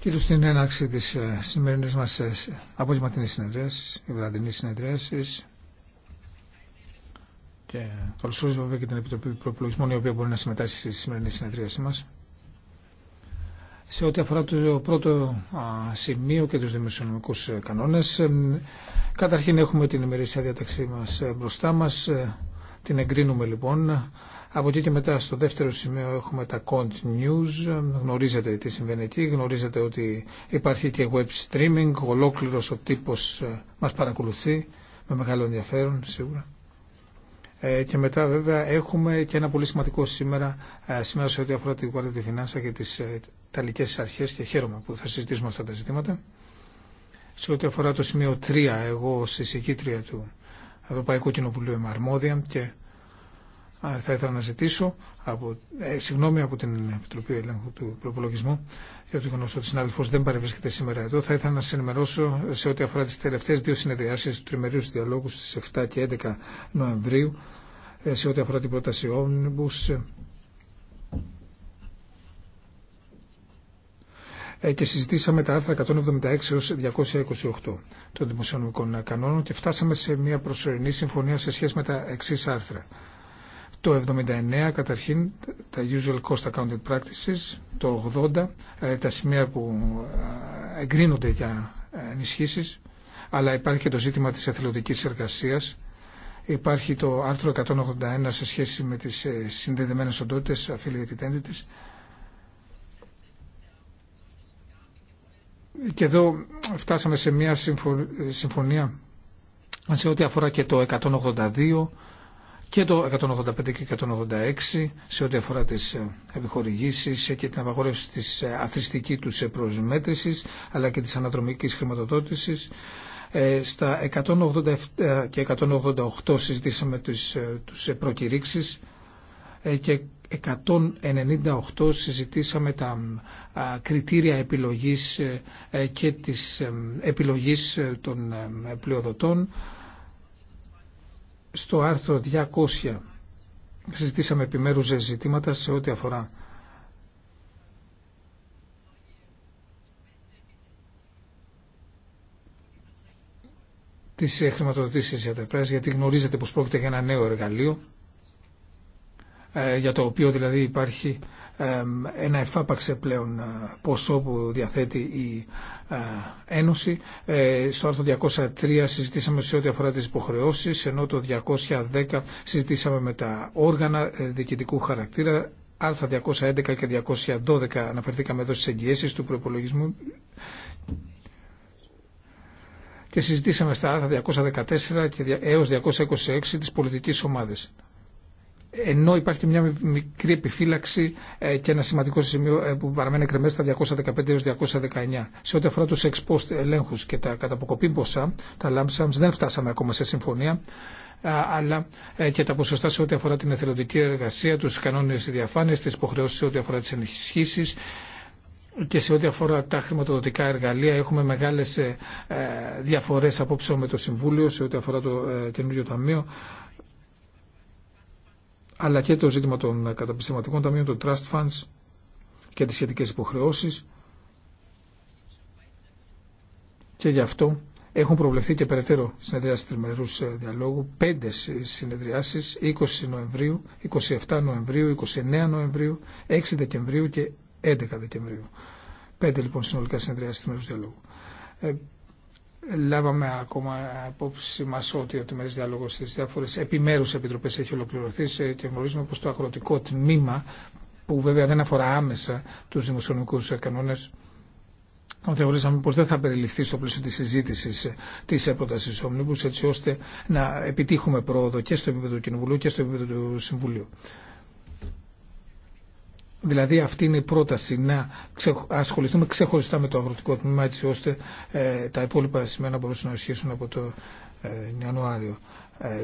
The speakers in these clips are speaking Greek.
Κύριε στην έναρξη τη ε, σημερινή μα ε, απογευματινή συνεδρίαση, η βραδινή συνεδρίαση. και καλωσορίζω βέβαια και την Επιτροπή Προπολογισμών η οποία μπορεί να συμμετάσχει στη σημερινή συνεδρίασή μα. Σε ό,τι αφορά το πρώτο σημείο και του δημοσιονομικούς ε, κανόνε. καταρχήν έχουμε την ημερήσια διάταξή μα μπροστά μα, την εγκρίνουμε λοιπόν. Από εκεί και μετά στο δεύτερο σημείο έχουμε τα cont news. Γνωρίζετε τι συμβαίνει εκεί, γνωρίζετε ότι υπάρχει και web streaming, ολόκληρο ο τύπο ε, μα παρακολουθεί με μεγάλο ενδιαφέρον σίγουρα. Ε, και μετά βέβαια έχουμε και ένα πολύ σημαντικό σήμερα, ε, σήμερα σε ό,τι αφορά την Guardia τη Φινάνσα και τις ταλικές αρχές και χαίρομαι που θα συζητήσουμε αυτά τα ζητήματα. Σε ό,τι αφορά το σημείο 3, εγώ ως εισηγήτρια του Ευρωπαϊκού Κοινοβουλίου είμαι αρμόδια και θα ήθελα να ζητήσω από, ε, συγγνώμη από την Επιτροπή Ελέγχου του Προπολογισμού για το γεγονό ότι ο συνάδελφο δεν παρευρίσκεται σήμερα εδώ. Θα ήθελα να σα ενημερώσω σε ό,τι αφορά τι τελευταίε δύο συνεδριάσει του τριμερίου διαλόγου στι 7 και 11 Νοεμβρίου ε, σε ό,τι αφορά την πρόταση Omnibus ε, και συζητήσαμε τα άρθρα 176 έως 228 των δημοσιονομικών κανόνων και φτάσαμε σε μια προσωρινή συμφωνία σε σχέση με τα εξή άρθρα το 79 καταρχήν τα usual cost accounting practices, το 80 ε, τα σημεία που ε, εγκρίνονται για ενισχύσεις, αλλά υπάρχει και το ζήτημα της εθελοντικής εργασίας. Υπάρχει το άρθρο 181 σε σχέση με τις ε, συνδεδεμένες οντότητες, affiliated entities, και εδώ φτάσαμε σε μια συμφωνία σε ό,τι αφορά και το 182 και το 185 και 186 σε ό,τι αφορά τις ε, επιχορηγήσεις ε, και την απαγόρευση της ε, αθρηστικής τους προσμέτρησης αλλά και της αναδρομικής χρηματοδότησης. Στα 187 και 188 συζητήσαμε τις, τους προκηρύξεις και 198 συζητήσαμε τα κριτήρια επιλογής και της επιλογής των πλειοδοτών στο άρθρο 200 συζητήσαμε επιμέρους ζητήματα σε ό,τι αφορά τις χρηματοδοτήσεις για τα πράγματα γιατί γνωρίζετε πως πρόκειται για ένα νέο εργαλείο, ε, για το οποίο δηλαδή υπάρχει ε, ένα εφάπαξε πλέον ε, ποσό που διαθέτει η ε, ένωση. Ε, στο άρθρο 203 συζητήσαμε σε ό,τι αφορά τις υποχρεώσεις, ενώ το 210 συζητήσαμε με τα όργανα ε, διοικητικού χαρακτήρα. Άρθρα 211 και 212 αναφερθήκαμε εδώ στις εγγυήσεις του προπολογισμού και συζητήσαμε στα άρθρα 214 και έως 226 της πολιτικής ομάδας ενώ υπάρχει μια μικρή επιφύλαξη ε, και ένα σημαντικό σημείο ε, που παραμένει κρεμές στα 215 έως 219. Σε ό,τι αφορά τους εξπόστ ελέγχους και τα καταποκοπή ποσά, τα λάμψαμς, δεν φτάσαμε ακόμα σε συμφωνία αλλά ε, και τα ποσοστά σε ό,τι αφορά την εθελοντική εργασία, τους κανόνες διαφάνειας, τις υποχρεώσεις σε ό,τι αφορά τις ενισχύσεις, και σε ό,τι αφορά τα χρηματοδοτικά εργαλεία έχουμε μεγάλες διαφορές απόψεων με το Συμβούλιο σε ό,τι αφορά το καινούριο ταμείο αλλά και το ζήτημα των καταπιστηματικών ταμείων, των trust funds και τις σχετικές υποχρεώσεις και γι' αυτό έχουν προβλεφθεί και περαιτέρω συνεδριάσεις τριμερούς ε, διαλόγου, πέντε συνεδριάσεις, 20 Νοεμβρίου, 27 Νοεμβρίου, 29 Νοεμβρίου, 6 Δεκεμβρίου και 11 Δεκεμβρίου. Πέντε λοιπόν συνολικά συνεδριάσεις τριμερούς διαλόγου. Ε, λάβαμε ακόμα απόψη μα ότι ο τιμερή διάλογο στι διάφορε επιμέρου επιτροπέ έχει ολοκληρωθεί και γνωρίζουμε πω το αγροτικό τμήμα, που βέβαια δεν αφορά άμεσα του δημοσιονομικού κανόνε, θεωρήσαμε πω δεν θα περιληφθεί στο πλαίσιο τη συζήτηση τη πρόταση Όμνιμπου, έτσι ώστε να επιτύχουμε πρόοδο και στο επίπεδο του Κοινοβουλίου και στο επίπεδο του Συμβουλίου. Δηλαδή αυτή είναι η πρόταση να ασχοληθούμε ξεχωριστά με το αγροτικό τμήμα έτσι ώστε ε, τα υπόλοιπα σημεία μπορούσαν να ισχύσουν από το ε, Ιανουάριο. Ε,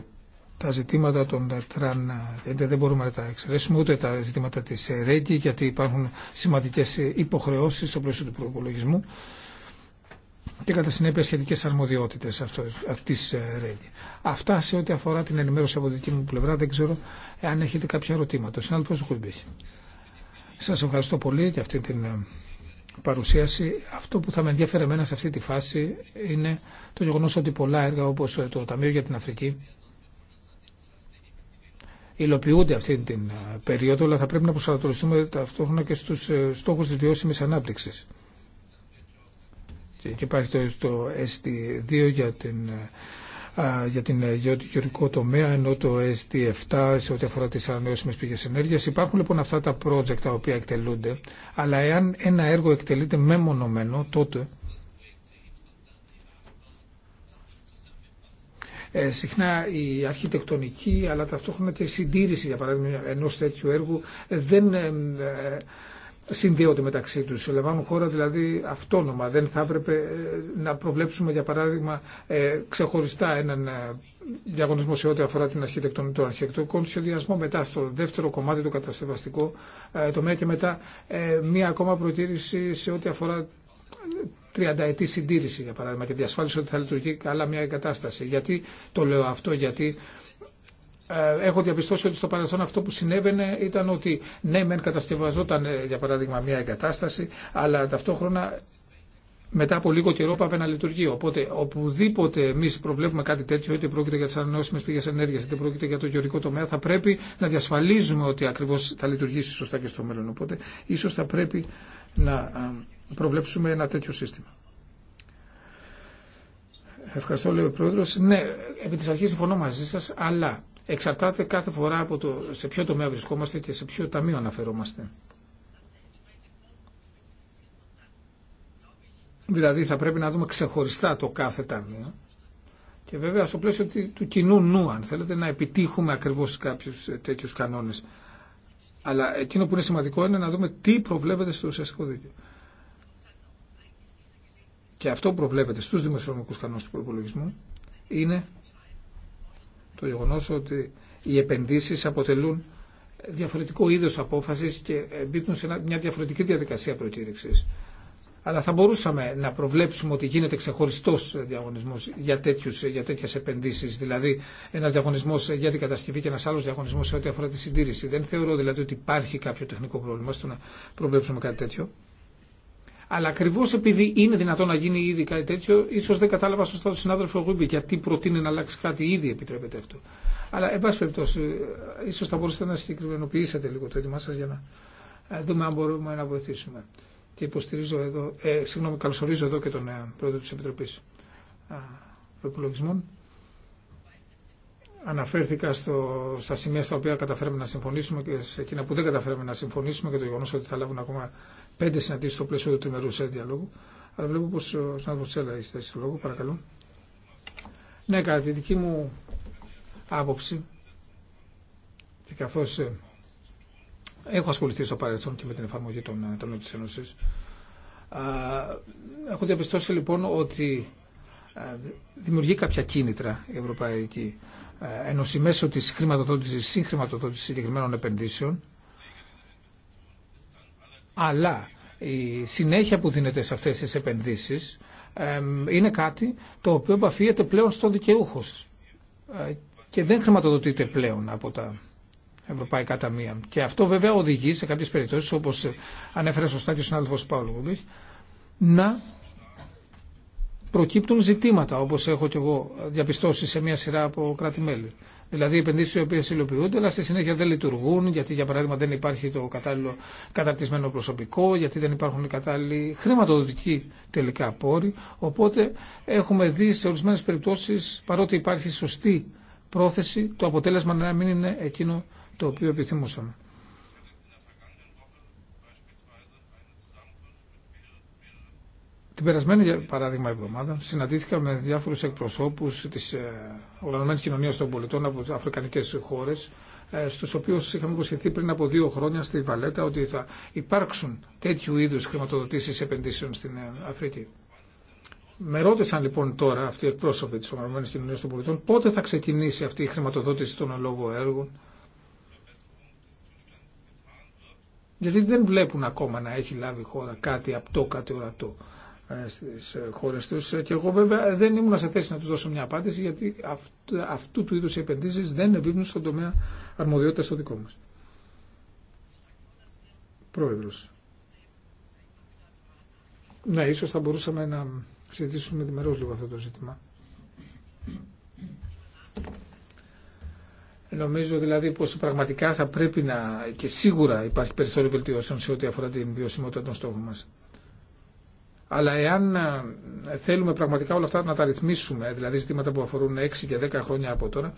τα ζητήματα των τραν ε, δεν μπορούμε να τα εξαιρέσουμε ούτε τα ζητήματα της ΡΕΚΙ γιατί υπάρχουν σημαντικές υποχρεώσεις στο πλαίσιο του προπολογισμού και κατά συνέπεια σχετικέ αρμοδιότητε αυτή τη ΡΕΚΙ. Αυτά σε ό,τι αφορά την ενημέρωση από την δική μου πλευρά. Δεν ξέρω αν έχετε κάποια ερωτήματα. Ο συνάδελφο Χουμπίχη. Σας ευχαριστώ πολύ για αυτή την ε, παρουσίαση. Αυτό που θα με ενδιαφέρε εμένα σε αυτή τη φάση είναι το γεγονός ότι πολλά έργα όπως ε, το Ταμείο για την Αφρική υλοποιούνται αυτή την ε, περίοδο, αλλά θα πρέπει να προσανατολιστούμε ταυτόχρονα και στους στόχους της βιώσιμης ανάπτυξης. Και υπάρχει το, το 2 για την για την ε, γεωργικό τομέα, ενώ το SD7 σε ό,τι αφορά τις ανανεώσιμες πηγές ενέργειας. Υπάρχουν λοιπόν αυτά τα project τα οποία εκτελούνται, αλλά εάν ένα έργο εκτελείται μεμονωμένο, τότε ε, συχνά η αρχιτεκτονική αλλά ταυτόχρονα και η συντήρηση για παράδειγμα ενός τέτοιου έργου δεν ε, συνδέονται μεταξύ τους, λαμβάνουν χώρα δηλαδή αυτόνομα. Δεν θα έπρεπε ε, να προβλέψουμε για παράδειγμα ε, ξεχωριστά έναν ε, διαγωνισμό σε ό,τι αφορά την αρχιτεκτονική, τον αρχιτεκτονικό σχεδιασμό, μετά στο δεύτερο κομμάτι το κατασκευαστικό τομέα και μετά μία ακόμα προτήρηση σε ό,τι αφορά 30 ετή συντήρηση, για παράδειγμα, και διασφάλιση ότι θα λειτουργεί καλά μια εγκατάσταση. Γιατί το λέω αυτό, γιατί ε, έχω διαπιστώσει ότι στο παρελθόν αυτό που συνέβαινε ήταν ότι ναι, μεν κατασκευαζόταν ε, για παράδειγμα μια εγκατάσταση, αλλά ταυτόχρονα μετά από λίγο καιρό πάβε να λειτουργεί. Οπότε οπουδήποτε εμεί προβλέπουμε κάτι τέτοιο, είτε πρόκειται για τι ανανεώσιμε πηγέ ενέργεια, είτε πρόκειται για το γεωργικό τομέα, θα πρέπει να διασφαλίζουμε ότι ακριβώ θα λειτουργήσει σωστά και στο μέλλον. Οπότε ίσω θα πρέπει να ε, προβλέψουμε ένα τέτοιο σύστημα. Ευχαριστώ, λέει ο Πρόεδρο. Ναι, επί τη αρχή συμφωνώ μαζί σα, αλλά εξαρτάται κάθε φορά από το σε ποιο τομέα βρισκόμαστε και σε ποιο ταμείο αναφερόμαστε. Δηλαδή θα πρέπει να δούμε ξεχωριστά το κάθε ταμείο και βέβαια στο πλαίσιο του κοινού νου αν θέλετε να επιτύχουμε ακριβώς κάποιους ε, τέτοιους κανόνες. Αλλά εκείνο που είναι σημαντικό είναι να δούμε τι προβλέπεται στο ουσιαστικό δίκαιο. Και αυτό προβλέπεται στους δημοσιονομικούς κανόνες του προπολογισμού είναι το γεγονός ότι οι επενδύσεις αποτελούν διαφορετικό είδος απόφασης και μπήκουν σε μια διαφορετική διαδικασία προκήρυξης. Αλλά θα μπορούσαμε να προβλέψουμε ότι γίνεται ξεχωριστό διαγωνισμό για, για τέτοιε επενδύσει. Δηλαδή, ένα διαγωνισμό για την κατασκευή και ένα άλλο διαγωνισμό σε ό,τι αφορά τη συντήρηση. Δεν θεωρώ δηλαδή ότι υπάρχει κάποιο τεχνικό πρόβλημα στο να προβλέψουμε κάτι τέτοιο. Αλλά ακριβώ επειδή είναι δυνατόν να γίνει ήδη κάτι τέτοιο, ίσω δεν κατάλαβα σωστά τον συνάδελφο Γουίμπη γιατί προτείνει να αλλάξει κάτι ήδη επιτρέπεται αυτό. Αλλά, εν πάση ίσω θα μπορούσατε να συγκεκριμενοποιήσετε λίγο το έτοιμά σα για να ε, δούμε αν μπορούμε να βοηθήσουμε. Και υποστηρίζω εδώ, ε, συγγνώμη, καλωσορίζω εδώ και τον ε, πρόεδρο τη Επιτροπή ε, Προπολογισμών. Αναφέρθηκα στο, στα σημεία στα οποία καταφέραμε να συμφωνήσουμε και σε εκείνα που δεν καταφέραμε να συμφωνήσουμε και το γεγονό ότι θα λάβουν ακόμα πέντε συναντήσει στο πλαίσιο του τριμερού σε διαλόγου. Αλλά βλέπω πω ο συνάδελφο Τσέλα έχει θέσει το λόγο. Παρακαλώ. Ναι, κατά τη δική μου άποψη και καθώ ε, έχω ασχοληθεί στο παρελθόν και με την εφαρμογή των τελών τη Ένωση, έχω διαπιστώσει λοιπόν ότι ε, δημιουργεί κάποια κίνητρα η Ευρωπαϊκή ε, Ένωση μέσω τη χρηματοδότηση, συγχρηματοδότηση συγκεκριμένων επενδύσεων αλλά η συνέχεια που δίνεται σε αυτές τις επενδύσεις είναι κάτι το οποίο επαφίεται πλέον στον δικαιούχο ε, και δεν χρηματοδοτείται πλέον από τα ευρωπαϊκά ταμεία. Και αυτό βέβαια οδηγεί σε κάποιες περιπτώσεις, όπως ανέφερε σωστά και ο συνάδελφος Παύλο να προκύπτουν ζητήματα, όπως έχω και εγώ διαπιστώσει σε μια σειρά από κράτη-μέλη. Δηλαδή επενδύσει οι οποίε υλοποιούνται, αλλά στη συνέχεια δεν λειτουργούν, γιατί για παράδειγμα δεν υπάρχει το κατάλληλο καταρτισμένο προσωπικό, γιατί δεν υπάρχουν οι κατάλληλοι χρηματοδοτικοί τελικά πόροι. Οπότε έχουμε δει σε ορισμένε περιπτώσει, παρότι υπάρχει σωστή πρόθεση, το αποτέλεσμα να μην είναι εκείνο το οποίο επιθυμούσαμε. Την περασμένη, για παράδειγμα, εβδομάδα συναντήθηκα με διάφορου εκπροσώπου τη ε, οργανωμένη κοινωνία των πολιτών από αφρικανικέ χώρε, στου οποίου είχαμε υποσχεθεί πριν από δύο χρόνια στη Βαλέτα ότι θα υπάρξουν τέτοιου είδου χρηματοδοτήσει επενδύσεων στην ε, Αφρική. Με ρώτησαν λοιπόν τώρα αυτοί οι εκπρόσωποι τη οργανωμένη κοινωνία των πολιτών πότε θα ξεκινήσει αυτή η χρηματοδότηση των λόγω έργων. Γιατί δεν βλέπουν ακόμα να έχει λάβει χώρα κάτι απτό, κάτι ορατό. Ε, Στι ε, χώρε του. Ε, και εγώ βέβαια δεν ήμουν σε θέση να του δώσω μια απάντηση γιατί αυτού, αυτού του είδου οι επενδύσει δεν ευήκουν στον τομέα αρμοδιότητα το δικό μα. Προεδρο. Ναι, ίσω θα μπορούσαμε να συζητήσουμε διμερώς λίγο αυτό το ζήτημα. Νομίζω δηλαδή πω πραγματικά θα πρέπει να και σίγουρα υπάρχει περιθώριο βελτιώσεων σε ό,τι αφορά την βιωσιμότητα των στόχων μα. Αλλά εάν ε, θέλουμε πραγματικά όλα αυτά να τα ρυθμίσουμε, δηλαδή ζητήματα που αφορούν 6 και 10 χρόνια από τώρα,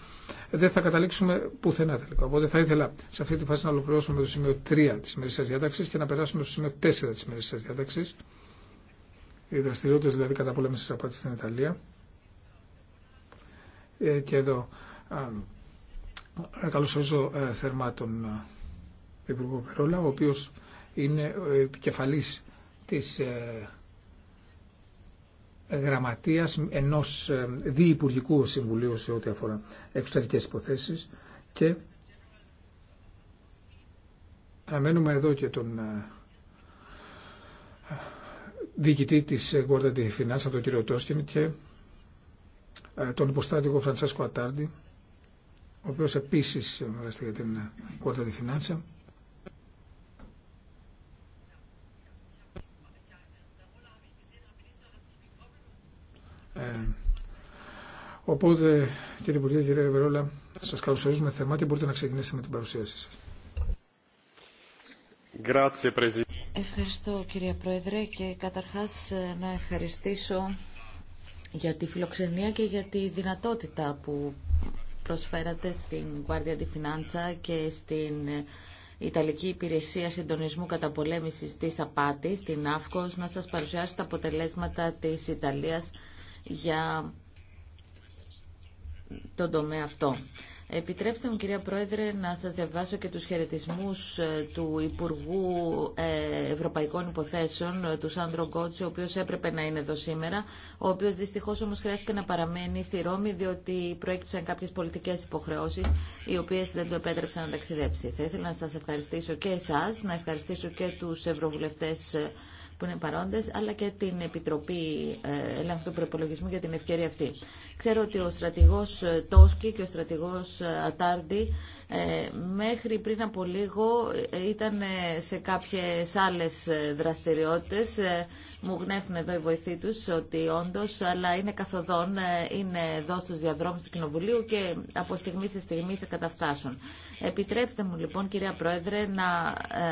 δεν θα καταλήξουμε πουθενά τελικά. Οπότε θα ήθελα σε αυτή τη φάση να ολοκληρώσουμε το σημείο 3 τη ημερήσια διάταξη και να περάσουμε στο σημείο 4 τη ημερήσια διάταξη. Οι δραστηριότητε δηλαδή κατά πόλεμη τη απάτη στην Ιταλία. Ε, και εδώ καλωσορίζω ε, θερμά τον Υπουργό Περόλα, ο οποίο είναι ο επικεφαλή της γραμματείας ενός ε, διυπουργικού συμβουλίου σε ό,τι αφορά εξωτερικές υποθέσεις και αναμένουμε εδώ και τον ε, διοικητή της Γκόρτα τη Finanza, τον κύριο Τόσκιν και ε, τον υποστράτηγο Φρανσέσκο Ατάρντι, ο οποίος επίσης για την Κόρτα di Finanza Ε, οπότε, κύριε Υπουργέ, κύριε Βερόλα, σας καλωσορίζουμε θεμά και μπορείτε να ξεκινήσετε με την παρουσίασή σας. Ευχαριστώ κύριε Πρόεδρε και καταρχάς ε, να ευχαριστήσω για τη φιλοξενία και για τη δυνατότητα που προσφέρατε στην Guardia di Finanza και στην ε, Ιταλική Υπηρεσία Συντονισμού Καταπολέμησης της Απάτης, την ΑΦΚΟΣ, να σας παρουσιάσει τα αποτελέσματα της Ιταλίας για τον τομέα αυτό. Επιτρέψτε μου, κυρία Πρόεδρε, να σας διαβάσω και τους χαιρετισμού ε, του Υπουργού ε, Ευρωπαϊκών Υποθέσεων, ε, του Σάντρο Γκότση, ο οποίος έπρεπε να είναι εδώ σήμερα, ο οποίος δυστυχώς όμως χρειάστηκε να παραμένει στη Ρώμη, διότι προέκυψαν κάποιες πολιτικές υποχρεώσεις, οι οποίες δεν του επέτρεψαν να ταξιδέψει. Θα ήθελα να σας ευχαριστήσω και εσάς, να ευχαριστήσω και τους ευρωβουλευτές που είναι παρόντες, αλλά και την Επιτροπή ε, Ελέγχου του Προπολογισμού για την ευκαιρία αυτή. Ξέρω ότι ο στρατηγός ε, Τόσκι και ο στρατηγός ε, Ατάρντι ε, μέχρι πριν από λίγο ε, ήταν ε, σε κάποιες άλλες δραστηριότητες. Μου γνέφουν εδώ οι βοηθοί τους ότι όντως, αλλά είναι καθοδόν, είναι εδώ στους διαδρόμους του Κοινοβουλίου και από στιγμή σε στιγμή θα καταφτάσουν. Επιτρέψτε μου λοιπόν κυρία Πρόεδρε να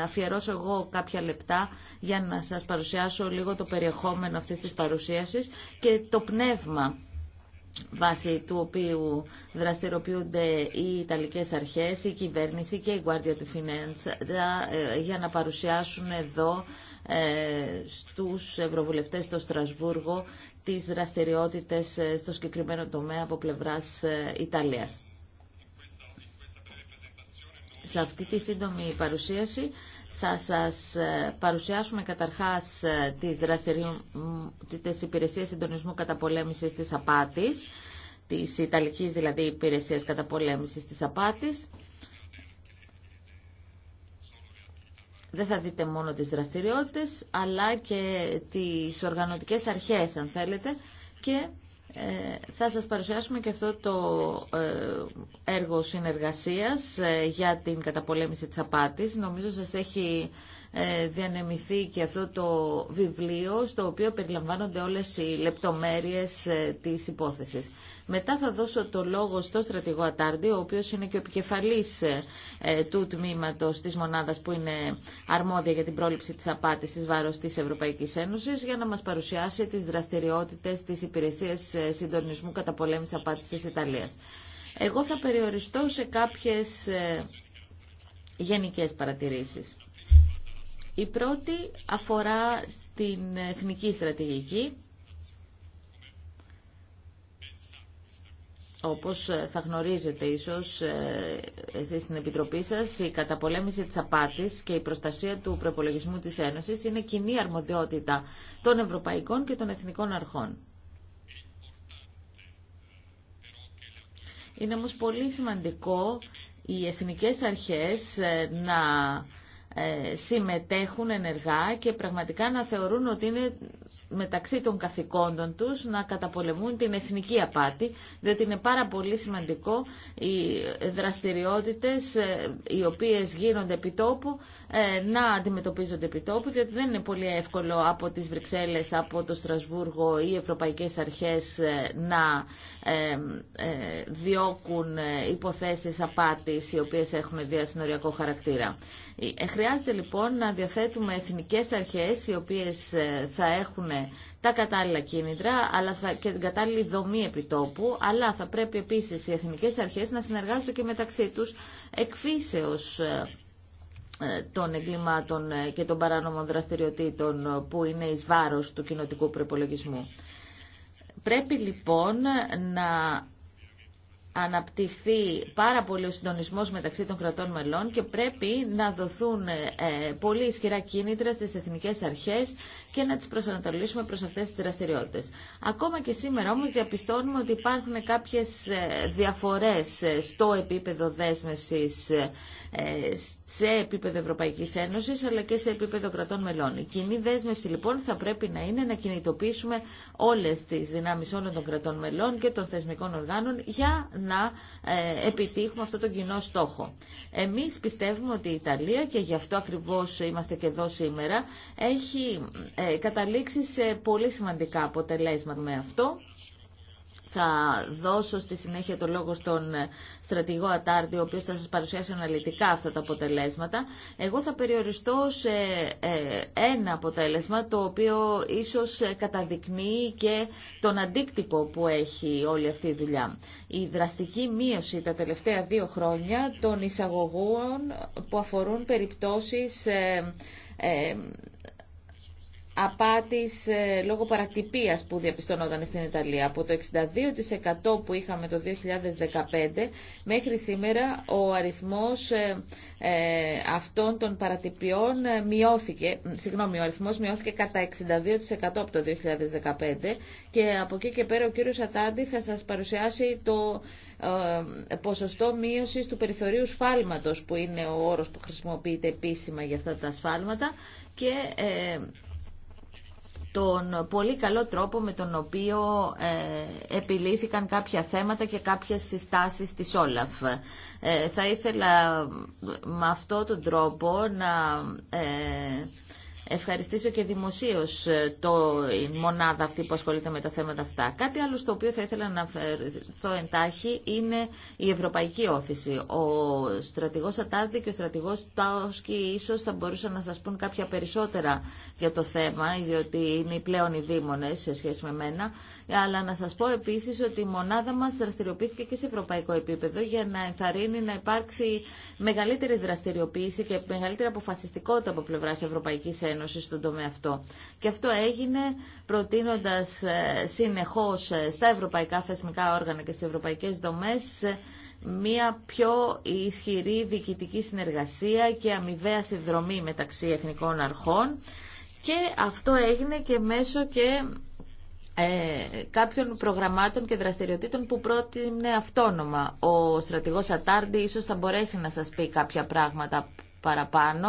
αφιερώσω εγώ κάποια λεπτά για να σας παρουσιάσω λίγο το περιεχόμενο αυτής της παρουσίασης και το πνεύμα βάσει του οποίου δραστηριοποιούνται οι Ιταλικές αρχές, η κυβέρνηση και η Guardia του Finance ε, για να παρουσιάσουν εδώ ε, στους ευρωβουλευτές στο Στρασβούργο τις δραστηριότητες ε, στο συγκεκριμένο τομέα από πλευράς Ιταλίας. Σε αυτή τη σύντομη παρουσίαση θα σας ε, παρουσιάσουμε καταρχάς ε, τις δραστηριότητες υπηρεσίες συντονισμού καταπολέμησης της απάτης, της Ιταλικής δηλαδή υπηρεσίας καταπολέμησης της απάτης. Δεν θα δείτε μόνο τις δραστηριότητες, αλλά και τις οργανωτικές αρχές, αν θέλετε, και ε, θα σας παρουσιάσουμε και αυτό το ε, έργο συνεργασίας ε, για την καταπολέμηση της απάτης. Νομίζω σας έχει ε, διανεμηθεί και αυτό το βιβλίο στο οποίο περιλαμβάνονται όλες οι λεπτομέρειες ε, της υπόθεσης. Μετά θα δώσω το λόγο στο στρατηγό Ατάρντι, ο οποίος είναι και ο επικεφαλής ε, του τμήματος της μονάδας που είναι αρμόδια για την πρόληψη της απάτης της βάρος της Ευρωπαϊκής Ένωσης, για να μας παρουσιάσει τις δραστηριότητες της Υπηρεσίας Συντονισμού Καταπολέμησης Απάτης της Ιταλίας. Εγώ θα περιοριστώ σε κάποιες γενικές παρατηρήσεις. Η πρώτη αφορά την εθνική στρατηγική. Όπως θα γνωρίζετε ίσως ε, εσείς στην Επιτροπή σας, η καταπολέμηση της απάτης και η προστασία του προπολογισμού της Ένωσης είναι κοινή αρμοδιότητα των ευρωπαϊκών και των εθνικών αρχών. Είναι όμως πολύ σημαντικό οι εθνικές αρχές ε, να ε, συμμετέχουν ενεργά και πραγματικά να θεωρούν ότι είναι μεταξύ των καθηκόντων τους να καταπολεμούν την εθνική απάτη, διότι είναι πάρα πολύ σημαντικό οι δραστηριότητες ε, οι οποίες γίνονται επιτόπου ε, να αντιμετωπίζονται επιτόπου διότι δεν είναι πολύ εύκολο από τις Βρυξέλλες, από το Στρασβούργο ή οι ευρωπαϊκές αρχές ε, να διώκουν υποθέσεις απάτης οι οποίες έχουν διασυνοριακό χαρακτήρα. Χρειάζεται λοιπόν να διαθέτουμε εθνικές αρχές οι οποίες θα έχουν τα κατάλληλα κίνητρα αλλά θα, και την κατάλληλη δομή επιτόπου, αλλά θα πρέπει επίσης οι εθνικές αρχές να συνεργάζονται και μεταξύ τους εκφύσεως ε, ε, των εγκλημάτων ε, και των παράνομων δραστηριοτήτων που είναι εις βάρος του κοινοτικού προπολογισμού. Πρέπει λοιπόν να αναπτυχθεί πάρα πολύ ο συντονισμός μεταξύ των κρατών μελών και πρέπει να δοθούν ε, πολύ ισχυρά κίνητρα στις εθνικές αρχές και να τις προσανατολίσουμε προς αυτές τις δραστηριότητες. Ακόμα και σήμερα όμως διαπιστώνουμε ότι υπάρχουν κάποιες ε, διαφορές ε, στο επίπεδο δέσμευσης ε, σε επίπεδο Ευρωπαϊκής Ένωση, αλλά και σε επίπεδο κρατών μελών. Η κοινή δέσμευση λοιπόν θα πρέπει να είναι να κινητοποιήσουμε όλες τις δυνάμει όλων των κρατών μελών και των θεσμικών οργάνων για να ε, επιτύχουμε αυτό τον κοινό στόχο. Εμείς πιστεύουμε ότι η Ιταλία και γι' αυτό ακριβώς είμαστε και εδώ σήμερα έχει ε, καταλήξει σε πολύ σημαντικά αποτελέσματα με αυτό θα δώσω στη συνέχεια το λόγο στον ε, στρατηγό Ατάρτη, ο οποίος θα σας παρουσιάσει αναλυτικά αυτά τα αποτελέσματα. Εγώ θα περιοριστώ σε ε, ένα αποτέλεσμα, το οποίο ίσως ε, καταδεικνύει και τον αντίκτυπο που έχει όλη αυτή η δουλειά. Η δραστική μείωση τα τελευταία δύο χρόνια των εισαγωγών που αφορούν περιπτώσεις απάτης ε, λόγω παρατυπίας που διαπιστωνόταν στην Ιταλία. Από το 62% που είχαμε το 2015 μέχρι σήμερα ο αριθμός ε, ε, αυτών των παρατυπιών μειώθηκε, συγγνώμη, ο αριθμός μειώθηκε κατά 62% από το 2015 και από εκεί και πέρα ο κύριος Ατάντη θα σας παρουσιάσει το ποσοστό μείωσης του περιθωρίου σφάλματος που είναι ο όρος που χρησιμοποιείται επίσημα για αυτά τα σφάλματα και τον πολύ καλό τρόπο με τον οποίο ε, κάποια θέματα και κάποιες συστάσεις της Όλαφ. Ε, θα ήθελα με αυτόν τον τρόπο να... Ε, ευχαριστήσω και δημοσίως ε, το, η μονάδα αυτή που ασχολείται με τα θέματα αυτά. Κάτι άλλο στο οποίο θα ήθελα να αναφερθώ εντάχει είναι η Ευρωπαϊκή Όθηση. Ο στρατηγός Ατάρδη και ο στρατηγός Τάοσκι ίσω θα μπορούσαν να σας πούν κάποια περισσότερα για το θέμα, διότι είναι πλέον οι δήμονες σε σχέση με μένα αλλά να σας πω επίσης ότι η μονάδα μας δραστηριοποιήθηκε και σε ευρωπαϊκό επίπεδο για να ενθαρρύνει να υπάρξει μεγαλύτερη δραστηριοποίηση και μεγαλύτερη αποφασιστικότητα από πλευράς Ευρωπαϊκής Ένωσης στον τομέα αυτό. Και αυτό έγινε προτείνοντας ε, συνεχώς ε, στα ευρωπαϊκά θεσμικά όργανα και στις ευρωπαϊκές δομές ε, μια πιο ισχυρή διοικητική συνεργασία και αμοιβαία συνδρομή μεταξύ εθνικών αρχών και αυτό έγινε και μέσω και ε, κάποιων προγραμμάτων και δραστηριοτήτων που πρότεινε αυτόνομα. Ο στρατηγός Ατάρντι ίσως θα μπορέσει να σας πει κάποια πράγματα παραπάνω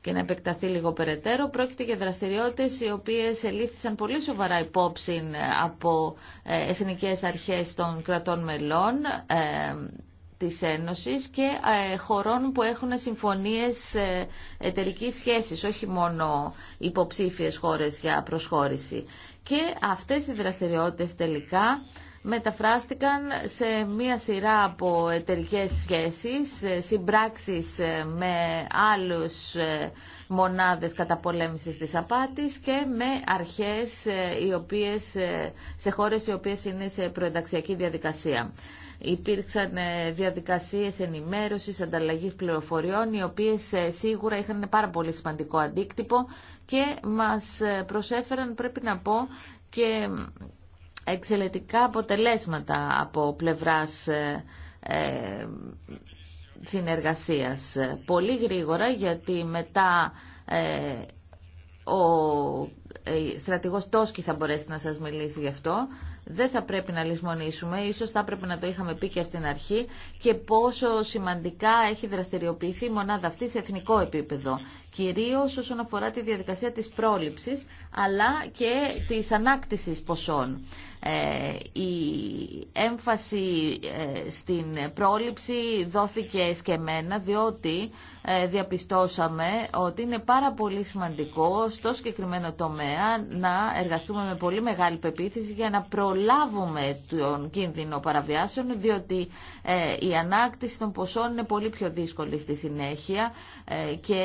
και να επεκταθεί λίγο περαιτέρω. Πρόκειται για δραστηριότητες οι οποίες ελήφθησαν πολύ σοβαρά υπόψη από ε, εθνικές αρχές των κρατών μελών ε, της Ένωσης και χωρών που έχουν συμφωνίες εταιρικής σχέσης, όχι μόνο υποψήφιες χώρες για προσχώρηση και αυτές οι δραστηριότητες τελικά μεταφράστηκαν σε μία σειρά από εταιρικέ σχέσεις, ε, συμπράξεις ε, με άλλους ε, μονάδες καταπολέμησης της απάτης και με αρχές οι οποίες, σε χώρες οι οποίες είναι σε προενταξιακή διαδικασία. Υπήρξαν διαδικασίες ενημέρωσης, ανταλλαγής πληροφοριών, οι οποίες σίγουρα είχαν πάρα πολύ σημαντικό αντίκτυπο και μας ε, προσέφεραν πρέπει να πω και εξαιρετικά αποτελέσματα από πλευράς ε, ε συνεργασίας. Πολύ γρήγορα γιατί μετά ε, ο ε, στρατηγός Τόσκι θα μπορέσει να σας μιλήσει γι' αυτό. Δεν θα πρέπει να λησμονήσουμε, ίσως θα πρέπει να το είχαμε πει και από την αρχή, και πόσο σημαντικά έχει δραστηριοποιηθεί η μονάδα αυτή σε εθνικό επίπεδο κυρίως όσον αφορά τη διαδικασία της πρόληψης αλλά και της ανάκτησης ποσών. Ε, η έμφαση ε, στην πρόληψη δόθηκε σκεμμένα διότι ε, διαπιστώσαμε ότι είναι πάρα πολύ σημαντικό στο συγκεκριμένο τομέα να εργαστούμε με πολύ μεγάλη πεποίθηση για να προλάβουμε τον κίνδυνο παραβιάσεων διότι η ανάκτηση των ποσών είναι πολύ πιο δύσκολη στη συνέχεια και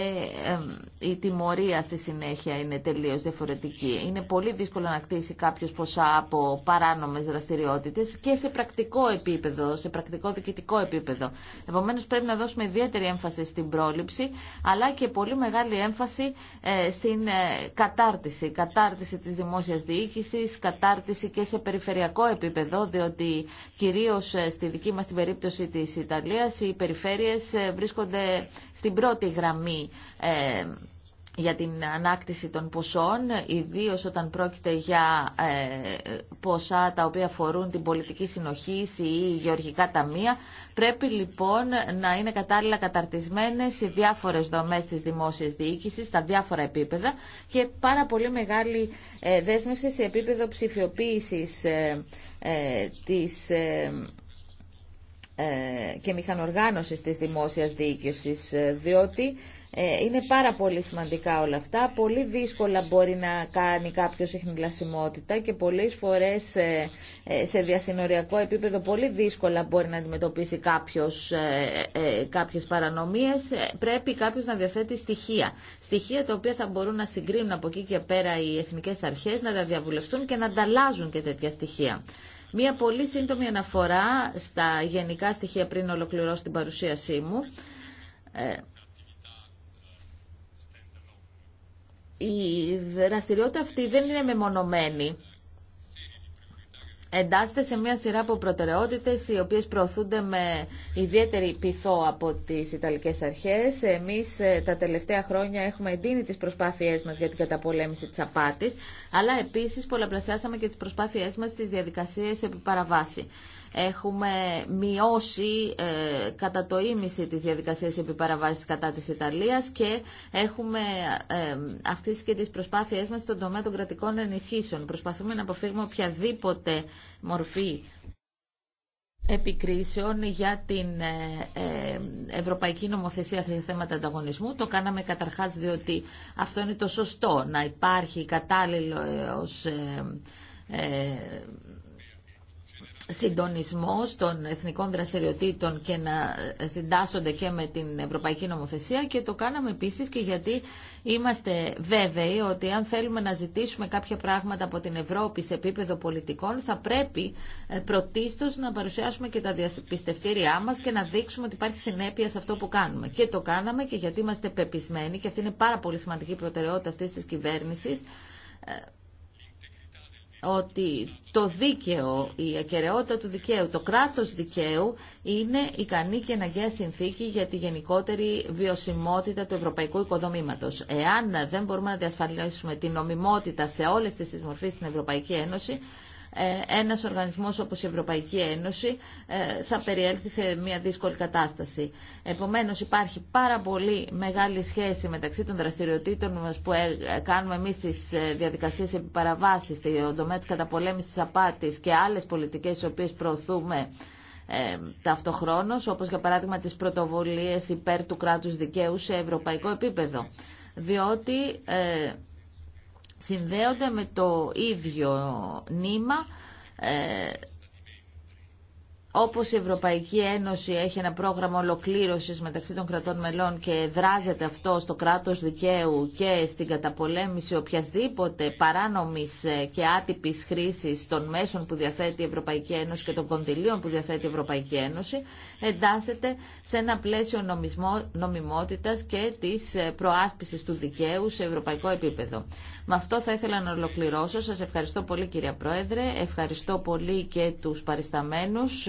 η τιμωρία στη συνέχεια είναι τελείως διαφορετική. Είναι πολύ δύσκολο να κτίσει κάποιος ποσά από παράνομες δραστηριότητες και σε πρακτικό επίπεδο, σε πρακτικό διοικητικό επίπεδο. Επομένως πρέπει να δώσουμε ιδιαίτερη έμφαση στην πρόληψη, αλλά και πολύ μεγάλη έμφαση ε, στην ε, κατάρτιση. Κατάρτιση της δημόσιας διοίκησης, κατάρτιση και σε περιφερειακό επίπεδο, διότι κυρίως ε, στη δική μας την περίπτωση της Ιταλίας οι περιφέρειες βρίσκονται στην πρώτη γραμμή για την ανάκτηση των ποσών, ιδίως όταν πρόκειται για ε, ποσά τα οποία φορούν την πολιτική συνοχή ή γεωργικά ταμεία. Πρέπει λοιπόν να είναι κατάλληλα καταρτισμένες οι διάφορες δομές της δημόσιας διοίκησης στα διάφορα επίπεδα και πάρα πολύ μεγάλη ε, δέσμευση σε επίπεδο ψηφιοποίησης ε, της και μηχανοργάνωσης της δημόσιας διοίκησης, διότι ε, είναι πάρα πολύ σημαντικά όλα αυτά. Πολύ δύσκολα μπορεί να κάνει κάποιος ειχνηλασιμότητα και πολλές φορές ε, ε, σε διασυνοριακό επίπεδο πολύ δύσκολα μπορεί να αντιμετωπίσει κάποιος κάποιες παρανομίες. Πρέπει κάποιος να διαθέτει στοιχεία. Στοιχεία τα οποία θα μπορούν να συγκρίνουν από εκεί και πέρα οι εθνικές αρχές, να τα διαβουλευτούν και να ανταλλάζουν και τέτοια στοιχεία. Μία πολύ σύντομη αναφορά στα γενικά στοιχεία πριν ολοκληρώσω την παρουσίασή μου. η δραστηριότητα αυτή δεν είναι μεμονωμένη. Εντάσσεται σε μια σειρά από προτεραιότητες οι οποίες προωθούνται με ιδιαίτερη πειθό από τις Ιταλικές αρχές. Εμείς ε, τα τελευταία χρόνια έχουμε εντείνει τις προσπάθειές μας για την καταπολέμηση της απάτης, αλλά επίσης πολλαπλασιάσαμε και τις προσπάθειές μας στις διαδικασίες επί παραβάση. Έχουμε μειώσει ε, κατά το ίμιση τις διαδικασίες επί κατά της Ιταλίας και έχουμε ε, αυξήσει και τις προσπάθειές μας στον τομέα των κρατικών ενισχύσεων. Προσπαθούμε να αποφύγουμε οποιαδήποτε μορφή επικρίσεων για την ε, ευρωπαϊκή νομοθεσία σε θέματα ανταγωνισμού. Το κάναμε καταρχάς διότι αυτό είναι το σωστό, να υπάρχει κατάλληλος συντονισμό των εθνικών δραστηριοτήτων και να συντάσσονται και με την Ευρωπαϊκή Νομοθεσία και το κάναμε επίσης και γιατί είμαστε βέβαιοι ότι αν θέλουμε να ζητήσουμε κάποια πράγματα από την Ευρώπη σε επίπεδο πολιτικών θα πρέπει ε, πρωτίστως να παρουσιάσουμε και τα διαπιστευτήριά μας και να δείξουμε ότι υπάρχει συνέπεια σε αυτό που κάνουμε. Και το κάναμε και γιατί είμαστε πεπισμένοι και αυτή είναι πάρα πολύ σημαντική προτεραιότητα αυτής της κυβέρνησης ε, ότι το δίκαιο, η ακαιρεότητα του δικαίου, το κράτος δικαίου είναι ικανή και αναγκαία συνθήκη για τη γενικότερη βιωσιμότητα του ευρωπαϊκού οικοδομήματος. Εάν δεν μπορούμε να διασφαλίσουμε την νομιμότητα σε όλες τις μορφές στην Ευρωπαϊκή Ένωση, ε, ένας οργανισμός όπως η Ευρωπαϊκή Ένωση ε, θα περιέλθει σε μια δύσκολη κατάσταση. Επομένως υπάρχει πάρα πολύ μεγάλη σχέση μεταξύ των δραστηριοτήτων μας που ε, κάνουμε εμείς στις διαδικασίες επιπαραβάσεις, το τομέα της καταπολέμησης της απάτης και άλλες πολιτικές τις οποίες προωθούμε ε, ταυτοχρόνως, όπως για παράδειγμα τις πρωτοβολίες υπέρ του κράτους δικαίου σε ευρωπαϊκό επίπεδο. Διότι συνδέονται με το ίδιο νήμα ε, όπως η Ευρωπαϊκή Ένωση έχει ένα πρόγραμμα ολοκλήρωσης μεταξύ των κρατών μελών και δράζεται αυτό στο κράτος δικαίου και στην καταπολέμηση οποιασδήποτε παράνομης ε, και άτυπης χρήσης των μέσων που διαθέτει η Ευρωπαϊκή Ένωση και των κονδυλίων που διαθέτει η Ευρωπαϊκή Ένωση, εντάσσεται σε ένα πλαίσιο νομιμότητα νομιμότητας και της ε, προάσπισης του δικαίου σε ευρωπαϊκό επίπεδο. Με αυτό θα ήθελα να ολοκληρώσω. Σας ευχαριστώ πολύ κυρία Πρόεδρε, ευχαριστώ πολύ και τους παρισταμένους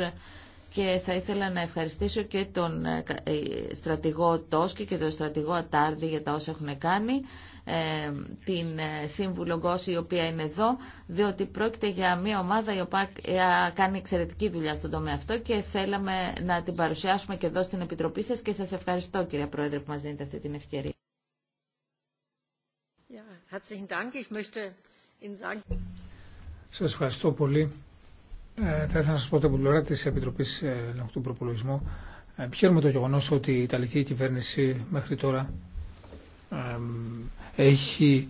και θα ήθελα να ευχαριστήσω και τον ε, ε, στρατηγό Τόσκι και τον στρατηγό Ατάρδη για τα όσα έχουν κάνει ε, την Σύμβουλο Γκώση η οποία είναι εδώ διότι πρόκειται για μια ομάδα η οποία κάνει εξαιρετική δουλειά στον τομέα αυτό και θέλαμε να την παρουσιάσουμε και εδώ στην Επιτροπή σας και σας ευχαριστώ κύριε Πρόεδρε που μας δίνετε αυτή την ευκαιρία. Σας ευχαριστώ πολύ. Ε, θα ήθελα να σα πω από την πλευρά τη Επιτροπή ε, Ελέγχου του Προπολογισμού. Ε, χαίρομαι το γεγονό ότι η Ιταλική κυβέρνηση μέχρι τώρα έχει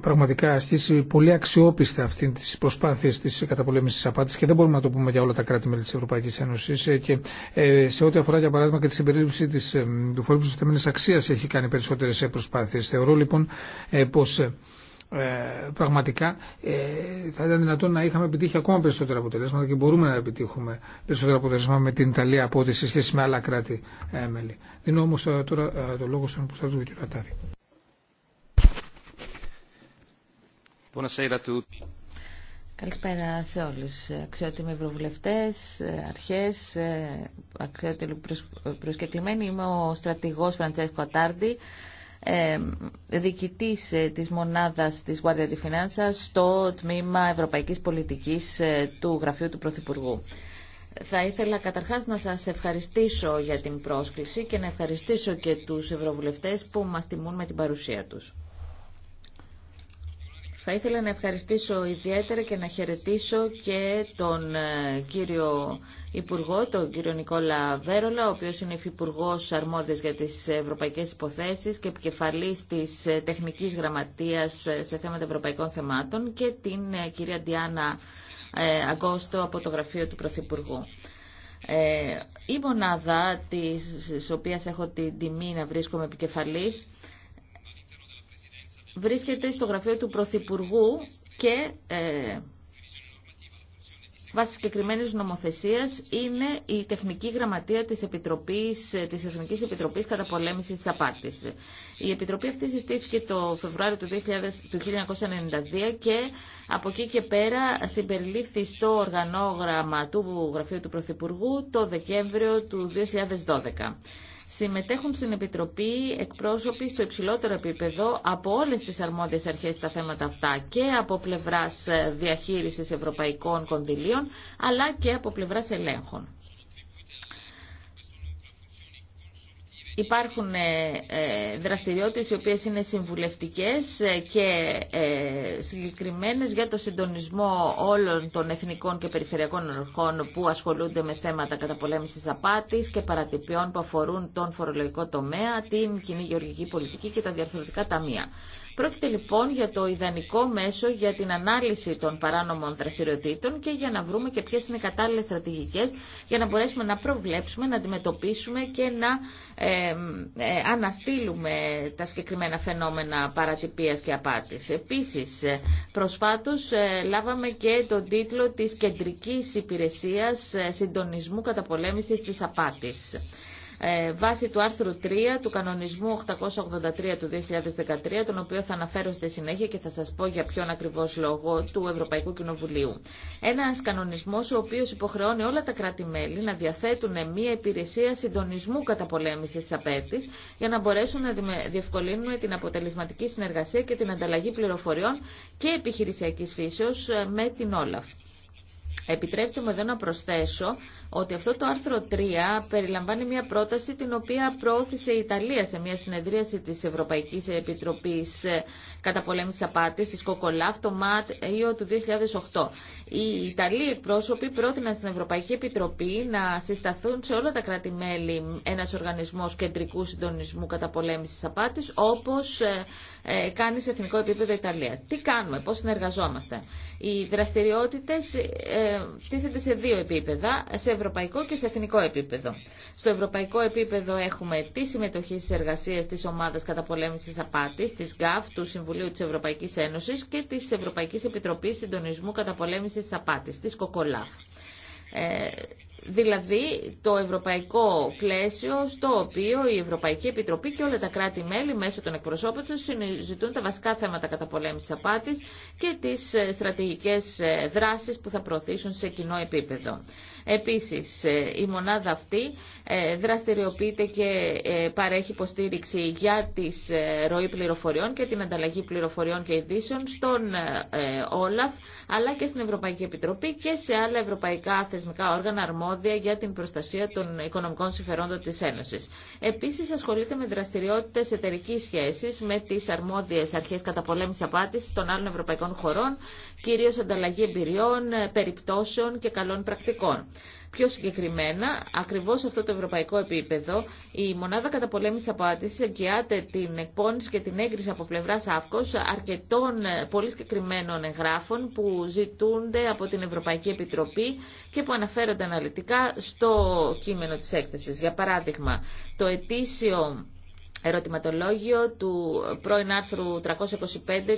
πραγματικά ασκήσει πολύ αξιόπιστα αυτή τι προσπάθειε τη καταπολέμηση τη απάτη και δεν μπορούμε να το πούμε για όλα τα κράτη-μέλη τη Ευρωπαϊκή Ένωση. Και σε ό,τι αφορά, για παράδειγμα, και τη συμπερίληψη του του τη θεμένη αξία, έχει κάνει περισσότερε προσπάθειε. Θεωρώ λοιπόν πω ε, πραγματικά ε, θα ήταν δυνατόν να είχαμε επιτύχει ακόμα περισσότερα αποτελέσματα και μπορούμε να επιτύχουμε περισσότερα αποτελέσματα με την Ιταλία από ό,τι σε σχέση με άλλα κράτη ε, μέλη. Δίνω όμως τώρα το λόγο στον του κ. Ατάρη. Καλησπέρα σε όλου. Αξιότιμοι ευρωβουλευτές, αρχές, αξιότιμοι προσκεκλημένοι. Είμαι ο στρατηγό Φραντσέσκο Ατάρντι ε, διοικητής ε, της μονάδας της Guardia di Finanza στο τμήμα Ευρωπαϊκής Πολιτικής ε, του Γραφείου του Πρωθυπουργού. Θα ήθελα καταρχάς να σας ευχαριστήσω για την πρόσκληση και να ευχαριστήσω και τους ευρωβουλευτές που μας τιμούν με την παρουσία τους. Θα ήθελα να ευχαριστήσω ιδιαίτερα και να χαιρετήσω και τον ε, κύριο Υπουργό, τον κύριο Νικόλα Βέρολα, ο οποίος είναι υφυπουργό αρμόδιος για τις ευρωπαϊκές υποθέσεις και επικεφαλής της ε, τεχνικής γραμματείας ε, σε θέματα ευρωπαϊκών θεμάτων και την κυρία Ντιάνα Αγκόστο από το γραφείο του Πρωθυπουργού. η μονάδα της οποίας έχω την τιμή να βρίσκομαι επικεφαλής βρίσκεται στο γραφείο του Πρωθυπουργού και ε, βάσει συγκεκριμένη νομοθεσία είναι η τεχνική γραμματεία τη Επιτροπής, ε, της Εθνική Επιτροπή Καταπολέμηση τη Απάτη. Η Επιτροπή αυτή συστήθηκε το Φεβρουάριο του, του 1992 και από εκεί και πέρα συμπεριλήφθη στο οργανόγραμμα του Γραφείου του Πρωθυπουργού το Δεκέμβριο του 2012 συμμετέχουν στην Επιτροπή εκπρόσωποι στο υψηλότερο επίπεδο από όλες τις αρμόδιες αρχές στα θέματα αυτά και από πλευράς ε, διαχείρισης ευρωπαϊκών κονδυλίων αλλά και από πλευράς ελέγχων. Υπάρχουν ε, ε, δραστηριότητες οι οποίες είναι συμβουλευτικές ε, και συγκεκριμένες για το συντονισμό όλων των εθνικών και περιφερειακών ορχών που ασχολούνται με θέματα καταπολέμησης απάτης και παρατυπιών που αφορούν τον φορολογικό τομέα, την κοινή γεωργική πολιτική και τα διαρθρωτικά ταμεία. Πρόκειται λοιπόν για το ιδανικό μέσο για την ανάλυση των παράνομων δραστηριοτήτων και για να βρούμε και ποιε είναι οι κατάλληλε στρατηγικέ για να μπορέσουμε να προβλέψουμε, να αντιμετωπίσουμε και να ε, ε αναστείλουμε τα συγκεκριμένα φαινόμενα παρατυπία και απάτης. Επίσης, ε, προσφάτως, ε, λάβαμε και τον τίτλο τη Κεντρική Υπηρεσία Συντονισμού Καταπολέμηση τη Απάτη. Ε, βάσει του άρθρου 3 του κανονισμού 883 του 2013, τον οποίο θα αναφέρω στη συνέχεια και θα σας πω για ποιον ακριβώς λόγο του Ευρωπαϊκού Κοινοβουλίου. Ένας κανονισμός ο οποίος υποχρεώνει όλα τα κράτη-μέλη να διαθέτουν μια υπηρεσία συντονισμού κατά πολέμηση της απέτης για να μπορέσουν να διευκολύνουν την αποτελεσματική συνεργασία και την ανταλλαγή πληροφοριών και επιχειρησιακής φύσεως ε, με την Όλαφ. Επιτρέψτε μου εδώ να προσθέσω ότι αυτό το άρθρο 3 περιλαμβάνει μια πρόταση την οποία προώθησε η Ιταλία σε μια συνεδρίαση της Ευρωπαϊκής Επιτροπής ε, Καταπολέμησης Απάτης της Κοκολάφ το ΙΟ του 2008. Οι Ιταλοί πρόσωποι πρότειναν στην Ευρωπαϊκή Επιτροπή να συσταθούν σε όλα τα κράτη-μέλη ένας οργανισμός κεντρικού συντονισμού καταπολέμησης απάτη, όπως ε, ε, κάνει σε εθνικό επίπεδο η Ιταλία. Τι κάνουμε, πώς συνεργαζόμαστε. Οι δραστηριότητες ε, τίθενται σε δύο επίπεδα, σε ευρωπαϊκό και σε εθνικό επίπεδο. Στο ευρωπαϊκό επίπεδο έχουμε τη συμμετοχή στις εργασίες της Ομάδας Καταπολέμησης Απάτης, της ΓΑΦ, του Συμβουλίου της Ευρωπαϊκής Ένωσης και της Ευρωπαϊκής Επιτροπής Συντονισμού Καταπολέμησης Απάτης, της ΚΟΚΟΛΑΦ. Ε, δηλαδή το ευρωπαϊκό πλαίσιο στο οποίο η Ευρωπαϊκή Επιτροπή και όλα τα κράτη-μέλη μέσω των εκπροσώπων τους συζητούν τα βασικά θέματα καταπολέμησης απάτης και τις ε, στρατηγικές ε, δράσεις που θα προωθήσουν σε κοινό επίπεδο. Επίσης, ε, η μονάδα αυτή δραστηριοποιείται και παρέχει υποστήριξη για τις ροή πληροφοριών και την ανταλλαγή πληροφοριών και ειδήσεων στον Όλαφ αλλά και στην Ευρωπαϊκή Επιτροπή και σε άλλα ευρωπαϊκά θεσμικά όργανα αρμόδια για την προστασία των οικονομικών συμφερόντων τη Ένωσης. Επίσης ασχολείται με δραστηριότητε εταιρική σχέσης με τις αρμόδιες αρχές καταπολέμησης απάτηση των άλλων ευρωπαϊκών χωρών κυρίως ανταλλαγή εμπειριών, ε, περιπτώσεων και καλών πρακτικών. Πιο συγκεκριμένα, ακριβώ σε αυτό το ευρωπαϊκό επίπεδο, η μονάδα καταπολέμηση απάτηση εγγυάται την εκπόνηση και την έγκριση από πλευρά ΑΦΚΟ αρκετών ε, πολύ συγκεκριμένων εγγράφων που ζητούνται από την Ευρωπαϊκή Επιτροπή και που αναφέρονται αναλυτικά στο κείμενο τη έκθεση. Για παράδειγμα, το ετήσιο ερωτηματολόγιο του πρώην άρθρου 325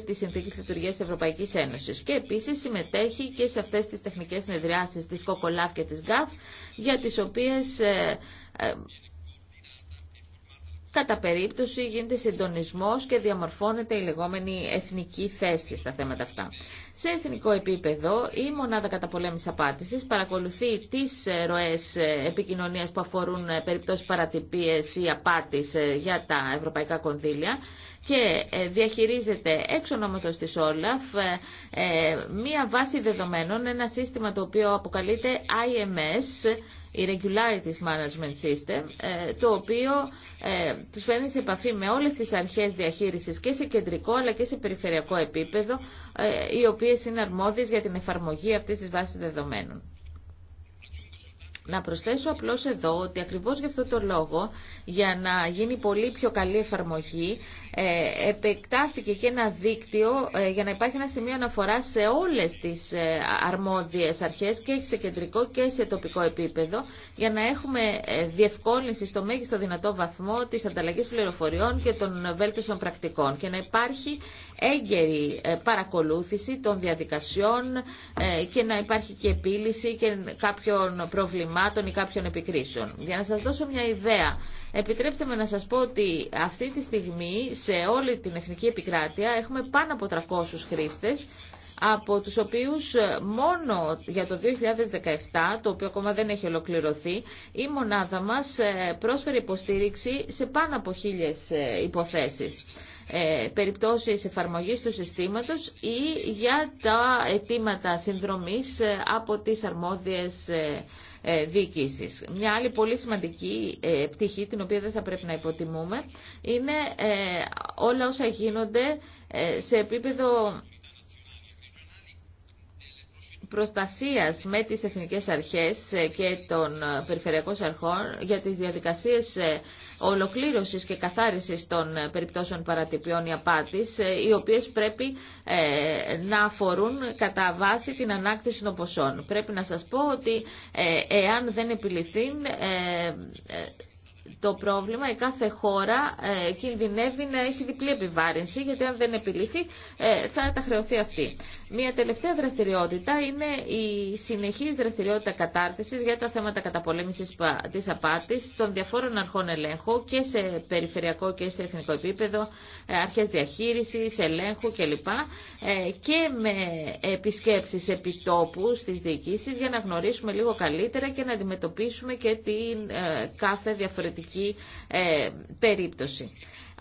της Συνθήκης Λειτουργίας της Ευρωπαϊκής Ένωσης και επίσης συμμετέχει και σε αυτές τις τεχνικές συνεδριάσεις της ΚΟΚΟΛΑΦ και της ΓΑΦ για τις οποίες ε, ε, κατά περίπτωση γίνεται συντονισμός και διαμορφώνεται η λεγόμενη εθνική θέση στα θέματα αυτά. Σε εθνικό επίπεδο, η Μονάδα Καταπολέμησης Απάτησης παρακολουθεί τις ροές επικοινωνίας που αφορούν περιπτώσεις παρατυπίες ή απάτης για τα ευρωπαϊκά κονδύλια και ε, διαχειρίζεται εξ ονόματος της Όλαφ ε, ε, μία βάση δεδομένων, ένα σύστημα το οποίο αποκαλείται IMS, Irregularities Management System, ε, το οποίο ε, τους φέρνει σε επαφή με όλες τις αρχές διαχείρισης και σε κεντρικό αλλά και σε περιφερειακό επίπεδο, ε, οι οποίες είναι αρμόδιες για την εφαρμογή αυτής της βάσης δεδομένων. Να προσθέσω απλώς εδώ ότι ακριβώς γι' αυτό το λόγο, για να γίνει πολύ πιο καλή εφαρμογή, ε, επεκτάθηκε και ένα δίκτυο ε, για να υπάρχει ένα σημείο αναφορά σε όλες τις ε, αρμόδιες αρχές και σε κεντρικό και σε τοπικό επίπεδο για να έχουμε διευκόλυνση στο μέγιστο δυνατό βαθμό της ανταλλαγής πληροφοριών και των βέλτιστων πρακτικών και να υπάρχει έγκαιρη παρακολούθηση των διαδικασιών και να υπάρχει και επίλυση και κάποιων προβλημάτων ή κάποιων επικρίσεων. Για να σας δώσω μια ιδέα Επιτρέψτε με να σας πω ότι αυτή τη στιγμή σε όλη την εθνική επικράτεια έχουμε πάνω από 300 χρήστες, από τους οποίους ε, μόνο για το 2017, το οποίο ακόμα δεν έχει ολοκληρωθεί, η μονάδα μας ε, πρόσφερε υποστήριξη σε πάνω από χίλιες ε, υποθέσεις περιπτώσεις εφαρμογής του συστήματος ή για τα αιτήματα συνδρομής από τις αρμόδιες ε, Μια άλλη πολύ σημαντική ε, πτυχή, την οποία δεν θα πρέπει να υποτιμούμε, είναι ε, όλα όσα γίνονται σε επίπεδο προστασίας με τις εθνικές αρχές και των περιφερειακών αρχών για τις διαδικασίες ολοκλήρωσης και καθάρισης των ε, περιπτώσεων παρατυπιών ή απάτης, ε, οι οποίες πρέπει ε, να αφορούν κατά βάση την ανάκτηση των ποσών. Πρέπει να σας πω ότι εάν δεν επιληθούν το πρόβλημα, η κάθε χώρα ε, κινδυνεύει να έχει διπλή επιβάρυνση, γιατί αν δεν επιληθεί ε, θα τα χρεωθεί αυτή. Μια τελευταία δραστηριότητα είναι η συνεχής δραστηριότητα κατάρτισης για τα θέματα καταπολέμησης της απάτης των διαφόρων αρχών ελέγχου και σε περιφερειακό και σε εθνικό επίπεδο, ε, αρχές διαχείρισης, ελέγχου κλπ. Ε, και με επισκέψεις επιτόπου στις διοικήσεις για να γνωρίσουμε λίγο καλύτερα και να αντιμετωπίσουμε και την κάθε διαφορετική ε, περίπτωση.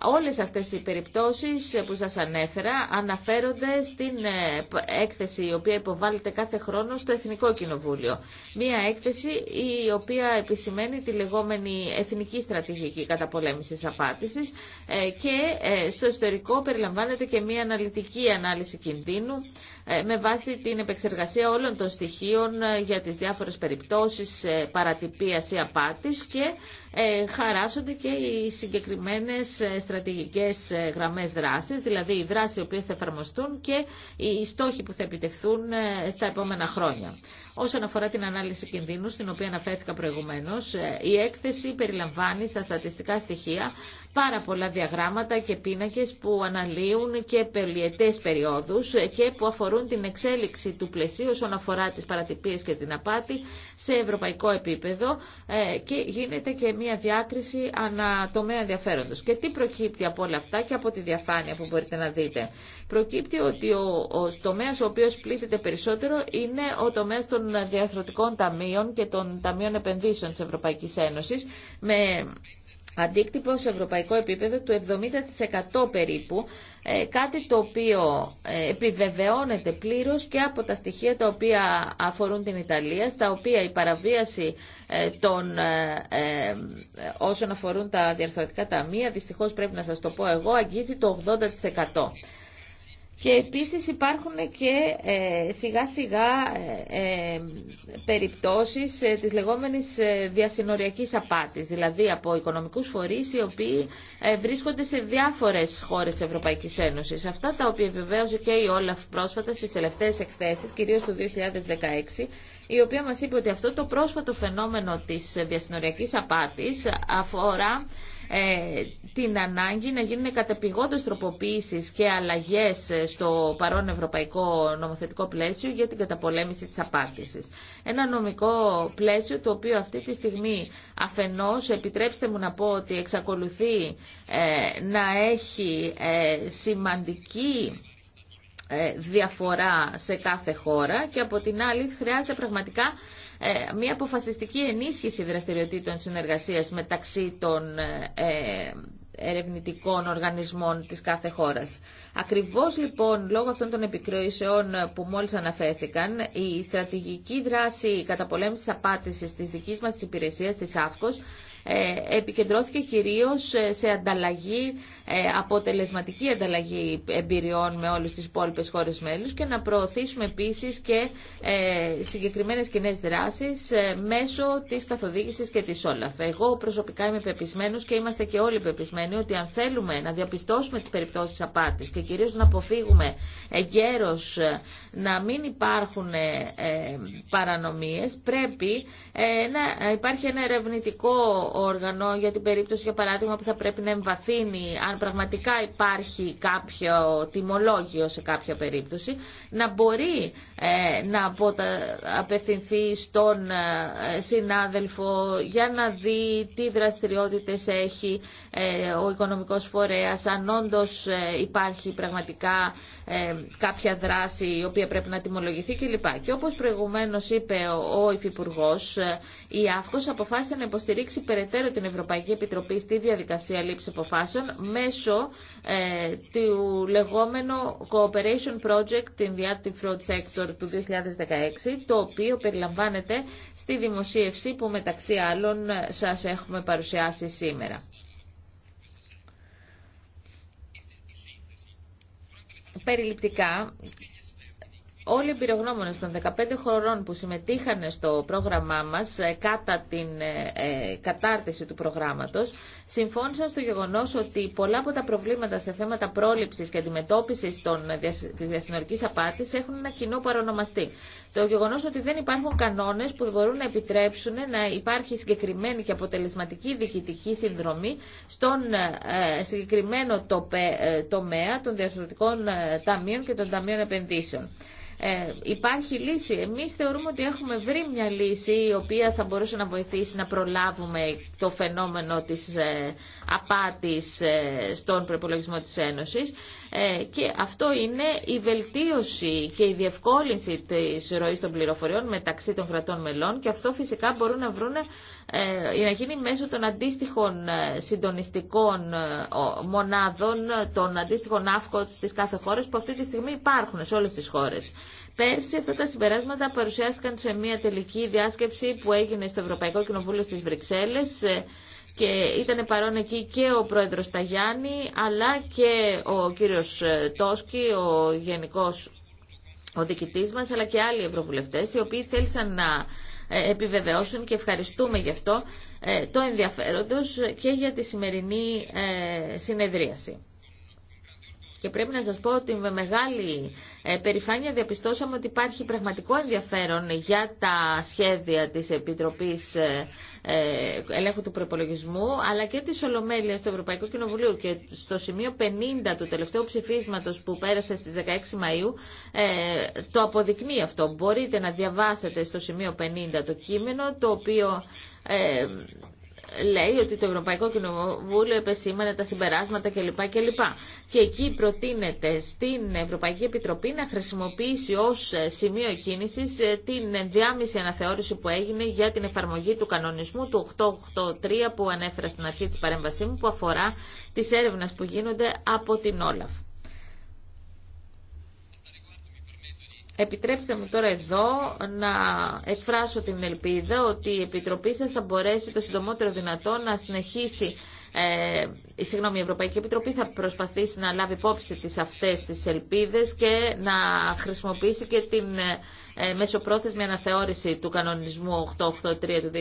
Όλες αυτές οι περιπτώσεις που σας ανέφερα αναφέρονται στην ε, έκθεση η οποία υποβάλλεται κάθε χρόνο στο Εθνικό Κοινοβούλιο. Μία έκθεση η οποία επισημαίνει τη λεγόμενη Εθνική Στρατηγική Καταπολέμησης Απάτησης ε, και ε, στο ιστορικό περιλαμβάνεται και μία αναλυτική ανάλυση κινδύνου με βάση την επεξεργασία όλων των στοιχείων για τις διάφορες περιπτώσεις παρατυπίας ή απάτης και χαράσονται και οι συγκεκριμένες στρατηγικές ε, γραμμές δράσης, δηλαδή οι δράσεις οι οποίες θα εφαρμοστούν και οι στόχοι που θα επιτευχθούν ε, στα επόμενα χρόνια. Όσον αφορά την ανάλυση κινδύνου, στην οποία αναφέρθηκα προηγουμένω, ε, η έκθεση περιλαμβάνει στα στατιστικά στοιχεία πάρα πολλά διαγράμματα και πίνακε που αναλύουν και πελιετέ περιόδου ε, και που αφορούν την εξέλιξη του πλαισίου όσον αφορά τι παρατυπίε και την απάτη σε ευρωπαϊκό επίπεδο ε, και γίνεται και μια διάκριση ανατομέα ενδιαφέροντο. Και τι προκύπτει από όλα αυτά και από τη διαφάνεια που μπορείτε να δείτε. Προκύπτει ότι ο, ο ο οποίο πλήττεται περισσότερο είναι ο τομέα των των διαθροτικών ταμείων και των ταμείων επενδύσεων της Ευρωπαϊκής Ένωσης με αντίκτυπο σε ευρωπαϊκό επίπεδο του 70% περίπου, ε, κάτι το οποίο ε, επιβεβαιώνεται πλήρως και από τα στοιχεία τα οποία αφορούν την Ιταλία, στα οποία η παραβίαση ε, των, όσων αφορούν τα διαρθρωτικά ταμεία, δυστυχώς πρέπει να σας το πω εγώ, αγγίζει το 80%. Και επίσης υπάρχουν και ε, σιγά σιγά ε, ε, περιπτώσεις ε, της λεγόμενης ε, διασυνοριακής απάτης, δηλαδή από οικονομικούς φορείς οι οποίοι βρίσκονται σε διάφορες χώρες Ευρωπαϊκής Ένωσης. Αυτά τα οποία βεβαίωσε και η Όλαφ πρόσφατα στις τελευταίες εκθέσεις, κυρίως το 2016, η οποία μας είπε ότι αυτό το πρόσφατο φαινόμενο της διασυνοριακής απάτης αφορά ε, την ανάγκη να γίνουν κατεπηγόντως τροποποίησεις και αλλαγές στο παρόν ευρωπαϊκό νομοθετικό πλαίσιο για την καταπολέμηση της απάντησης. Ένα νομικό πλαίσιο το οποίο αυτή τη στιγμή αφενός, επιτρέψτε μου να πω ότι εξακολουθεί ε, να έχει ε, σημαντική διαφορά σε κάθε χώρα και από την άλλη χρειάζεται πραγματικά ε, μια αποφασιστική ενίσχυση δραστηριοτήτων συνεργασίας μεταξύ των ε, ερευνητικών οργανισμών της κάθε χώρας. Ακριβώς λοιπόν λόγω αυτών των επικροήσεων που μόλις αναφέρθηκαν, η στρατηγική δράση καταπολέμησης απάτησης της δικής μας υπηρεσίας της ΑΦΚΟΣ ε, επικεντρώθηκε κυρίως ε, σε ανταλλαγή, ε, αποτελεσματική ανταλλαγή εμπειριών με όλες τις υπόλοιπε χώρες μέλους και να προωθήσουμε επίσης και συγκεκριμένες κοινέ δράσεις μέσω της καθοδήγησης και της Όλαφ. Εγώ προσωπικά είμαι πεπισμένος και είμαστε και όλοι πεπισμένοι ότι αν θέλουμε να διαπιστώσουμε τις περιπτώσεις απάτης και κυρίως να αποφύγουμε εγκαίρως να μην υπάρχουν παρανομίες, πρέπει να υπάρχει ένα ερευνητικό όργανο για την περίπτωση, για παράδειγμα, που θα πρέπει να εμβαθύνει αν πραγματικά υπάρχει κάποιο τιμολόγιο σε κάποια περίπτωση, να μπορεί ε, να απευθυνθεί στον ε, συνάδελφο για να δει τι δραστηριότητες έχει ε, ο οικονομικός φορέας, αν όντως υπάρχει πραγματικά κάποια δράση η οποία πρέπει να τιμολογηθεί κλπ. Και όπως προηγουμένως είπε ο, ο Υφυπουργός, η ΑΦΚΟΣ αποφάσισε να υποστηρίξει περαιτέρω την Ευρωπαϊκή Επιτροπή στη διαδικασία λήψη αποφάσεων μέσω ε, του λεγόμενου Cooperation Project in the Anti-Fraud Sector του 2016, το οποίο περιλαμβάνεται στη δημοσίευση που μεταξύ άλλων σας έχουμε παρουσιάσει σήμερα. Περιληπτικά, όλοι οι εμπειρογνώμονε των 15 χωρών που συμμετείχαν στο πρόγραμμά μα ε, κατά την ε, ε, κατάρτιση του προγράμματο συμφώνησαν στο γεγονό ότι πολλά από τα προβλήματα σε θέματα πρόληψη και αντιμετώπιση τη διασυνορική απάτη έχουν ένα κοινό παρονομαστή. Το γεγονό ότι δεν υπάρχουν κανόνε που μπορούν να επιτρέψουν να υπάρχει συγκεκριμένη και αποτελεσματική διοικητική συνδρομή στον ε, συγκεκριμένο τομέα των ε, ταμείων και των ταμείων επενδύσεων. Ε, υπάρχει λύση. Εμείς θεωρούμε ότι έχουμε βρει μια λύση η οποία θα μπορούσε να βοηθήσει να προλάβουμε το φαινόμενο της ε, απάτης ε, στον προπολογισμό της Ένωσης ε, και αυτό είναι η βελτίωση και η διευκόλυνση της ροής των πληροφοριών μεταξύ των κρατών μελών και αυτό φυσικά μπορούν να βρουν ε, να γίνει μέσω των αντίστοιχων ε, συντονιστικών μονάδων, των αντίστοιχων αύκοτ στις κάθε χώρα που αυτή τη στιγμή υπάρχουν σε όλες τις χώρες. Πέρσι αυτά τα συμπεράσματα παρουσιάστηκαν σε μια τελική διάσκεψη που έγινε στο Ευρωπαϊκό Κοινοβούλιο στις Βρυξέλλες και ήταν παρόν εκεί και ο πρόεδρος Ταγιάννη αλλά και ο κύριος ε, Τόσκι, ο γενικός ο διοικητής μας αλλά και άλλοι ευρωβουλευτές οι οποίοι θέλησαν να ε, επιβεβαιώσουν και ευχαριστούμε γι' αυτό ε, το ενδιαφέρον τους και για τη σημερινή συνεδρίαση. Και πρέπει να σας πω ότι με μεγάλη ε, περηφάνεια διαπιστώσαμε ότι υπάρχει πραγματικό ενδιαφέρον για τα σχέδια της Επιτροπής ε, ε, Ελέγχου του Προπολογισμού, αλλά και της Ολομέλειας του Ευρωπαϊκού Κοινοβουλίου. Και στο σημείο 50 του τελευταίου ψηφίσματος που πέρασε στις 16 Μαΐου, το αποδεικνύει αυτό. Μπορείτε να διαβάσετε στο σημείο 50 το κείμενο, το οποίο λέει ότι το Ευρωπαϊκό Κοινοβούλιο επεσήμανε τα συμπεράσματα κλπ. Και εκεί προτείνεται στην Ευρωπαϊκή Επιτροπή να χρησιμοποιήσει ως ε, σημείο κίνησης ε, την ενδιάμεση αναθεώρηση που έγινε για την εφαρμογή του κανονισμού του 883 που ανέφερα στην αρχή της παρέμβασή μου που αφορά τις έρευνες που γίνονται από την Όλαφ. Επιτρέψτε μου τώρα εδώ να εκφράσω την ελπίδα ότι η Επιτροπή σας θα μπορέσει το συντομότερο δυνατό να συνεχίσει ε, συγγνώμη, η Ευρωπαϊκή Επιτροπή θα προσπαθήσει να λάβει υπόψη τις αυτές τις ελπίδες και να χρησιμοποιήσει και την ε, μεσοπρόθεσμη αναθεώρηση του κανονισμού 883 του 2013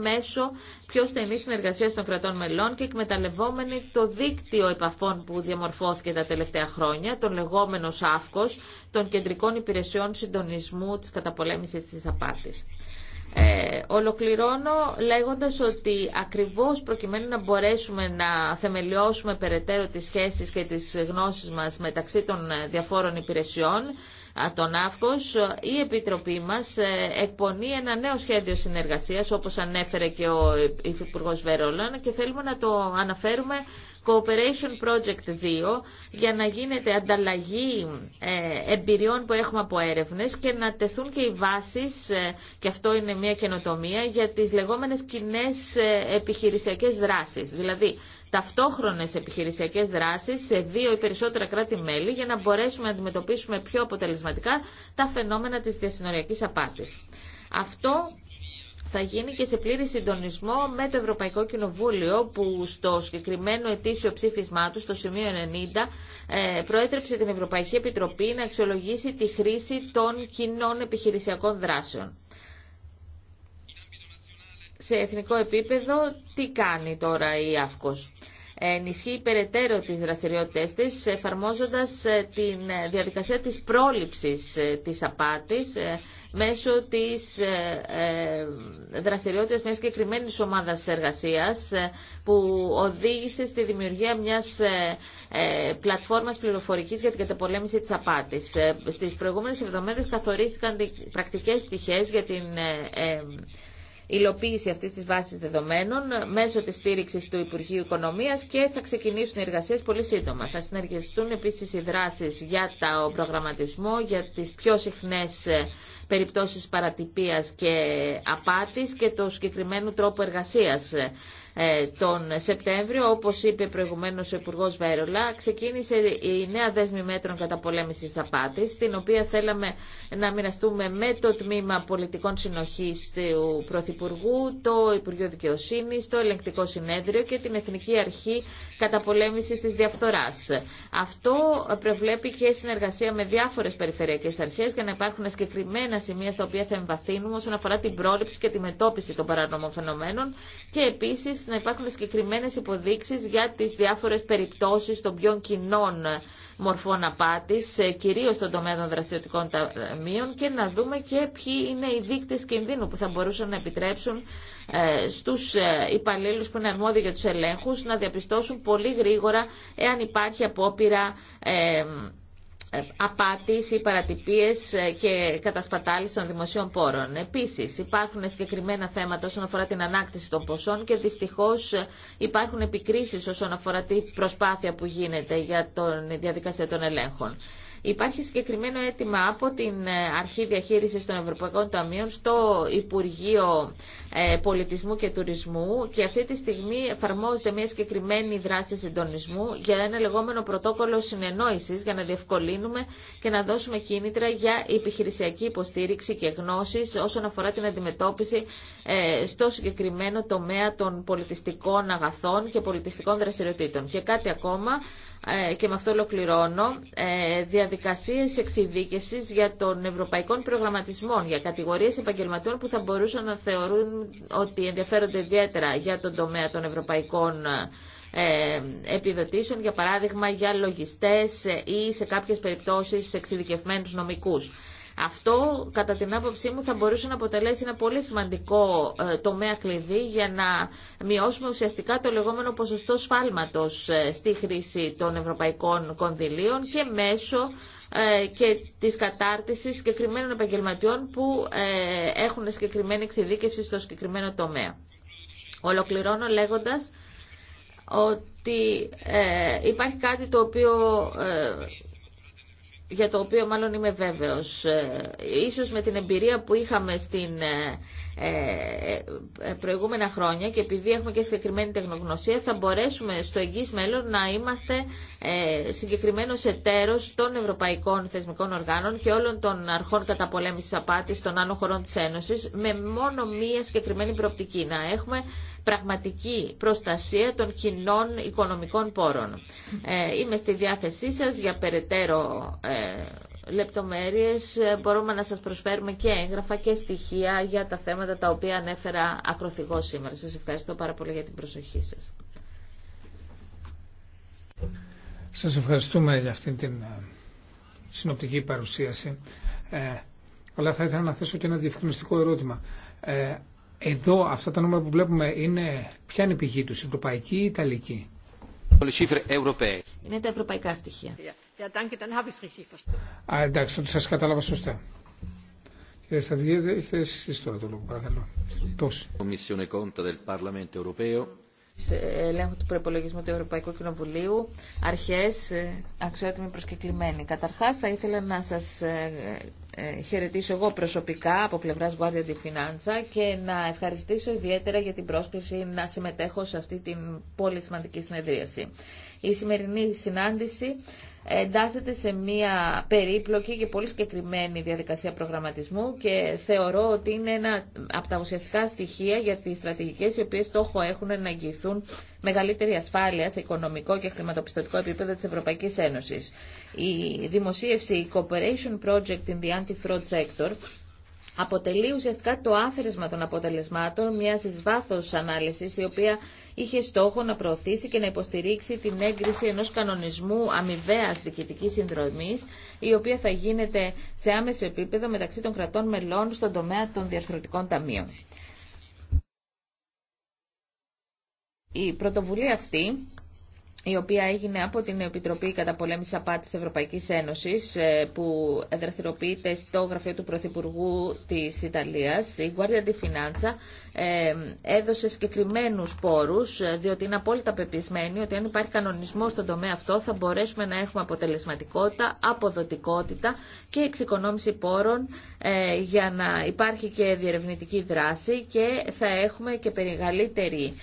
μέσω πιο στενής συνεργασίας των κρατών μελών και εκμεταλλευόμενη το δίκτυο επαφών που διαμορφώθηκε τα τελευταία χρόνια, τον λεγόμενο ΣΑΦΚΟΣ των Κεντρικών Υπηρεσιών Συντονισμού της Καταπολέμησης της Απάτης. Ε, ολοκληρώνω λέγοντας ότι ακριβώς προκειμένου να μπορέσουμε να θεμελιώσουμε περαιτέρω τις σχέσεις και τις γνώσεις μας μεταξύ των ε, διαφόρων υπηρεσιών, τον ΑΦΚΟΣ, η Επιτροπή μας ε, εκπονεί ένα νέο σχέδιο συνεργασίας, όπως ανέφερε και ο Υφυπουργός Βερολάν, και θέλουμε να το αναφέρουμε Cooperation Project 2 για να γίνεται ανταλλαγή ε, εμπειριών που έχουμε από έρευνες και να τεθούν και οι βάσεις, ε, και αυτό είναι μια καινοτομία, για τις λεγόμενες κοινέ ε, επιχειρησιακές δράσεις. Δηλαδή, ταυτόχρονες επιχειρησιακές δράσεις σε δύο ή περισσότερα κράτη-μέλη για να μπορέσουμε να αντιμετωπίσουμε πιο αποτελεσματικά τα φαινόμενα της διασυνοριακής απάτης. Αυτό θα γίνει και σε πλήρη συντονισμό με το Ευρωπαϊκό Κοινοβούλιο που στο συγκεκριμένο ετήσιο ψήφισμά του, στο σημείο 90, ε, προέτρεψε την Ευρωπαϊκή Επιτροπή να αξιολογήσει τη χρήση των κοινών επιχειρησιακών δράσεων. Σε εθνικό επίπεδο, τι κάνει τώρα η ΑΦΚΟΣ ενισχύει περαιτέρω τις δραστηριότητες της εφαρμόζοντας ε, την διαδικασία της πρόληψης ε, της απάτης μέσω της ε, ε, δραστηριότητας μιας συγκεκριμένη ομάδας εργασίας ε, που οδήγησε στη δημιουργία μιας πλατφόρμας πληροφορικής για την καταπολέμηση της απάτης. Στις προηγούμενες εβδομάδες καθορίστηκαν πρακτικές πτυχές για την υλοποίηση αυτής της βάσης δεδομένων μέσω της στήριξης του Υπουργείου Οικονομίας και θα ξεκινήσουν οι εργασίες πολύ σύντομα. Θα συνεργαστούν επίσης οι δράσεις για το προγραμματισμό, για τις πιο συχνές περιπτώσεις παρατυπίας και απάτης και το συγκεκριμένο τρόπο εργασίας ε, τον Σεπτέμβριο, όπω είπε προηγουμένω ο υπουργό Βέρολα, ξεκίνησε η νέα δέσμη μέτρων κατά πολέμηση απάτη, την οποία θέλαμε να μοιραστούμε με το Τμήμα Πολιτικών συνοχή του Πρωθυπουργού, το Υπουργείο Δικαιοσύνη, το Ελεγκτικό Συνέδριο και την Εθνική Αρχή Κατά πολέμηση τη διαφθορά. Αυτό προβλέπει και συνεργασία με διάφορε περιφερειακές αρχέ για να υπάρχουν συγκεκριμένα σημεία στα οποία θα εμβαθύνουμε όσον αφορά την πρόληψη και τη μετώπιση των παρανομών φαινομένων και επίσης να υπάρχουν συγκεκριμένε υποδείξει για τις διάφορες περιπτώσεις των πιο κοινών μορφών απάτης, ε, κυρίως στον τομέα των δραστηριοτικών ταμείων και να δούμε και ποιοι είναι οι δείκτε κινδύνου που θα μπορούσαν να επιτρέψουν ε, στους ε, υπαλλήλου που είναι αρμόδιοι για τους ελέγχους να διαπιστώσουν πολύ γρήγορα εάν υπάρχει απόπειρα απάτης ή παρατυπίες ε, και κατασπατάληση των δημοσίων πόρων. Επίσης υπάρχουν συγκεκριμένα θέματα όσον αφορά την ανάκτηση των ποσών και δυστυχώς ε, υπάρχουν επικρίσεις όσον αφορά την προσπάθεια που γίνεται για τον διαδικασία των ελέγχων. Υπάρχει συγκεκριμένο αίτημα από την ε, Αρχή Διαχείρισης των Ευρωπαϊκών Ταμείων στο Υπουργείο ε, πολιτισμού και τουρισμού και αυτή τη στιγμή εφαρμόζεται μια συγκεκριμένη δράση συντονισμού για ένα λεγόμενο πρωτόκολλο συνεννόησης για να διευκολύνουμε και να δώσουμε κίνητρα για επιχειρησιακή υποστήριξη και γνώσεις όσον αφορά την αντιμετώπιση ε, στο συγκεκριμένο τομέα των πολιτιστικών αγαθών και πολιτιστικών δραστηριοτήτων. Και κάτι ακόμα, ε, και με αυτό ολοκληρώνω, διαδικασίες εξειδίκευσης για τον ευρωπαϊκών προγραμματισμών για κατηγορίες επαγγελματιών που θα μπορούσαν να θεωρούν ότι ενδιαφέρονται ιδιαίτερα για τον τομέα των ευρωπαϊκών ε, επιδοτήσεων, για παράδειγμα για λογιστές ε, ή σε κάποιες περιπτώσεις εξειδικευμένους νομικούς. Αυτό, κατά την άποψή μου, θα μπορούσε να αποτελέσει ένα πολύ σημαντικό ε, τομέα κλειδί για να μειώσουμε ουσιαστικά το λεγόμενο ποσοστό σφάλματος στη χρήση των ευρωπαϊκών κονδυλίων και μέσω ε, και της κατάρτισης συγκεκριμένων επαγγελματιών που ε, έχουν συγκεκριμένη εξειδίκευση στο συγκεκριμένο τομέα. Ολοκληρώνω λέγοντας ότι ε, υπάρχει κάτι το οποίο για το οποίο μάλλον είμαι βέβαιος. Ίσως με την εμπειρία που είχαμε στην ε, ε, προηγούμενα χρόνια και επειδή έχουμε και συγκεκριμένη τεχνογνωσία θα μπορέσουμε στο εγγύς μέλλον να είμαστε ε, συγκεκριμένο εταίρος των ευρωπαϊκών θεσμικών οργάνων και όλων των αρχών καταπολέμησης απάτης των άλλων χωρών της Ένωσης με μόνο μία συγκεκριμένη προοπτική να έχουμε πραγματική προστασία των κοινών οικονομικών πόρων. Είμαι στη διάθεσή σας για περαιτέρω λεπτομέρειες ε, μπορούμε να σας προσφέρουμε και έγγραφα και στοιχεία για τα θέματα τα οποία ανέφερα ακροθυγό σήμερα. Σας ευχαριστώ πάρα πολύ για την προσοχή σας. Σας ευχαριστούμε για αυτήν την ε, συνοπτική παρουσίαση. Ε, αλλά θα ήθελα να θέσω και ένα διευκρινιστικό ερώτημα. Ε, εδώ αυτά τα νούμερα που βλέπουμε είναι ποια είναι η πηγή τους, ευρωπαϊκή ή ιταλική. Είναι τα ευρωπαϊκά στοιχεία εντάξει, ότι σας κατάλαβα σωστά. Κύριε Σταδιέδε, έχετε εσεί τώρα το λόγο, παρακαλώ. Τόση. Κομισιόνε Κόντα del Parlamento Europeo. Σε του προπολογισμού του Ευρωπαϊκού Κοινοβουλίου, αρχές ε, αξιότιμοι προσκεκλημένοι. Καταρχάς, θα ήθελα να σα ε, ε, χαιρετήσω εγώ προσωπικά από πλευρά Guardia di Finanza και να ευχαριστήσω ιδιαίτερα για την πρόσκληση να συμμετέχω σε αυτή την πολύ σημαντική συνεδρίαση. Η σημερινή συνάντηση εντάσσεται σε μια περίπλοκη και πολύ συγκεκριμένη διαδικασία προγραμματισμού και θεωρώ ότι είναι ένα από τα ουσιαστικά στοιχεία για τις στρατηγικές οι οποίες στόχο έχουν να εγγυηθούν μεγαλύτερη ασφάλεια σε οικονομικό και χρηματοπιστωτικό επίπεδο της Ευρωπαϊκής Ένωσης. Η δημοσίευση η Cooperation Project in the Anti-Fraud Sector αποτελεί ουσιαστικά το άθροισμα των αποτελεσμάτων μια εις βάθος ανάλυσης η οποία είχε στόχο να προωθήσει και να υποστηρίξει την έγκριση ενός κανονισμού αμοιβαία διοικητικής συνδρομής η οποία θα γίνεται σε άμεσο επίπεδο μεταξύ των κρατών μελών στον τομέα των διαρθρωτικών ταμείων. Η πρωτοβουλία αυτή η οποία έγινε από την Επιτροπή Καταπολέμησης Απάτης Ευρωπαϊκής Ένωσης ε, που δραστηριοποιείται στο γραφείο του Πρωθυπουργού της Ιταλίας. Η Guardia di Finanza ε, έδωσε συγκεκριμένου πόρους ε, διότι είναι απόλυτα πεπισμένη ότι αν υπάρχει κανονισμό στον τομέα αυτό θα μπορέσουμε να έχουμε αποτελεσματικότητα, αποδοτικότητα και εξοικονόμηση πόρων για να υπάρχει και διερευνητική δράση και θα έχουμε και περιγαλύτερη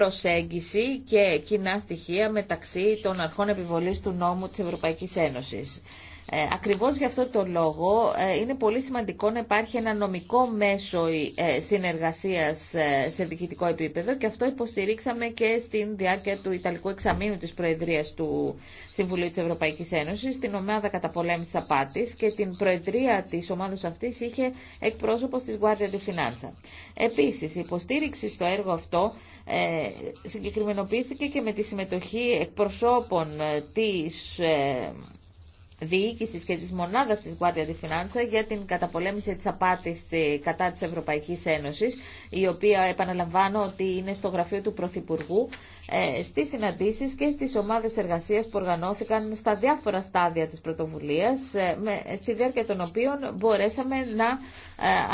προσέγγιση και κοινά στοιχεία μεταξύ των αρχών επιβολής του νόμου της Ευρωπαϊκής Ένωσης. Ε, ακριβώς γι' αυτό το λόγο ε, είναι πολύ σημαντικό να υπάρχει ένα νομικό μέσο ε, συνεργασίας ε, σε διοικητικό επίπεδο και αυτό υποστηρίξαμε και στην διάρκεια του Ιταλικού Εξαμήνου της Προεδρίας του Συμβουλίου της Ευρωπαϊκής Ένωσης, την Ομάδα Καταπολέμησης Απάτης και την Προεδρία της ομάδας αυτής είχε εκπρόσωπο της Guardia του Finanza. Επίσης, η υποστήριξη στο έργο αυτό ε, συγκεκριμενοποιήθηκε και με τη συμμετοχή εκπροσώπων ε, της ε, διοίκηση και τη μονάδα τη Guardia di Finanza για την καταπολέμηση τη απάτη ε, κατά τη Ευρωπαϊκή Ένωση, η οποία επαναλαμβάνω ότι είναι στο γραφείο του Πρωθυπουργού, ε, στι συναντήσει και στι ομάδε εργασία που οργανώθηκαν στα διάφορα στάδια τη πρωτοβουλία, ε, στη διάρκεια των οποίων μπορέσαμε να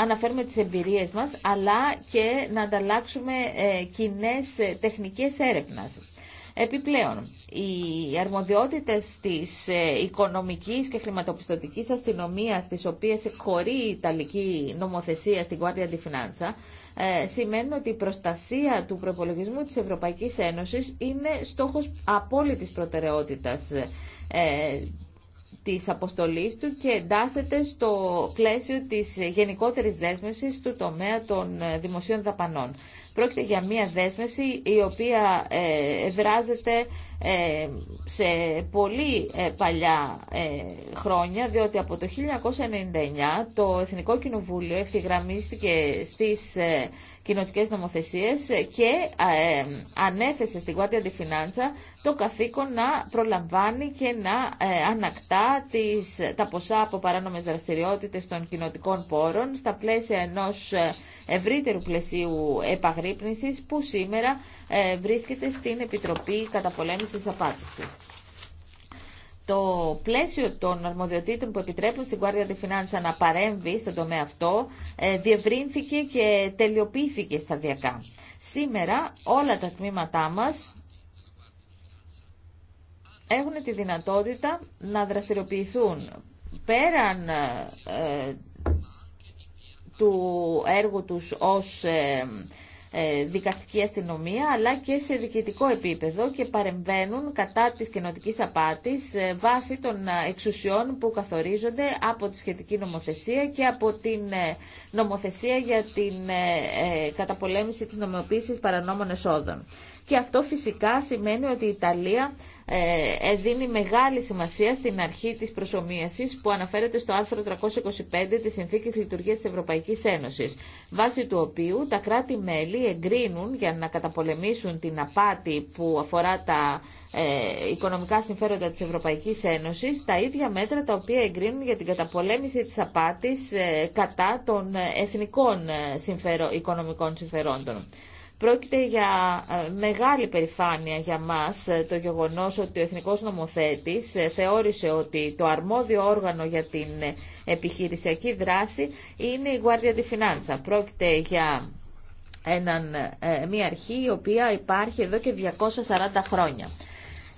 αναφέρουμε τι εμπειρίε μα, αλλά και να ανταλλάξουμε κοινέ τεχνικέ έρευνα. Επιπλέον, οι αρμοδιότητες της ε, οικονομικής και χρηματοπιστωτικής αστυνομίας, τι οποίες χωρεί η Ιταλική νομοθεσία στην Guardia di Finanza, ε, σημαίνουν ότι η προστασία του προπολογισμού της Ευρωπαϊκής Ένωσης είναι στόχος απόλυτης προτεραιότητας ε, της αποστολής του και εντάσσεται στο πλαίσιο της γενικότερης δέσμευσης του τομέα των ε, δημοσίων δαπανών. Πρόκειται για μία δέσμευση η οποία ε, εδράζεται ε, σε πολύ παλιά χρόνια, διότι από το 1999 το Εθνικό Κοινοβούλιο ευθυγραμμίστηκε στις κοινοτικέ νομοθεσίε και ε, ανέθεσε στην Guardia τη Finanza το καθήκον να προλαμβάνει και να ε, ανακτά τις, τα ποσά από παράνομε δραστηριότητε των κοινοτικών πόρων στα πλαίσια ενό ε, ευρύτερου πλαισίου επαγρύπνησης που σήμερα βρίσκεται στην Επιτροπή Καταπολέμησης Απάτησης το πλαίσιο των αρμοδιοτήτων που επιτρέπουν στην Guardia di Finanza να παρέμβει στον τομέα αυτό ε, διευρύνθηκε και τελειοποιήθηκε σταδιακά. Σήμερα όλα τα τμήματά μας έχουν τη δυνατότητα να δραστηριοποιηθούν πέραν ε, του έργου τους ως ε, ε, δικαστική αστυνομία αλλά και σε διοικητικό επίπεδο και παρεμβαίνουν κατά της κοινοτικής απάτης ε, βάσει των ε, εξουσιών που καθορίζονται από τη σχετική νομοθεσία και από την νομοθεσία για την καταπολέμηση της νομοποίησης παρανόμων εσόδων και αυτό φυσικά σημαίνει ότι η Ιταλία ε, ε, δίνει μεγάλη σημασία στην αρχή της προσωμίασης που αναφέρεται στο άρθρο 325 της Συνθήκης Λειτουργίας της Ευρωπαϊκής Ένωσης, βάσει του οποίου τα κράτη-μέλη εγκρίνουν για να καταπολεμήσουν την απάτη που αφορά τα ε, οικονομικά συμφέροντα της Ευρωπαϊκής Ένωσης, τα ίδια μέτρα τα οποία εγκρίνουν για την καταπολέμηση της απάτης κατά των εθνικών οικονομικών συμφερόντων. Πρόκειται για ε, μεγάλη περηφάνεια για μας ε, το γεγονός ότι ο Εθνικός Νομοθέτης ε, θεώρησε ότι το αρμόδιο όργανο για την επιχειρησιακή δράση είναι η Guardia di Finanza. Πρόκειται για έναν, μια αρχή η οποία υπάρχει εδώ και 240 χρόνια.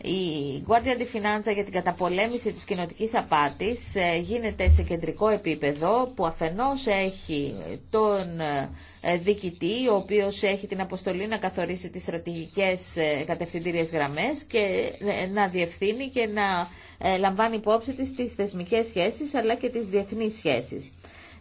Η Guardia di Finanza για την καταπολέμηση της κοινοτικής απάτης ε, γίνεται σε κεντρικό επίπεδο που αφενός έχει τον ε, διοικητή ο οποίος έχει την αποστολή να καθορίσει τις στρατηγικές ε, κατευθυντήριες γραμμές και να διευθύνει και να λαμβάνει υπόψη της τις θεσμικές σχέσεις αλλά και τις διεθνείς σχέσεις.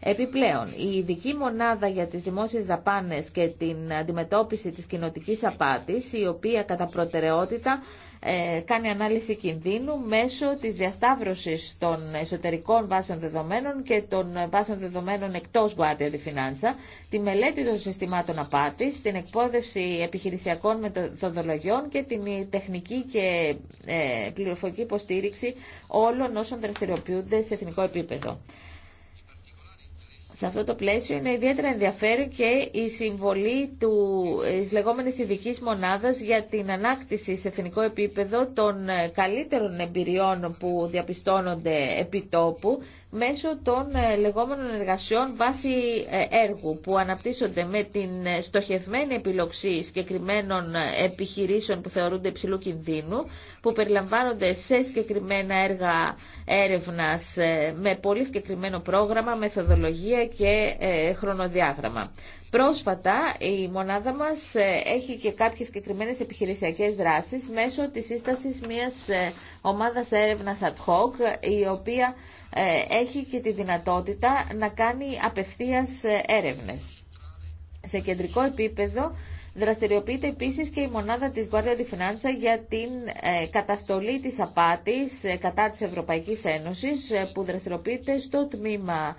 Επιπλέον, η ειδική μονάδα για τις δημόσιες δαπάνες και την αντιμετώπιση της κοινοτικής απάτης, η οποία κατά προτεραιότητα ε, κάνει ανάλυση κινδύνου μέσω της διασταύρωσης των εσωτερικών βάσεων δεδομένων και των βάσεων δεδομένων εκτός Guardia di Finanza, τη μελέτη των συστημάτων απάτης, την εκπόδευση επιχειρησιακών μεθοδολογιών και την τεχνική και ε, πληροφορική υποστήριξη όλων όσων δραστηριοποιούνται σε εθνικό επίπεδο. Σε αυτό το πλαίσιο είναι ιδιαίτερα ενδιαφέρον και η συμβολή του της λεγόμενης ειδική μονάδας για την ανάκτηση σε εθνικό επίπεδο των ε, καλύτερων εμπειριών που διαπιστώνονται επί τόπου μέσω των ε, λεγόμενων εργασιών βάση ε, έργου που αναπτύσσονται με την ε, στοχευμένη επιλοξή συγκεκριμένων επιχειρήσεων που θεωρούνται υψηλού κινδύνου, που περιλαμβάνονται σε συγκεκριμένα έργα έρευνας με πολύ συγκεκριμένο πρόγραμμα, μεθοδολογία και χρονοδιάγραμμα. Πρόσφατα η μονάδα μας έχει και κάποιες συγκεκριμένε επιχειρησιακές δράσεις μέσω της σύστασης μιας ομάδας έρευνας ad hoc η οποία ε, έχει και τη δυνατότητα να κάνει απευθείας ε, έρευνες. Σε κεντρικό επίπεδο δραστηριοποιείται επίσης και η μονάδα της Guardia di Finanza για την ε, καταστολή της απάτης κατά της Ευρωπαϊκής Ένωσης που δραστηριοποιείται στο τμήμα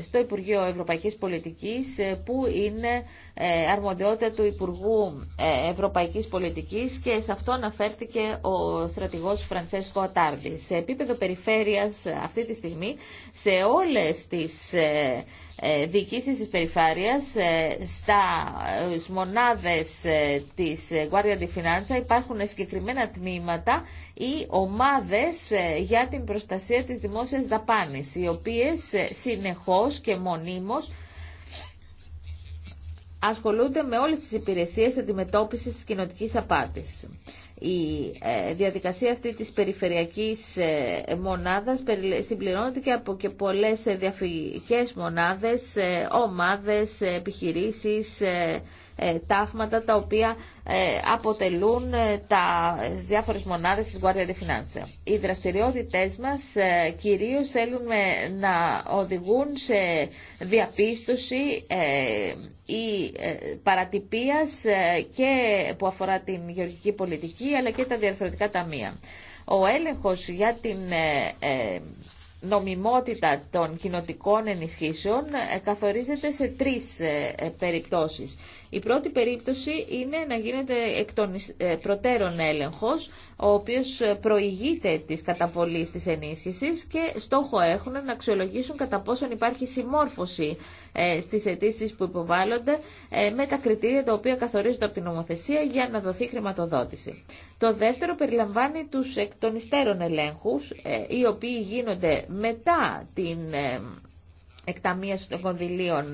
στο Υπουργείο Ευρωπαϊκής Πολιτικής που είναι ε, αρμοδιότητα του Υπουργού ε, Ευρωπαϊκής Πολιτικής και σε αυτό αναφέρθηκε ο στρατηγός Φρανσέσκο Ατάρντι. Σε επίπεδο περιφέρειας αυτή τη στιγμή σε όλες τις ε, διοικήσεις της περιφέρειας στα μονάδες της Guardia di Finanza υπάρχουν συγκεκριμένα τμήματα ή ομάδες για την προστασία της δημόσιας δαπάνης οι οποίες συνεχώς και μονίμως ασχολούνται με όλες τις υπηρεσίες αντιμετώπισης της κοινοτικής απάτης. Η ε, διαδικασία αυτή της περιφερειακής ε, μονάδας συμπληρώνεται και από και πολλές ε, διαφυγικές μονάδες, ομάδες, επιχειρήσεις, ε, τάγματα τα οποία ε, αποτελούν ε, τα διάφορες μονάδες της Guardia de Finanza. Οι δραστηριότητες μας κυρίως θέλουν να οδηγούν σε διαπίστωση ή παρατυπίας και που αφορά την γεωργική πολιτική αλλά και τα διαρθρωτικά ταμεία. Ο έλεγχος για την νομιμότητα των κοινοτικών ενισχύσεων καθορίζεται σε τρεις περιπτώσεις. Η πρώτη περίπτωση είναι να γίνεται εκ των ε, προτέρων έλεγχος, ο οποίος προηγείται της καταβολής της ενίσχυσης και στόχο έχουν να αξιολογήσουν κατά πόσον υπάρχει συμμόρφωση ε, στις αιτήσει που υποβάλλονται ε, με τα κριτήρια τα οποία καθορίζονται από την νομοθεσία για να δοθεί χρηματοδότηση. Το δεύτερο περιλαμβάνει τους εκ των υστέρων ελέγχους, οι οποίοι γίνονται μετά την εκταμίαση των κονδυλίων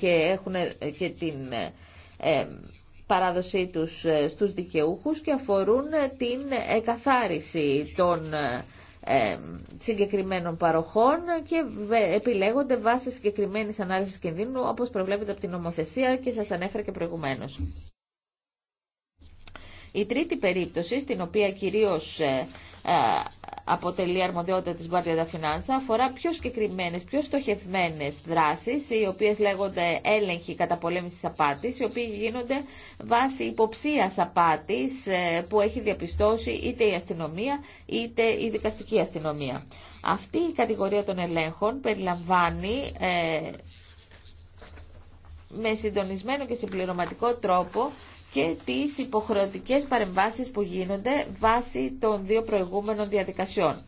και, έχουν, και την ε, παράδοσή τους ε, στους δικαιούχους και αφορούν ε, την εκαθάριση των συγκεκριμένων παροχών και επιλέγονται βάσει συγκεκριμένης ανάλυσης κινδύνου όπως προβλέπεται από την νομοθεσία και σας ανέφερα και προηγουμένως. Η τρίτη περίπτωση, στην οποία κυρίως αποτελεί αρμοδιότητα της Guardia da αφορά πιο συγκεκριμένε, πιο στοχευμένες δράσεις οι οποίες λέγονται έλεγχοι κατά πολέμηση απάτης οι οποίοι γίνονται βάσει υποψίας απάτης ε, που έχει διαπιστώσει είτε η αστυνομία είτε η δικαστική αστυνομία. Αυτή η κατηγορία των ελέγχων περιλαμβάνει ε, με συντονισμένο και συμπληρωματικό τρόπο και τις υποχρεωτικές παρεμβάσεις που γίνονται βάσει των δύο προηγούμενων διαδικασιών.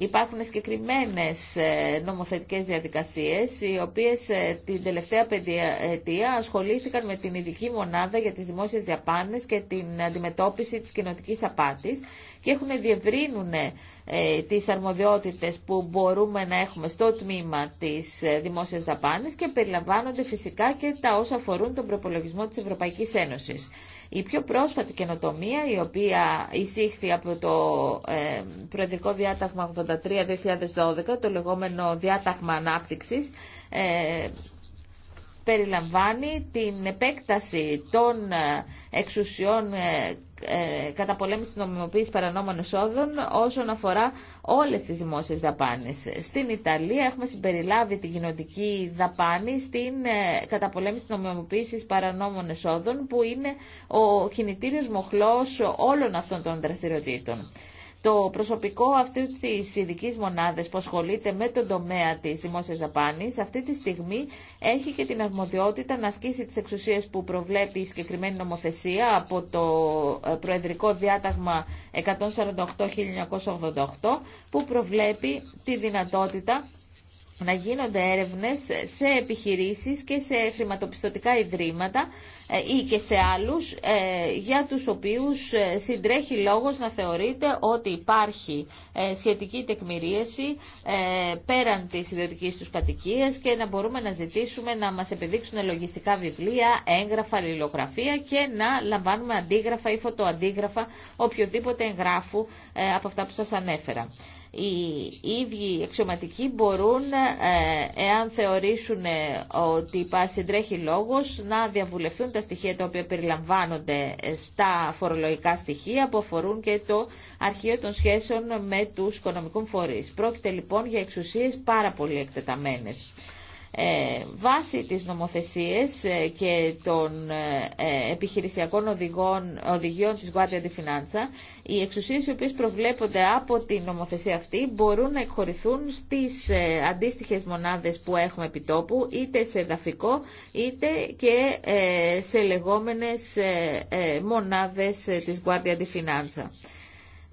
Υπάρχουν συγκεκριμένες ε, νομοθετικές διαδικασίες, οι οποίες ε, την τελευταία πενταετία ασχολήθηκαν με την ειδική μονάδα για τις δημόσιες διαπάνες και την αντιμετώπιση της κοινοτικής απάτης και έχουν διευρύνουν ε, τις αρμοδιότητες που μπορούμε να έχουμε στο τμήμα της δημόσιας δαπάνης και περιλαμβάνονται φυσικά και τα όσα αφορούν τον προπολογισμό της Ευρωπαϊκής Ένωσης. Η πιο πρόσφατη καινοτομία, η οποία εισήχθη από το ε, Προεδρικό Διάταγμα 83-2012, το λεγόμενο Διάταγμα Ανάπτυξης, ε, περιλαμβάνει την επέκταση των ε, εξουσιών ε, ε, κατά πολέμηση νομιμοποίηση παρανόμων εσόδων όσον αφορά όλες τις δημόσιες δαπάνες. Στην Ιταλία έχουμε συμπεριλάβει τη κοινωτική δαπάνη στην ε, καταπολέμηση της νομιμοποίησης παρανόμων εσόδων που είναι ο κινητήριος μοχλός όλων αυτών των δραστηριοτήτων. Το προσωπικό αυτή τη ειδική μονάδα που ασχολείται με τον τομέα τη δημόσια δαπάνη, αυτή τη στιγμή έχει και την αρμοδιότητα να ασκήσει τι εξουσίε που προβλέπει η συγκεκριμένη νομοθεσία από το ε, Προεδρικό Διάταγμα Διάταγμα 148-1988 που προβλέπει τη δυνατότητα να γίνονται έρευνες σε επιχειρήσεις και σε χρηματοπιστωτικά ιδρύματα ε, ή και σε άλλους ε, για τους οποίους ε, συντρέχει λόγος να θεωρείται ότι υπάρχει σχετική τεκμηρίαση πέραν της ιδιωτικής τους κατοικίας και να μπορούμε να ζητήσουμε να μας επιδείξουν λογιστικά βιβλία, έγγραφα, λιλογραφία και να λαμβάνουμε αντίγραφα ή φωτοαντίγραφα οποιοδήποτε εγγράφου από αυτά που σας ανέφερα οι ίδιοι εξωματικοί μπορούν, ε, εάν θεωρήσουν ε, ότι συντρέχει λόγος, να διαβουλευτούν τα στοιχεία τα οποία περιλαμβάνονται στα φορολογικά στοιχεία που αφορούν και το αρχείο των σχέσεων με τους οικονομικούς φορείς. Πρόκειται λοιπόν για εξουσίες πάρα πολύ εκτεταμένες. Ε, βάσει της νομοθεσίες ε, και των ε, ε, επιχειρησιακών οδηγών, οδηγιών της Guardia di Finanza, οι εξουσίες οι οποίες προβλέπονται από τη νομοθεσία αυτή μπορούν να εκχωρηθούν στις αντίστοιχες μονάδες που έχουμε επιτόπου, είτε σε εδαφικό, είτε και σε λεγόμενες μονάδες της Guardia di Finanza.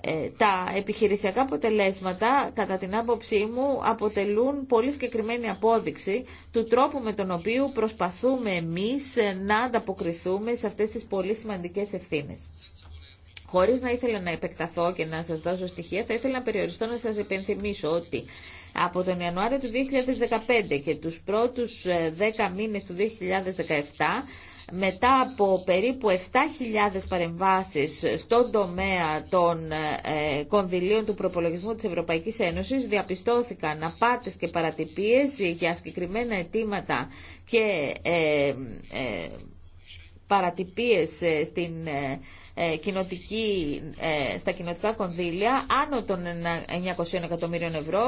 Ε, τα επιχειρησιακά αποτελέσματα, κατά την άποψή μου, αποτελούν πολύ συγκεκριμένη απόδειξη του τρόπου με τον οποίο προσπαθούμε εμείς να ανταποκριθούμε σε αυτές τις πολύ σημαντικές ευθύνες. Χωρίς να ήθελα να επεκταθώ και να σας δώσω στοιχεία, θα ήθελα να περιοριστώ να σας υπενθυμίσω ότι από τον Ιανουάριο του 2015 και τους πρώτους 10 ε, μήνες του 2017 μετά από περίπου 7.000 παρεμβάσεις στον τομέα των ε, κονδυλίων του προπολογισμού της Ευρωπαϊκής Ένωσης διαπιστώθηκαν απάτες και παρατυπίες για συγκεκριμένα αιτήματα και ε, ε, παρατυπίες στην ε, ε, στα κοινοτικά κονδύλια άνω των 900 εκατομμύριων ευρώ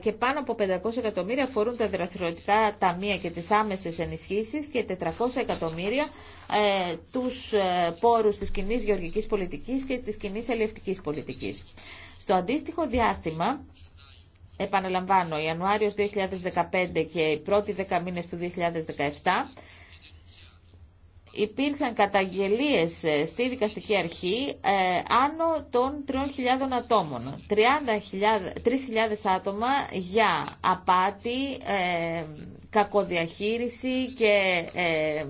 και πάνω από 500 εκατομμύρια αφορούν τα δραστηριοτικά ταμεία και τις άμεσες ενισχύσεις και 400 εκατομμύρια ε, τους πόρους της κοινή γεωργικής πολιτικής και της κοινή αλληλευτικής πολιτικής. Στο αντίστοιχο διάστημα, επαναλαμβάνω, Ιανουάριος 2015 και οι πρώτοι 10 του 2017, υπήρχαν καταγγελίες ε, στη δικαστική αρχή ε, άνω των 3.000 ατόμων. 30.000, 3.000 άτομα για απάτη, ε, κακοδιαχείριση και ε,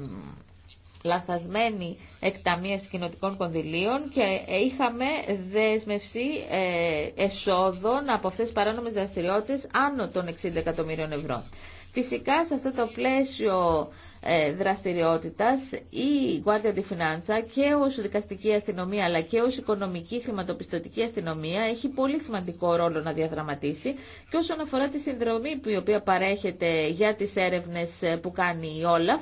λαθασμένη εκταμίαση κοινοτικών κονδυλίων και είχαμε δέσμευση εσόδων από αυτές τις παράνομες δραστηριότητες άνω των 60 εκατομμύριων ευρώ. Φυσικά σε αυτό το πλαίσιο ε, δραστηριότητας η Guardia di Finanza και ως δικαστική αστυνομία αλλά και ως οικονομική χρηματοπιστωτική αστυνομία έχει πολύ σημαντικό ρόλο να διαδραματίσει και όσον αφορά τη συνδρομή που η οποία παρέχεται για τις έρευνες που κάνει η Όλαφ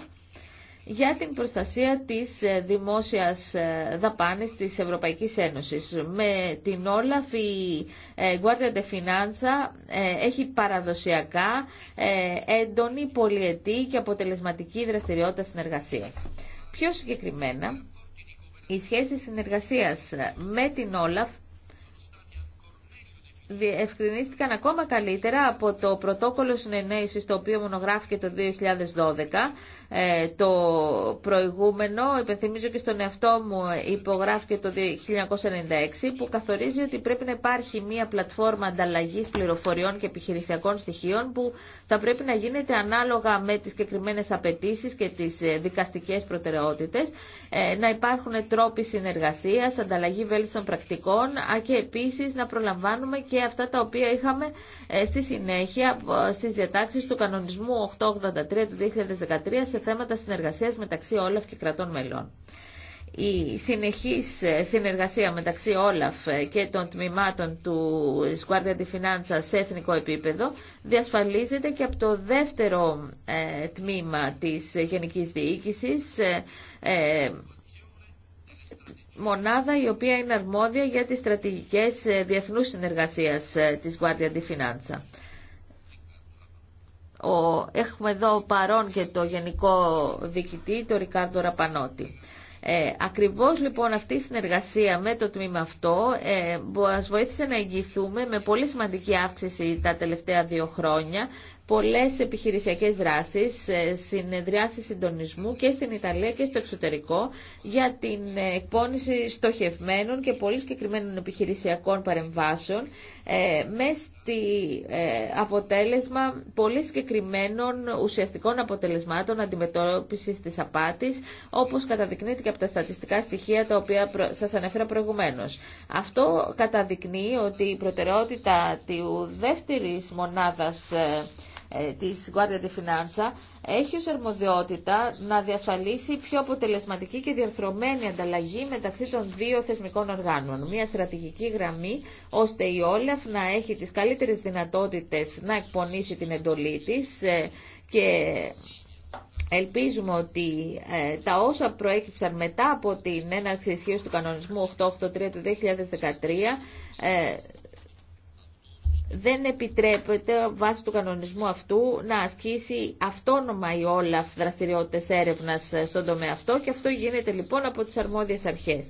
για την προστασία της ε, δημόσιας ε, δαπάνης της Ευρωπαϊκής Ένωσης. Με την Όλαφ η ε, Guardia de Finanza έχει παραδοσιακά έντονη πολυετή και αποτελεσματική δραστηριότητα συνεργασίας. Πιο συγκεκριμένα, οι σχέσεις συνεργασίας με την Όλαφ ευκρινίστηκαν ακόμα καλύτερα από το πρωτόκολλο συνεννόησης το οποίο μονογράφηκε το 2012 ε, το προηγούμενο, υπενθυμίζω και στον εαυτό μου υπογράφηκε το 1996, που καθορίζει ότι πρέπει να υπάρχει μια πλατφόρμα ανταλλαγή πληροφοριών και επιχειρησιακών στοιχείων που θα πρέπει να γίνεται ανάλογα με τι συγκεκριμένε απαιτήσει και τις δικαστικές προτεραιότητες ε, να υπάρχουν τρόποι συνεργασίας, ανταλλαγή βέλτιστων πρακτικών και επίσης να προλαμβάνουμε και αυτά τα οποία είχαμε ε, στη συνέχεια ε, στις διατάξεις του κανονισμού 883 του 2013 σε θέματα συνεργασίας μεταξύ Όλαφ και κρατών μελών. Η συνεχής συνεργασία μεταξύ Όλαφ και των τμήματων του Σκουάρτια τη Finanza σε εθνικό επίπεδο διασφαλίζεται και από το δεύτερο τμήμα της Γενικής Διοίκησης ε, μονάδα η οποία είναι αρμόδια για τις στρατηγικές ε, διεθνούς συνεργασίας ε, της Guardia di Finanza. Ο, έχουμε εδώ παρόν και το Γενικό Διοικητή, το Ρικάρντο Ραπανότη. Ε, ακριβώς λοιπόν αυτή η συνεργασία με το τμήμα αυτό ε, μας βοήθησε να εγγυηθούμε με πολύ σημαντική αύξηση τα τελευταία δύο χρόνια πολλές επιχειρησιακές δράσεις, ε, συνεδριάσεις συντονισμού και στην Ιταλία και στο εξωτερικό για την ε, εκπόνηση στοχευμένων και πολύ συγκεκριμένων επιχειρησιακών παρεμβάσεων ε, με στη αποτέλεσμα πολύ συγκεκριμένων ουσιαστικών αποτελεσμάτων αντιμετώπισης της απάτης όπως καταδεικνύεται από τα στατιστικά στοιχεία τα οποία σας ανέφερα προηγουμένως. Αυτό καταδεικνύει ότι η προτεραιότητα του δεύτερης μονάδας ε, της Guardia di Finanza έχει ως αρμοδιότητα να διασφαλίσει πιο αποτελεσματική και διαρθρωμένη ανταλλαγή μεταξύ των δύο θεσμικών οργάνων. Μια στρατηγική γραμμή ώστε η Όλεφ να έχει τις καλύτερες δυνατότητες να εκπονήσει την εντολή της ε, και Ελπίζουμε ότι ε, τα όσα προέκυψαν μετά από την έναρξη ισχύω του κανονισμού 883 του 2013 δεν επιτρέπεται βάσει του κανονισμού αυτού να ασκήσει αυτόνομα η όλα δραστηριότητες έρευνας στον τομέα αυτό και αυτό γίνεται λοιπόν από τις αρμόδιες αρχές.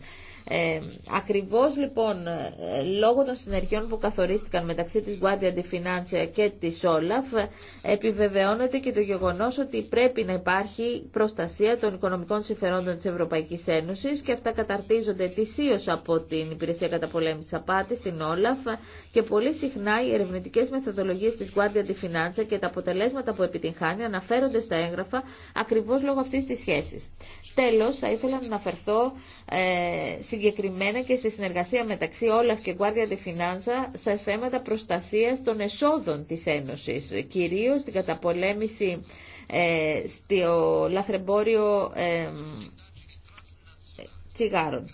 Ε, ακριβώς λοιπόν ε, λόγω των συνεργειών που καθορίστηκαν μεταξύ της Guardia de Financia και της Olaf επιβεβαιώνεται και το γεγονός ότι πρέπει να υπάρχει προστασία των οικονομικών συμφερόντων της Ευρωπαϊκής Ένωσης και αυτά καταρτίζονται ετησίως από την Υπηρεσία Καταπολέμησης Απάτης, την Olaf και πολύ συχνά οι ερευνητικέ μεθοδολογίε τη Guardia di Financia και τα αποτελέσματα που επιτυγχάνει αναφέρονται στα έγγραφα ακριβώ λόγω αυτή τη σχέση. Τέλο, θα ήθελα να αναφερθώ ε, συγκεκριμένα και στη συνεργασία μεταξύ Όλαφ και Guardia τη Φινάνσα στα θέματα προστασίας των εσόδων της Ένωσης, κυρίως στην καταπολέμηση ε, στο λαθρεμπόριο ε, τσιγάρων.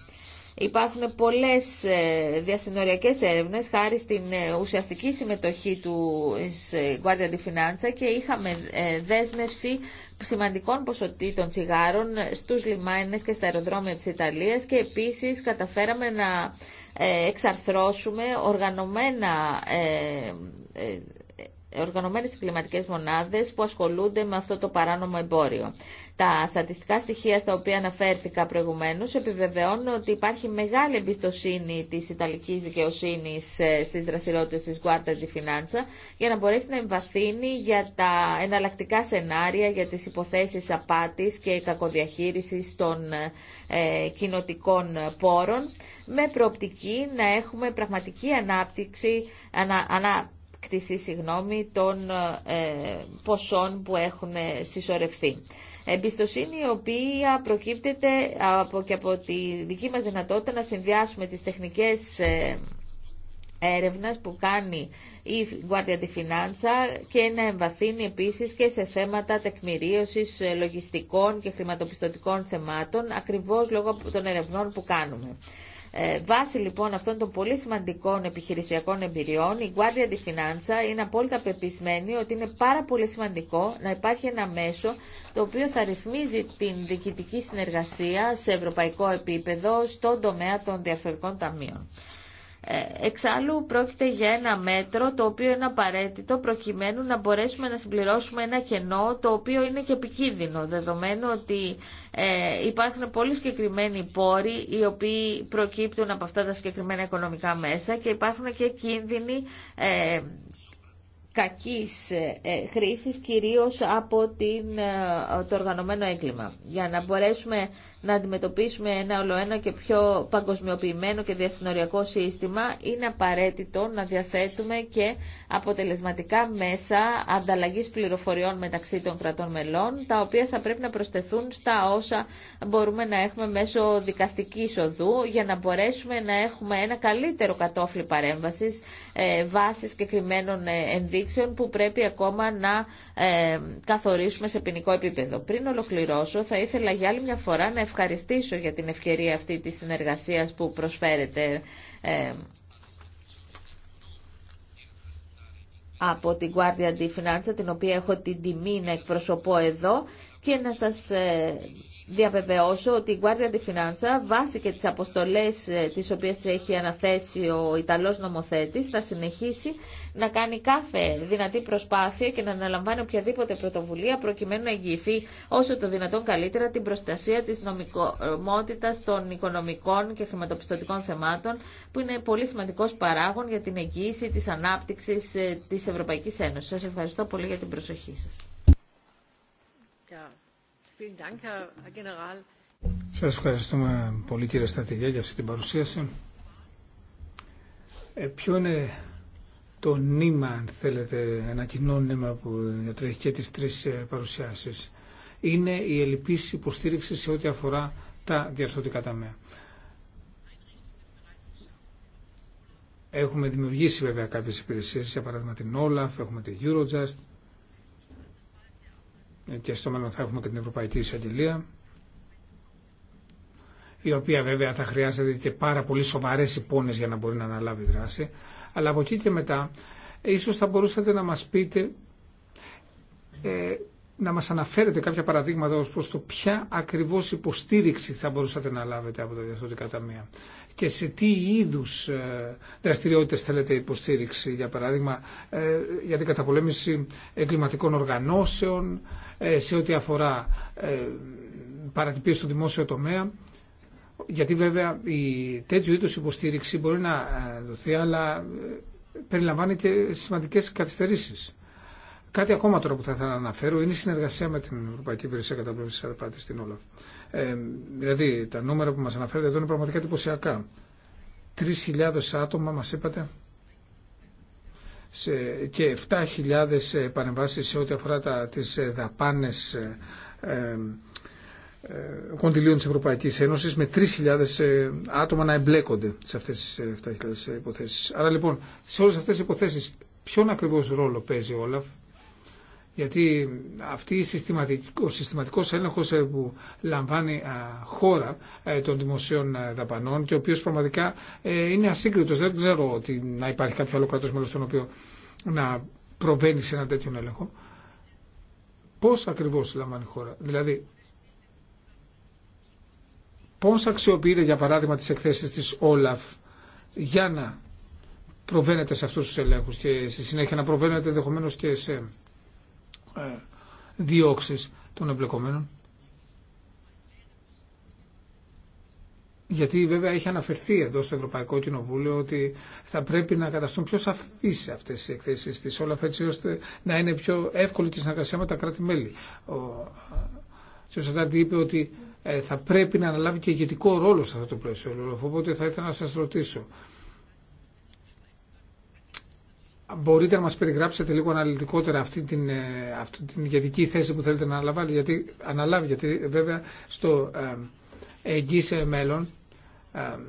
Υπάρχουν πολλές διασυνοριακές έρευνες χάρη στην ουσιαστική συμμετοχή του Guardia di Finanza και είχαμε δέσμευση σημαντικών ποσοτήτων τσιγάρων στους λιμάνες και στα αεροδρόμια της Ιταλίας και επίσης καταφέραμε να ε, εξαρθρώσουμε οργανωμένα ε, ε, οργανωμένες κλιματικές μονάδες που ασχολούνται με αυτό το παράνομο εμπόριο. Τα στατιστικά στοιχεία στα οποία αναφέρθηκα προηγουμένω, επιβεβαιώνουν ότι υπάρχει μεγάλη εμπιστοσύνη τη ιταλική δικαιοσύνη ε, στι δραστηριότητε τη Guarda di Finanza για να μπορέσει να εμβαθύνει για τα εναλλακτικά σενάρια για τι υποθέσει απάτη και κακοδιαχείριση των ε, κοινοτικών πόρων με προοπτική να έχουμε πραγματική ανάπτυξη, ανα, των ε, ποσών που έχουν ε, συσσωρευτεί. Εμπιστοσύνη η οποία προκύπτεται από, και από τη δική μας δυνατότητα να συνδυάσουμε τις τεχνικές ε, έρευνας που κάνει η Guardia di Finanza και να εμβαθύνει επίσης και σε θέματα τεκμηρίωσης ε, λογιστικών και χρηματοπιστωτικών θεμάτων ακριβώς λόγω των ερευνών που κάνουμε. Ε, βάσει λοιπόν αυτών των πολύ σημαντικών επιχειρησιακών εμπειριών, η Guardia di Finanza είναι απόλυτα πεπισμένη ότι είναι πάρα πολύ σημαντικό να υπάρχει ένα μέσο το οποίο θα ρυθμίζει την διοικητική συνεργασία σε ευρωπαϊκό επίπεδο στον τομέα των διαφορετικών ταμείων. Ε, εξάλλου πρόκειται για ένα μέτρο το οποίο είναι απαραίτητο προκειμένου να μπορέσουμε να συμπληρώσουμε ένα κενό το οποίο είναι και επικίνδυνο δεδομένου ότι ε, υπάρχουν πολύ συγκεκριμένοι πόροι οι οποίοι προκύπτουν από αυτά τα συγκεκριμένα οικονομικά μέσα και υπάρχουν και κίνδυνοι ε, κακής ε, ε, χρήσης κυρίως από την, το οργανωμένο έγκλημα. Για να μπορέσουμε να αντιμετωπίσουμε ένα ολοένα και πιο παγκοσμιοποιημένο και διασυνοριακό σύστημα, είναι απαραίτητο να διαθέτουμε και αποτελεσματικά μέσα ανταλλαγής πληροφοριών μεταξύ των κρατών μελών, τα οποία θα πρέπει να προσθεθούν στα όσα μπορούμε να έχουμε μέσω δικαστικής οδού, για να μπορέσουμε να έχουμε ένα καλύτερο κατόφλι παρέμβασης ε, βάσει συγκεκριμένων ε, ενδείξεων που πρέπει ακόμα να ε, καθορίσουμε σε ποινικό επίπεδο. Πριν ολοκληρώσω, θα ήθελα για άλλη μια φορά να ευχαριστήσω για την ευκαιρία αυτή της συνεργασίας που προσφέρεται ε, από την Guardia di Finanza, την οποία έχω την τιμή να εκπροσωπώ εδώ και να σας ε, διαβεβαιώσω ότι η Guardia di Finanza βάσει και τις αποστολές ε, τις οποίες έχει αναθέσει ο Ιταλός νομοθέτης θα συνεχίσει να κάνει κάθε δυνατή προσπάθεια και να αναλαμβάνει οποιαδήποτε πρωτοβουλία προκειμένου να εγγυηθεί όσο το δυνατόν καλύτερα την προστασία της νομικότητας των οικονομικών και χρηματοπιστωτικών θεμάτων που είναι πολύ σημαντικός παράγον για την εγγύηση της ανάπτυξης ε, της Ευρωπαϊκής Ένωσης. Σας ευχαριστώ πολύ για την προσοχή σας. Σας ευχαριστούμε πολύ κύριε Στρατηγέ για αυτή την παρουσίαση. Ε, ποιο είναι το νήμα, αν θέλετε, ένα κοινό νήμα που διατρέχει και τις τρεις ε, παρουσιάσεις. Είναι η ελλειπής υποστήριξη σε ό,τι αφορά τα διαρθρωτικά ταμεία. Έχουμε δημιουργήσει βέβαια κάποιες υπηρεσίες, για παράδειγμα την Όλαφ, έχουμε την Eurojust, και στο μέλλον θα έχουμε και την Ευρωπαϊκή Εισαγγελία η οποία βέβαια θα χρειάζεται και πάρα πολύ σοβαρές υπόνες για να μπορεί να αναλάβει δράση αλλά από εκεί και μετά ίσως θα μπορούσατε να μας πείτε ε, να μας αναφέρετε κάποια παραδείγματα ως προς το ποια ακριβώς υποστήριξη θα μπορούσατε να λάβετε από τα Διευθυντικά ταμεία και σε τι είδους ε, δραστηριότητες θέλετε υποστήριξη, για παράδειγμα, ε, για την καταπολέμηση εγκληματικών οργανώσεων, ε, σε ό,τι αφορά παρατυπίες στο δημόσιο τομέα. Γιατί βέβαια η τέτοιου είδους υποστήριξη μπορεί να δοθεί, αλλά περιλαμβάνει και σημαντικές καθυστερήσεις. Κάτι ακόμα τώρα που θα ήθελα να αναφέρω είναι η συνεργασία με την Ευρωπαϊκή Υπηρεσία Καταπολέμησης Αδεπάτη στην Όλαφ. Ε, δηλαδή τα νούμερα που μας αναφέρετε εδώ είναι πραγματικά εντυπωσιακά. 3.000 άτομα μας είπατε σε, και 7.000 ε, παρεμβάσεις σε ό,τι αφορά τα, τις ε, δαπάνες ε, κοντιλίων της Ευρωπαϊκής Ένωσης με 3.000 άτομα να εμπλέκονται σε αυτές τις 7.000 υποθέσεις. Άρα λοιπόν, σε όλες αυτές τις υποθέσεις ποιον ακριβώς ρόλο παίζει ο Όλαφ γιατί αυτή η συστηματικό, ο συστηματικός έλεγχος ε, που λαμβάνει χώρα ε, των δημοσίων ε, δαπανών και ο οποίος πραγματικά είναι ασύγκριτος. Δεν ξέρω ότι να υπάρχει κάποιο άλλο κράτος μέλος στον οποίο να προβαίνει σε ένα τέτοιο έλεγχο. Πώς ακριβώς λαμβάνει χώρα. Δηλαδή, πώς αξιοποιείται για παράδειγμα τις εκθέσεις της Όλαφ για να προβαίνεται σε αυτούς τους ελέγχους και στη συνέχεια να προβαίνεται ενδεχομένω και σε ε, διώξεις των εμπλεκομένων. Γιατί βέβαια έχει αναφερθεί εδώ στο Ευρωπαϊκό Κοινοβούλιο ότι θα πρέπει να καταστούν πιο σαφεί αυτές οι εκθέσεις τη Όλαφ έτσι ώστε να είναι πιο εύκολη τη συνεργασία με τα κράτη-μέλη. Ο κ. είπε ότι ε, θα πρέπει να αναλάβει και ηγετικό ρόλο σε αυτό το πλαίσιο. Οπότε θα ήθελα να σας ρωτήσω μπορείτε να μας περιγράψετε λίγο αναλυτικότερα αυτή την, ε, αυτή την ηγετική θέση που θέλετε να αναλάβει, γιατί, αναλάβει, γιατί βέβαια στο ε, εγγύς ε, μέλλον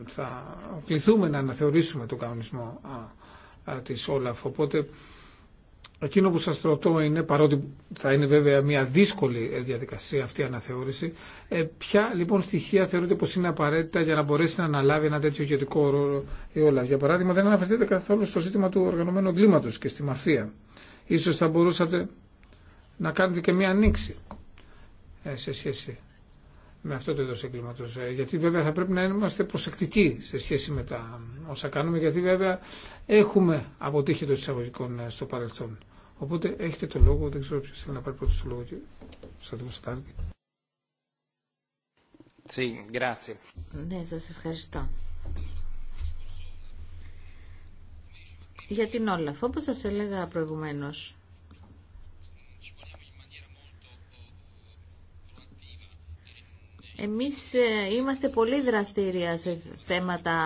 θα κληθούμε να αναθεωρήσουμε τον κανονισμό της Όλαφ. Οπότε Εκείνο που σας ρωτώ είναι, παρότι θα είναι βέβαια μια δύσκολη ε, διαδικασία αυτή η αναθεώρηση, ε, ποια λοιπόν στοιχεία θεωρείτε πως είναι απαραίτητα για να μπορέσει να αναλάβει ένα τέτοιο ηγετικό ρόλο η όλα. Για παράδειγμα δεν αναφερθείτε καθόλου στο ζήτημα του οργανωμένου εγκλήματος και στη μαφία. Ίσως θα μπορούσατε να κάνετε και μια ανοίξη ε, σε σχέση με αυτό το είδο εγκλήματο. Γιατί βέβαια θα πρέπει να είμαστε προσεκτικοί σε σχέση με τα όσα κάνουμε, γιατί βέβαια έχουμε αποτύχει των εισαγωγικών στο παρελθόν. Οπότε έχετε το λόγο, δεν ξέρω ποιος θέλει να πάρει πρώτος το λόγο. και Σας Ναι, σας ευχαριστώ. Για την Όλαφ, όπως σας έλεγα προηγουμένως, Εμείς ε, είμαστε πολύ δραστήρια σε θέματα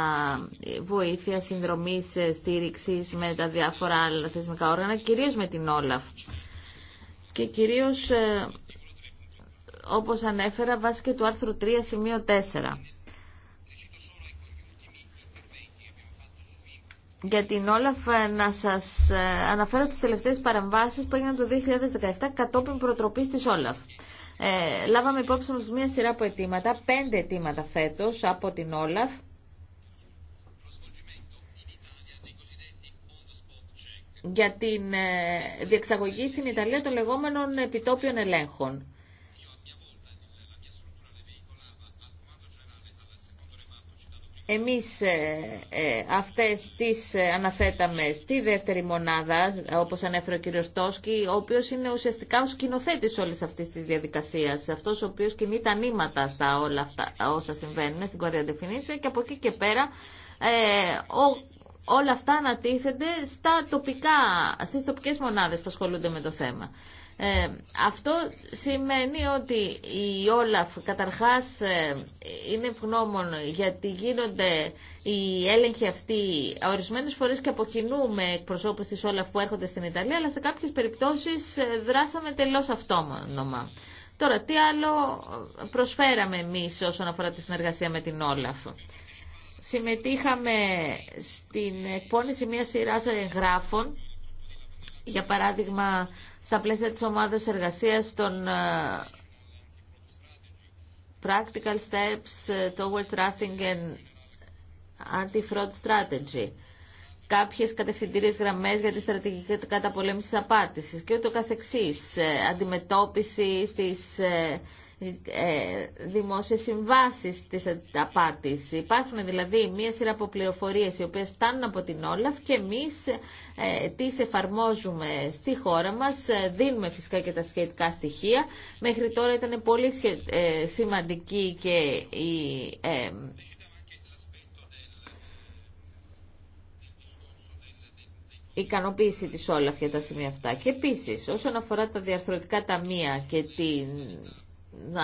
βοήθειας, συνδρομής, ε, στήριξης με τα διάφορα άλλα θεσμικά όργανα, κυρίως με την Όλαφ. Και κυρίως, ε, όπως ανέφερα, βάσει και του άρθρου 3, σημείο 4. Για την Όλαφ να σας αναφέρω τις τελευταίες παρεμβάσεις που έγιναν το 2017 κατόπιν προτροπής της Όλαφ. Ε, λάβαμε υπόψη μας μία σειρά από αιτήματα, πέντε αιτήματα φέτος από την Όλαφ, για την ε, διεξαγωγή στην Ιταλία των λεγόμενων επιτόπιων ελέγχων. Εμείς ε, ε, αυτές τις ε, αναθέταμε στη δεύτερη μονάδα, όπως ανέφερε ο κύριος Τόσκι, ο οποίος είναι ουσιαστικά ο σκηνοθέτης όλης αυτής της διαδικασίας, αυτός ο οποίος κινεί τα νήματα στα όλα αυτά όσα συμβαίνουν στην Κορία και από εκεί και πέρα όλα αυτά ανατίθεται στα τοπικά, στις τοπικές μονάδες που ασχολούνται με το θέμα. Ε, αυτό σημαίνει ότι η Όλαφ καταρχάς ε, είναι ευγνώμων γιατί γίνονται οι έλεγχοι αυτοί ορισμένες φορές και από κοινού με εκπροσώπους της Όλαφ που έρχονται στην Ιταλία αλλά σε κάποιες περιπτώσεις ε, δράσαμε τελώς αυτόνομα. Τώρα, τι άλλο προσφέραμε εμείς όσον αφορά τη συνεργασία με την Όλαφ. Συμμετείχαμε στην εκπόνηση μιας σειρά εγγράφων για παράδειγμα στα πλαίσια της ομάδας εργασίας των ε, Practical Steps ε, Toward Drafting and Anti-Fraud Strategy κάποιες κατευθυντήριες γραμμές για τη στρατηγική καταπολέμηση της απάτησης και ούτω καθεξής, ε, αντιμετώπιση στις ε, δημόσιες συμβάσεις της απάτης. Υπάρχουν δηλαδή μία σειρά από πληροφορίες οι οποίες φτάνουν από την Όλαφ και εμείς ε, τις εφαρμόζουμε στη χώρα μας, ε, δίνουμε φυσικά και τα σχετικά στοιχεία. Μέχρι τώρα ήταν πολύ σημαντική και η ικανοποίηση της όλα για τα σημεία αυτά. Και επίσης, όσον αφορά τα διαρθρωτικά ταμεία και την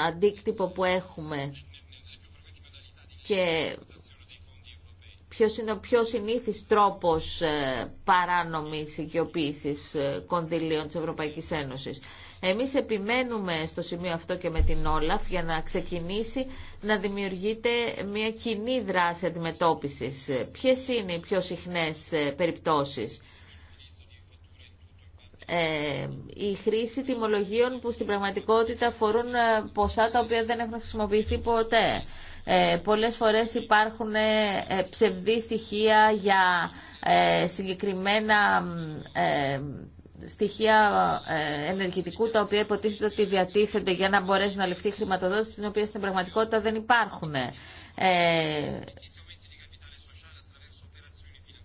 αντίκτυπο που έχουμε και ποιος είναι ο πιο συνήθις τρόπος ε, παράνομης οικειοποίησης ε, κονδυλίων της Ευρωπαϊκής Ένωσης. Εμείς επιμένουμε στο σημείο αυτό και με την Όλαφ για να ξεκινήσει να δημιουργείται μια κοινή δράση αντιμετώπισης. Ποιες είναι οι πιο συχνές ε, περιπτώσεις. Ε, η χρήση τιμολογίων που στην πραγματικότητα αφορούν ε, ποσά τα οποία δεν έχουν χρησιμοποιηθεί ποτέ. Ε, πολλές φορές υπάρχουν ε, ψευδή στοιχεία για ε, συγκεκριμένα ε, στοιχεία ενεργητικού τα οποία υποτίθεται ότι διατίθενται για να μπορέσουν να ληφθεί χρηματοδότηση, την οποία στην πραγματικότητα δεν υπάρχουν. Ε,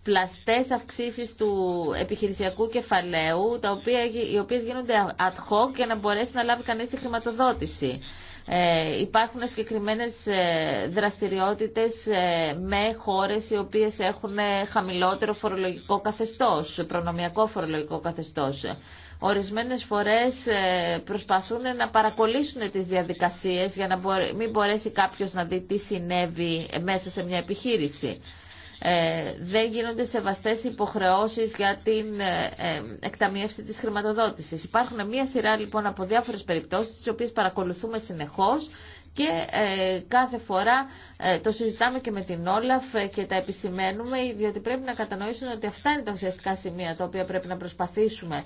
πλαστές αυξήσεις του επιχειρησιακού κεφαλαίου, τα οποία, οι οποίες γίνονται ad hoc για να μπορέσει να λάβει κανείς τη χρηματοδότηση. Ε, υπάρχουν συγκεκριμένε ε, δραστηριότητες ε, με χώρες οι οποίες έχουν ε, χαμηλότερο φορολογικό καθεστώς, προνομιακό φορολογικό καθεστώς. Ορισμένες φορές προσπαθούν να παρακολύσουν τις διαδικασίες για να μην μπορέσει κάποιος να δει τι συνέβη μέσα σε μια επιχείρηση. Ε, δεν γίνονται σεβαστές υποχρεώσεις για την ε, ε, εκταμίευση της χρηματοδότησης. Υπάρχουν μία σειρά λοιπόν από διάφορες περιπτώσεις τις οποίες παρακολουθούμε συνεχώς και κάθε φορά το συζητάμε και με την Όλαφ και τα επισημαίνουμε διότι πρέπει να κατανοήσουν ότι αυτά είναι τα ουσιαστικά σημεία τα οποία πρέπει να προσπαθήσουμε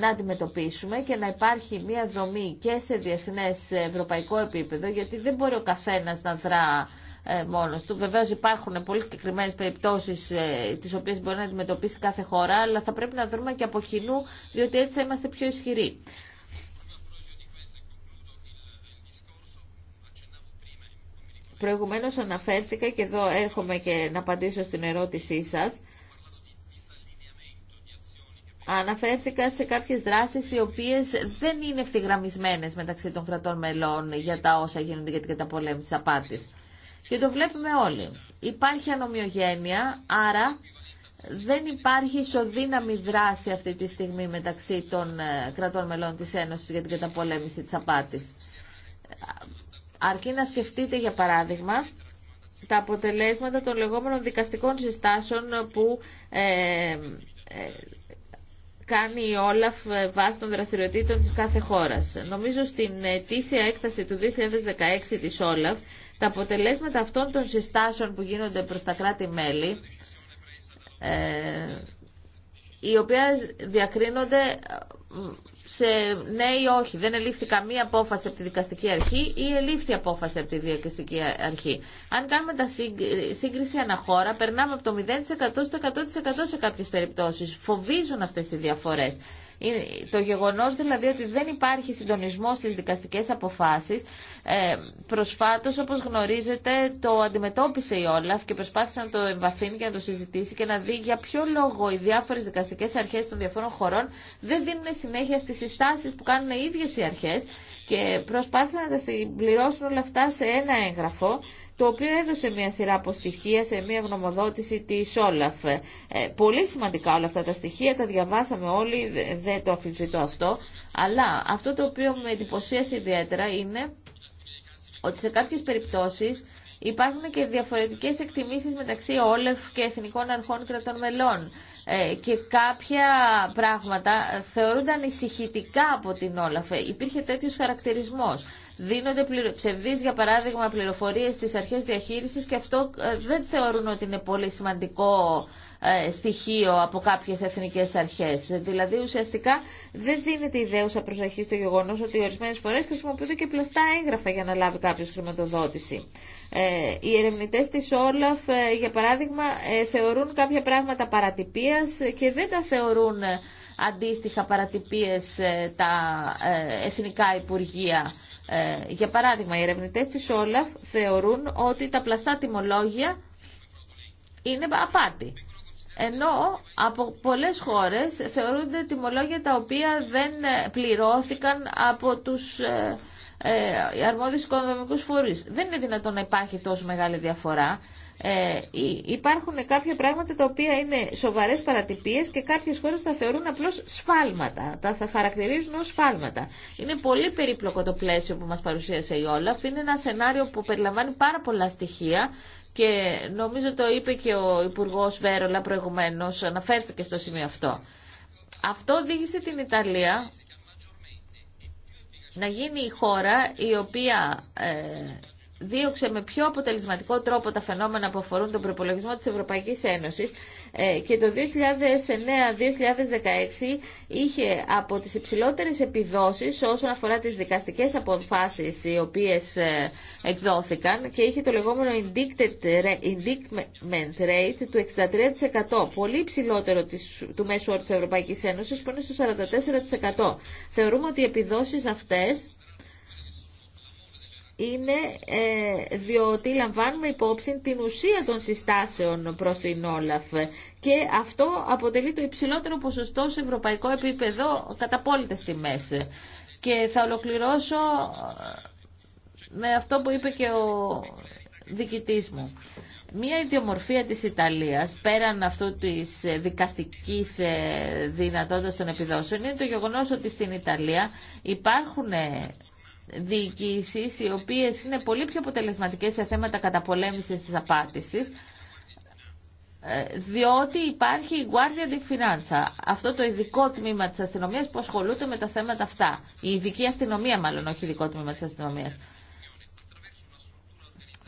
να αντιμετωπίσουμε και να υπάρχει μια δομή και σε διεθνές ευρωπαϊκό επίπεδο γιατί δεν μπορεί ο καθένας να δρά ε, μόνος του. Βεβαίως υπάρχουν πολύ συγκεκριμένε περιπτώσεις ε, τι οποίε μπορεί να αντιμετωπίσει κάθε χώρα, αλλά θα πρέπει να δούμε και από κοινού, διότι έτσι θα είμαστε πιο ισχυροί. Προηγουμένω αναφέρθηκα και εδώ έρχομαι και να απαντήσω στην ερώτησή σα. Αναφέρθηκα σε κάποιες δράσεις οι οποίε δεν είναι ευθυγραμμισμένες μεταξύ των κρατών μελών για τα όσα γίνονται για την καταπολέμηση της απάτη. Και το βλέπουμε όλοι. Υπάρχει ανομοιογένεια, άρα δεν υπάρχει ισοδύναμη δράση αυτή τη στιγμή μεταξύ των ε, κρατών μελών της Ένωσης για την καταπολέμηση της απάτης. Αρκεί να σκεφτείτε, για παράδειγμα, τα αποτελέσματα των λεγόμενων δικαστικών συστάσεων που ε, ε, κάνει η Όλαφ ε, βάσει των δραστηριοτήτων της κάθε χώρας. Νομίζω στην ετήσια έκταση του 2016 της Όλαφ, τα αποτελέσματα αυτών των συστάσεων που γίνονται προς τα κράτη-μέλη, ε, οι οποίες διακρίνονται σε ναι ή όχι, δεν ελήφθη καμία απόφαση από τη δικαστική αρχή ή ελήφθη απόφαση από τη δικαστική αρχή. Αν κάνουμε τα σύγκριση αναχώρα, περνάμε από το 0% στο 100% σε κάποιες περιπτώσεις. Φοβίζουν αυτές οι διαφορές. Το γεγονός δηλαδή ότι δεν υπάρχει συντονισμό στις δικαστικές αποφάσεις. Ε, προσφάτως, όπως γνωρίζετε, το αντιμετώπισε η Όλαφ και προσπάθησε να το εμβαθύνει και να το συζητήσει και να δει για ποιο λόγο οι διάφορε δικαστικές αρχές των διαφόρων χωρών δεν δίνουν συνέχεια στις συστάσεις που κάνουν οι ίδιες οι αρχές και προσπάθησαν να τα συμπληρώσουν όλα αυτά σε ένα έγγραφο το οποίο έδωσε μια σειρά από στοιχεία σε μια γνωμοδότηση της Όλαφ. Ε, πολύ σημαντικά όλα αυτά τα στοιχεία, τα διαβάσαμε όλοι, δεν το αφισβητώ αυτό, αλλά αυτό το οποίο με εντυπωσίασε ιδιαίτερα είναι ότι σε κάποιες περιπτώσεις Υπάρχουν και διαφορετικές εκτιμήσεις μεταξύ Όλαφ και εθνικών αρχών κρατών μελών ε, και κάποια πράγματα θεωρούνταν ησυχητικά από την Όλαφ. Ε, υπήρχε τέτοιος χαρακτηρισμός. Δίνονται ψευδείς, για παράδειγμα, πληροφορίες στις αρχές διαχείρισης και αυτό ε, δεν θεωρούν ότι είναι πολύ σημαντικό ε, στοιχείο από κάποιες εθνικές αρχές. Δηλαδή ουσιαστικά δεν δίνεται ιδέουσα προσοχή στο γεγονός ότι ορισμένες φορές χρησιμοποιούνται και πλαστά έγγραφα για να λάβει κάποιος χρηματοδότηση. Ε, οι ερευνητές της Όλαφ, ε, για παράδειγμα, θεωρούν κάποια πράγματα παρατυπίας και δεν τα θεωρούν αντίστοιχα παρατυπίες τα εθνικά υπουργεία. Ε, για παράδειγμα, οι ερευνητές της Όλαφ θεωρούν ότι τα πλαστά τιμολόγια είναι απάτη. Ενώ από πολλές χώρες θεωρούνται τιμολόγια τα οποία δεν ε, πληρώθηκαν από τους ε, ε αρμόδιους οικονομικούς φορείς. Δεν είναι δυνατόν να υπάρχει τόσο μεγάλη διαφορά ε, υπάρχουν κάποια πράγματα τα οποία είναι σοβαρές παρατυπίες και κάποιες χώρες τα θεωρούν απλώς σφάλματα, τα θα χαρακτηρίζουν ως σφάλματα. Είναι πολύ περίπλοκο το πλαίσιο που μας παρουσίασε η Όλαφ, είναι ένα σενάριο που περιλαμβάνει πάρα πολλά στοιχεία και νομίζω το είπε και ο Υπουργό Βέρολα προηγουμένως, αναφέρθηκε στο σημείο αυτό. Αυτό οδήγησε την Ιταλία να γίνει η χώρα η οποία ε, δίωξε με πιο αποτελεσματικό τρόπο τα φαινόμενα που αφορούν τον προπολογισμό της Ευρωπαϊκής Ένωσης ε, και το 2009-2016 είχε από τις υψηλότερες επιδόσεις όσον αφορά τις δικαστικές αποφάσεις οι οποίες ε, εκδόθηκαν και είχε το λεγόμενο indictment rate του 63%, πολύ υψηλότερο του μέσου όρου της Ευρωπαϊκής Ένωσης που είναι στο 44%. Θεωρούμε ότι οι επιδόσεις αυτές είναι ε, διότι λαμβάνουμε υπόψη την ουσία των συστάσεων προς την Όλαφ και αυτό αποτελεί το υψηλότερο ποσοστό σε ευρωπαϊκό επίπεδο κατά τη τιμές. Και θα ολοκληρώσω ε, με αυτό που είπε και ο διοικητής μου. Μία ιδιομορφία της Ιταλίας, πέραν αυτού της ε, δικαστικής δυνατότητας των επιδόσεων, είναι το γεγονός ότι στην Ιταλία υπάρχουν διοικήσεις οι οποίες είναι πολύ πιο αποτελεσματικές σε θέματα καταπολέμησης της απάτησης ε, διότι υπάρχει η Guardia di Finanza, αυτό το ειδικό τμήμα της αστυνομίας που ασχολούνται με τα θέματα αυτά. Η ειδική αστυνομία μάλλον, όχι ειδικό τμήμα της αστυνομίας.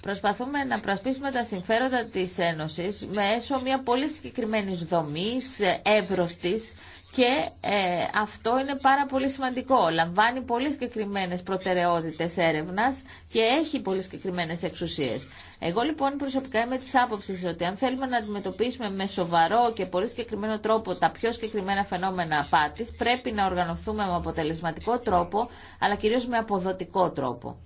Προσπαθούμε να προσπίσουμε τα συμφέροντα της Ένωσης μέσω μια πολύ συγκεκριμένη δομής, ε, εύρωστης και ε, αυτό είναι πάρα πολύ σημαντικό. Λαμβάνει πολύ συγκεκριμένε προτεραιότητε έρευνα και έχει πολύ συγκεκριμένε εξουσίε. Εγώ λοιπόν προσωπικά είμαι τη άποψη ότι αν θέλουμε να αντιμετωπίσουμε με σοβαρό και πολύ συγκεκριμένο τρόπο τα πιο συγκεκριμένα φαινόμενα απάτη, πρέπει να οργανωθούμε με αποτελεσματικό τρόπο, αλλά κυρίω με αποδοτικό τρόπο.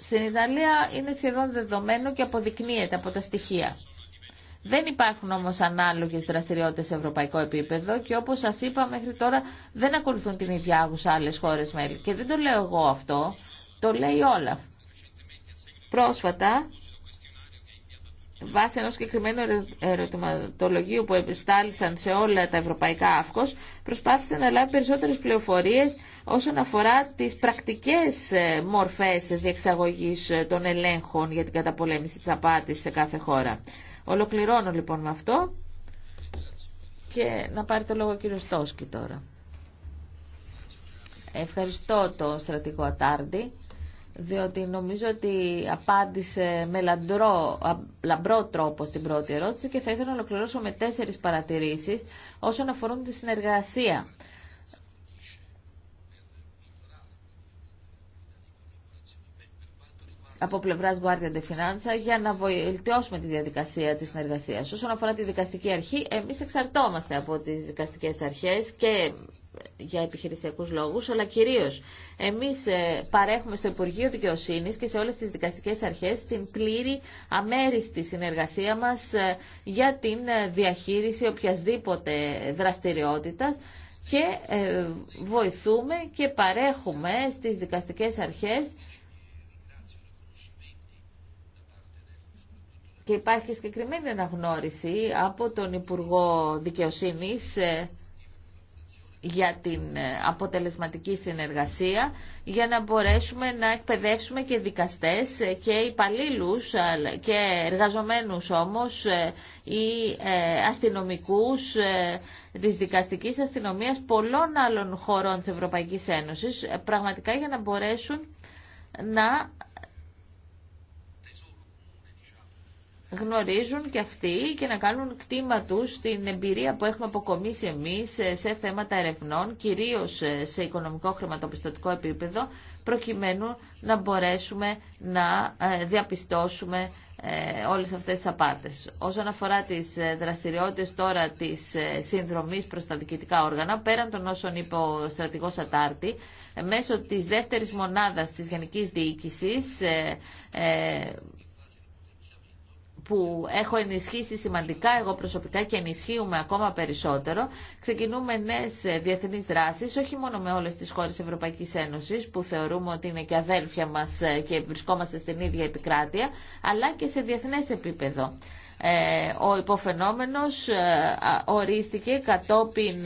Στην Ιταλία είναι σχεδόν δεδομένο και αποδεικνύεται από τα στοιχεία. Δεν υπάρχουν όμως ανάλογες δραστηριότητες σε ευρωπαϊκό επίπεδο και όπως σας είπα μέχρι τώρα δεν ακολουθούν την ίδια άγουσα άλλες χώρες μέλη. Και δεν το λέω εγώ αυτό, το λέει όλα. Πρόσφατα, βάσει ενός συγκεκριμένου ερωτηματολογίου που επιστάλησαν σε όλα τα ευρωπαϊκά αύκος, προσπάθησε να λάβει περισσότερες πληροφορίες όσον αφορά τις πρακτικές ε, μορφές διεξαγωγής ε, των ελέγχων για την καταπολέμηση της απάτης σε κάθε χώρα. Ολοκληρώνω λοιπόν με αυτό και να πάρει το λόγο ο κύριος Τόσκι τώρα. Ευχαριστώ το στρατηγό Ατάρντι διότι νομίζω ότι απάντησε με λαμπρό τρόπο στην πρώτη ερώτηση και θα ήθελα να ολοκληρώσω με τέσσερις παρατηρήσεις όσον αφορούν τη συνεργασία από πλευρά Guardian de Finanza για να βελτιώσουμε τη διαδικασία τη συνεργασία. Όσον αφορά τη δικαστική αρχή, εμεί εξαρτώμαστε από τι δικαστικέ αρχέ και για επιχειρησιακού λόγου, αλλά κυρίω εμεί ε, παρέχουμε στο Υπουργείο Δικαιοσύνη και σε όλε τι δικαστικέ αρχέ την πλήρη αμέριστη συνεργασία μα ε, για την ε, διαχείριση οποιασδήποτε δραστηριότητα και βοηθούμε και παρέχουμε στις δικαστικές αρχές Και υπάρχει συγκεκριμένη αναγνώριση από τον Υπουργό Δικαιοσύνης ε, για την ε, αποτελεσματική συνεργασία για να μπορέσουμε να εκπαιδεύσουμε και δικαστές ε, και υπαλλήλου και εργαζομένους όμως ή αστυνομικούς της δικαστικής αστυνομίας πολλών άλλων χωρών της Ευρωπαϊκής Ένωσης πραγματικά για να μπορέσουν να γνωρίζουν και αυτοί και να κάνουν κτήμα τους την εμπειρία που έχουμε αποκομίσει εμείς σε θέματα ερευνών, κυρίως σε οικονομικό χρηματοπιστωτικό επίπεδο, προκειμένου να μπορέσουμε να ε, διαπιστώσουμε ε, όλες αυτές τις απάτες. Όσον αφορά τις ε, δραστηριότητες τώρα της συνδρομής προς τα διοικητικά όργανα, πέραν των όσων είπε ο στρατηγός Ατάρτη, μέσω της δεύτερης μονάδας της Γενικής Διοίκησης, που έχω ενισχύσει σημαντικά εγώ προσωπικά και ενισχύουμε ακόμα περισσότερο. Ξεκινούμε νέε διεθνεί δράσει, όχι μόνο με όλε τι χώρε Ευρωπαϊκή Ένωση, που θεωρούμε ότι είναι και αδέλφια μα ε, και βρισκόμαστε στην ίδια επικράτεια, αλλά και σε διεθνέ επίπεδο. Ε, ο υποφαινόμενος ε, ορίστηκε κατόπιν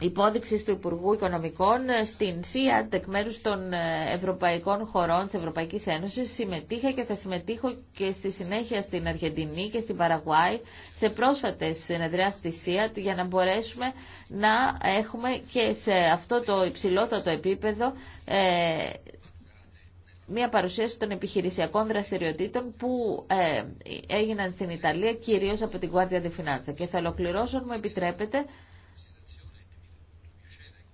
υπόδειξη του Υπουργού Οικονομικών ε, στην ΣΥΑΤ εκ μέρου των ε, ευρωπαϊκών χωρών της Ευρωπαϊκής Ένωσης συμμετείχα και θα συμμετείχω και στη συνέχεια στην Αργεντινή και στην Παραγουάη σε πρόσφατες συνεδριάσει της ΣΥΑΤ για να μπορέσουμε να έχουμε και σε αυτό το υψηλότατο επίπεδο ε, μια παρουσίαση των επιχειρησιακών δραστηριοτήτων που έγιναν στην Ιταλία κυρίως από την Guardia di Finanza. Και θα ολοκληρώσω, μου επιτρέπετε,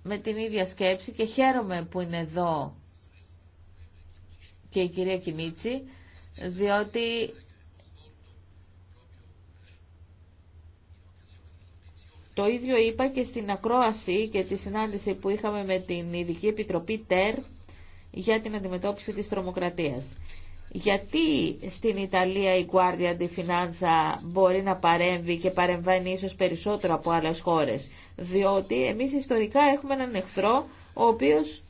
με την ίδια σκέψη και χαίρομαι που είναι εδώ και η κυρία Κινίτσι, διότι το ίδιο είπα και στην ακρόαση και τη συνάντηση που είχαμε με την Ειδική Επιτροπή ΤΕΡ για την αντιμετώπιση της τρομοκρατίας γιατί στην Ιταλία η Guardia di Finanza μπορεί να παρέμβει και παρεμβαίνει ίσως περισσότερο από άλλες χώρες. Διότι εμείς ιστορικά έχουμε έναν εχθρό ο οποίος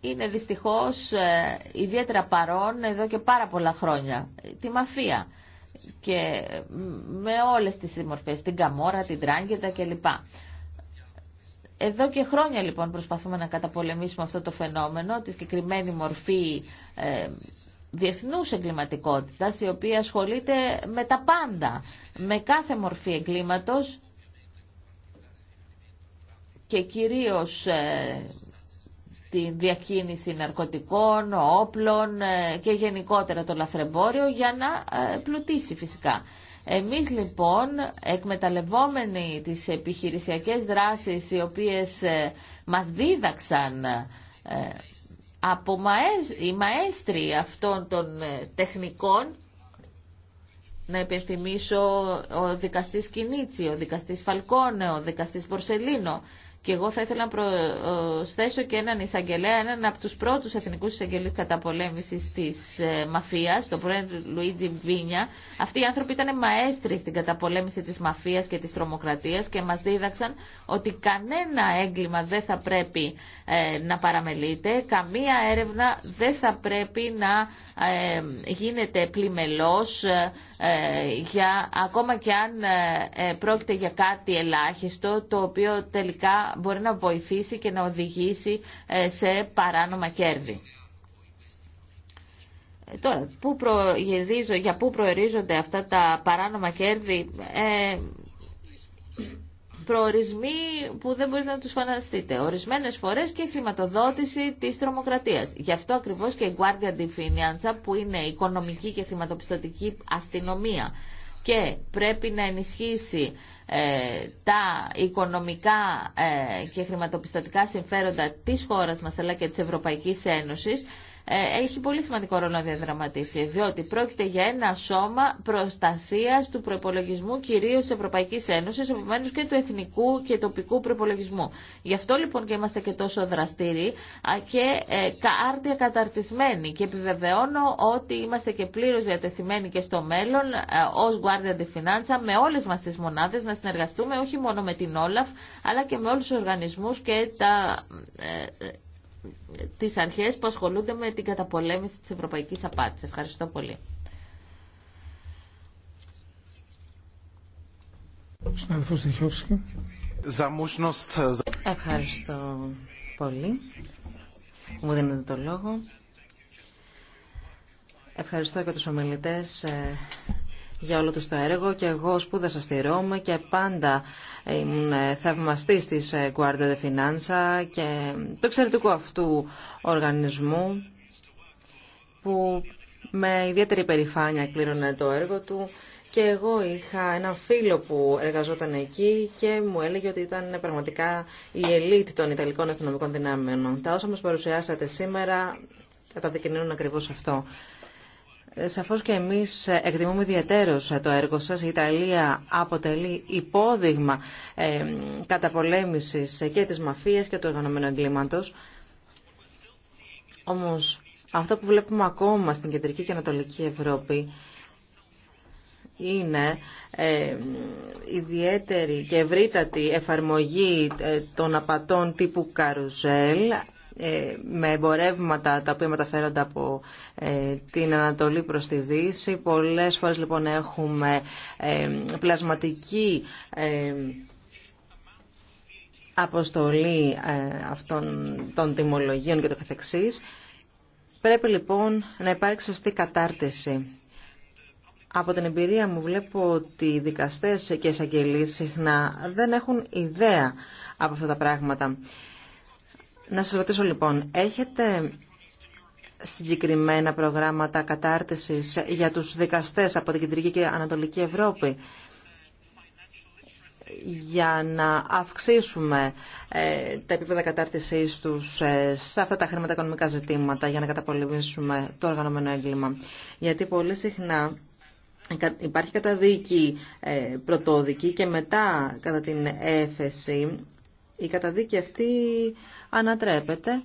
είναι δυστυχώς ε, ιδιαίτερα παρόν εδώ και πάρα πολλά χρόνια. Τη μαφία και με όλες τις συμμορφές, την Καμόρα, την Τράγκετα κλπ. Εδώ και χρόνια λοιπόν προσπαθούμε να καταπολεμήσουμε αυτό το φαινόμενο, τη συγκεκριμένη μορφή ε, διεθνούς εγκληματικότητας, η οποία ασχολείται με τα πάντα, με κάθε μορφή εγκλήματος και κυρίως ε, τη διακίνηση ναρκωτικών, όπλων ε, και γενικότερα το λαθρεμπόριο για να ε, πλουτίσει φυσικά. Εμείς λοιπόν, εκμεταλλευόμενοι τις επιχειρησιακές δράσεις οι οποίες ε, μας δίδαξαν ε, από οι μαέστροι αυτών των ε, τεχνικών, να υπενθυμίσω ο δικαστής Κινίτσι, ο δικαστής Φαλκόνε, ο δικαστής Πορσελίνο, και εγώ θα ήθελα να προσθέσω και έναν εισαγγελέα, έναν από τους πρώτους εθνικούς εισαγγελείς καταπολέμησης της ε, Μαφία, τον πρώην Λουίτζι Βίνια. Αυτοί οι άνθρωποι ήταν μαέστροι στην καταπολέμηση τη Μαφία και τη Τρομοκρατία και μα δίδαξαν ότι κανένα έγκλημα δεν θα πρέπει ε, να παραμελείται, καμία έρευνα δεν θα πρέπει να ε, γίνεται πλημελός για, ακόμα και αν πρόκειται για κάτι ελάχιστο, το οποίο τελικά μπορεί να βοηθήσει και να οδηγήσει ε, σε παράνομα κέρδη. Ε, τώρα, πού για πού προερίζονται αυτά τα παράνομα κέρδη, ε, προορισμοί που δεν μπορείτε να τους φανταστείτε. Ορισμένες φορές και χρηματοδότηση της τρομοκρατίας. Γι' αυτό ακριβώς και η Guardia di Finanza, που είναι οικονομική και χρηματοπιστωτική αστυνομία, και πρέπει να ενισχύσει ε, τα οικονομικά ε, και χρηματοπιστωτικά συμφέροντα της χώρας μας αλλά και της Ευρωπαϊκής Ένωσης ε, έχει πολύ σημαντικό ρόλο να διαδραματίσει, διότι πρόκειται για ένα σώμα προστασία του προπολογισμού κυρίω τη Ευρωπαϊκή Ένωση, επομένω και του εθνικού και τοπικού προπολογισμού. Γι' αυτό λοιπόν και είμαστε και τόσο δραστήριοι και ε, άρτια καταρτισμένοι και επιβεβαιώνω ότι είμαστε και πλήρω διατεθειμένοι και στο μέλλον ε, ω Guardia de Finanza με όλε μα τι μονάδε να συνεργαστούμε όχι μόνο με την Όλαφ αλλά και με όλου του οργανισμού και τα τις αρχές που ασχολούνται με την καταπολέμηση της ευρωπαϊκής απάτης. Ευχαριστώ πολύ. Ευχαριστώ πολύ. Μου δίνετε το λόγο. Ευχαριστώ και τους ομιλητές ε, για όλο του το έργο και εγώ σπούδασα στη Ρώμη και πάντα ήμουν θαυμαστή της ε, Guardia de Finanza και του εξαιρετικού αυτού οργανισμού που με ιδιαίτερη περηφάνεια κλήρωνε το έργο του και εγώ είχα ένα φίλο που εργαζόταν εκεί και μου έλεγε ότι ήταν πραγματικά η ελίτ των Ιταλικών αστυνομικών δυνάμεων. Τα όσα μας παρουσιάσατε σήμερα καταδεικνύουν ακριβώς αυτό. Σαφώς και εμείς εκτιμούμε ιδιαίτερως το έργο σας. Η Ιταλία αποτελεί υπόδειγμα ε, καταπολέμησης και της μαφίας και του οργανωμένου εγκλήματος. Όμως αυτό που βλέπουμε ακόμα στην Κεντρική και Ανατολική Ευρώπη είναι ιδιαίτερη και ευρύτατη εφαρμογή ε, των απατών τύπου καρουζέλ ε, με εμπορεύματα τα οποία μεταφέρονται από ε, την Ανατολή προς τη Δύση. Πολλές φορές λοιπόν έχουμε ε, πλασματική αποστολή αυτών των τιμολογίων και το καθεξής. Πρέπει λοιπόν να υπάρξει σωστή κατάρτιση. Από την εμπειρία μου βλέπω ότι οι δικαστές και εισαγγελίες συχνά δεν έχουν ιδέα από αυτά τα πράγματα. Να σας ρωτήσω λοιπόν, έχετε συγκεκριμένα προγράμματα κατάρτισης για τους δικαστές από την Κεντρική και Ανατολική Ευρώπη για να αυξήσουμε ε, τα επίπεδα κατάρτισής τους ε, σε αυτά τα χρηματοοικονομικά ζητήματα για να καταπολεμήσουμε το οργανωμένο έγκλημα. Γιατί πολύ συχνά υπάρχει καταδίκη ε, πρωτόδικη και μετά κατά την έφεση η καταδίκη αυτή ανατρέπεται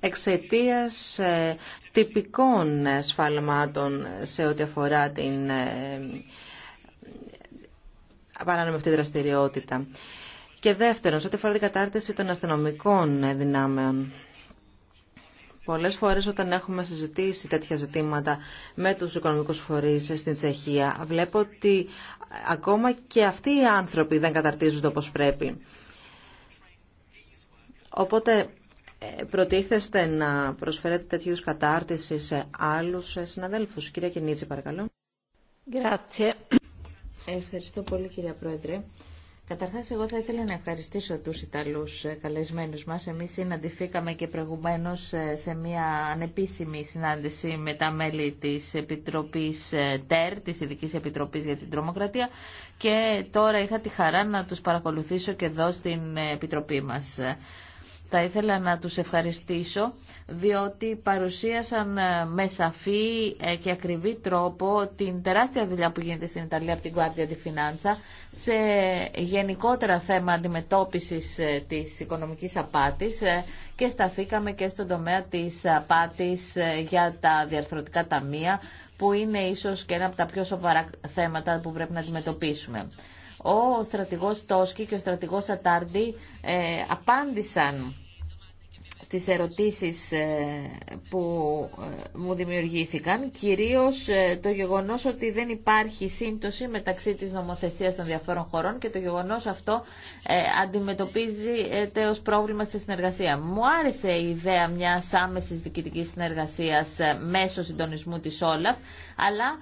εξαιτίας ε, τυπικών ε, σφαλμάτων σε ό,τι αφορά την ε, παράνομη αυτή δραστηριότητα. Και δεύτερον, σε ό,τι αφορά την κατάρτιση των αστυνομικών δυνάμεων. Πολλές φορές όταν έχουμε συζητήσει τέτοια ζητήματα με τους οικονομικούς φορείς στην Τσεχία, βλέπω ότι ακόμα και αυτοί οι άνθρωποι δεν καταρτίζονται όπως πρέπει. Οπότε ε, προτίθεστε να προσφέρετε τέτοιου κατάρτιση σε άλλους ε, συναδέλφους. Κυρία Κινίτση, παρακαλώ. Ευχαριστώ πολύ κυρία Πρόεδρε. Καταρχάς εγώ θα ήθελα να ευχαριστήσω τους Ιταλούς ε, καλεσμένους μας. Εμείς συναντηθήκαμε και προηγουμένως σε μια ανεπίσημη συνάντηση με τα μέλη της Επιτροπής ΤΕΡ, της Ειδικής Επιτροπής για την Τρομοκρατία και τώρα είχα τη χαρά να τους παρακολουθήσω και εδώ στην Επιτροπή μας. Θα ήθελα να τους ευχαριστήσω διότι παρουσίασαν ε, με σαφή ε, και ακριβή τρόπο την τεράστια δουλειά που γίνεται στην Ιταλία από την Guardia di Finanza σε γενικότερα θέμα αντιμετώπισης ε, της οικονομικής απάτης και σταθήκαμε και στον τομέα της απάτης για τα διαρθρωτικά ταμεία που είναι ίσως και ένα από τα πιο σοβαρά θέματα που πρέπει να αντιμετωπίσουμε. Ο στρατηγός Τόσκι και ο στρατηγός Ατάρντι ε, απάντησαν στις ερωτήσεις ε, που ε, μου δημιουργήθηκαν, κυρίως το γεγονός ότι δεν υπάρχει σύμπτωση μεταξύ της νομοθεσίας των διαφόρων χωρών και το γεγονός αυτό αντιμετωπίζεται ως πρόβλημα στη συνεργασία. Μου άρεσε η ιδέα μιας άμεσης διοικητικής συνεργασίας μέσω συντονισμού της Όλαφ, αλλά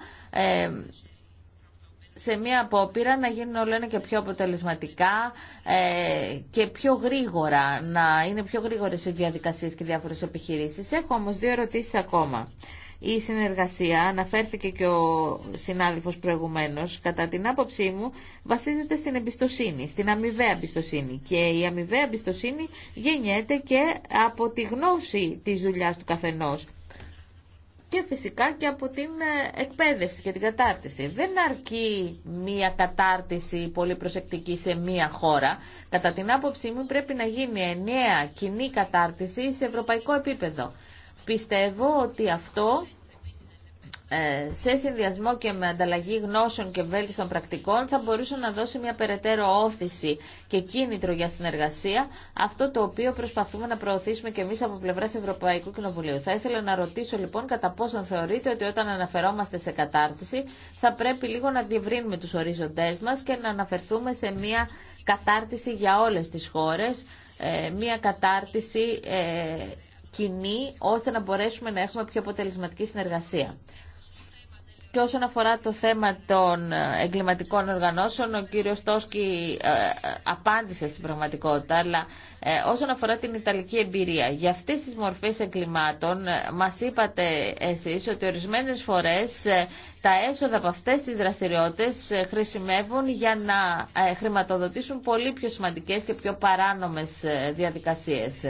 σε μία απόπειρα να γίνουν όλα ένα και πιο αποτελεσματικά ε, και πιο γρήγορα, να είναι πιο γρήγορε οι διαδικασίες και διάφορε επιχειρήσει. Έχω όμω δύο ερωτήσεις ακόμα. Η συνεργασία, αναφέρθηκε και ο συνάδελφος προηγουμένω, κατά την άποψή μου βασίζεται στην εμπιστοσύνη, στην αμοιβαία εμπιστοσύνη. Και η αμοιβαία εμπιστοσύνη γεννιέται και από τη γνώση της δουλειά του καθενό και φυσικά και από την ε, εκπαίδευση και την κατάρτιση. Δεν αρκεί μία κατάρτιση πολύ προσεκτική σε μία χώρα. Κατά την άποψή μου πρέπει να γίνει ενιαία κοινή κατάρτιση σε ευρωπαϊκό επίπεδο. Πιστεύω ότι αυτό ε, σε συνδυασμό και με ανταλλαγή γνώσεων και βέλτιστων πρακτικών θα μπορούσε να δώσει μια περαιτέρω όθηση και κίνητρο για συνεργασία, αυτό το οποίο προσπαθούμε να προωθήσουμε και εμείς από πλευράς Ευρωπαϊκού Κοινοβουλίου. Θα ήθελα να ρωτήσω λοιπόν κατά πόσον θεωρείτε ότι όταν αναφερόμαστε σε κατάρτιση θα πρέπει λίγο να διευρύνουμε τους ορίζοντές μας και να αναφερθούμε σε μια κατάρτιση για όλες τις χώρες, ε, μια κατάρτιση ε, κοινή ώστε να μπορέσουμε να έχουμε πιο αποτελεσματική συνεργασία. Και όσον αφορά το θέμα των ε, εγκληματικών οργανώσεων, ο κύριος Τόσκι ε, ε, απάντησε στην πραγματικότητα, αλλά όσον αφορά την Ιταλική εμπειρία, για αυτές τις μορφές εγκλημάτων μας είπατε εσείς ότι ορισμένες φορές τα έσοδα από αυτές τις δραστηριότητες χρησιμεύουν για να χρηματοδοτήσουν πολύ πιο σημαντικές και πιο παράνομες διαδικασίες.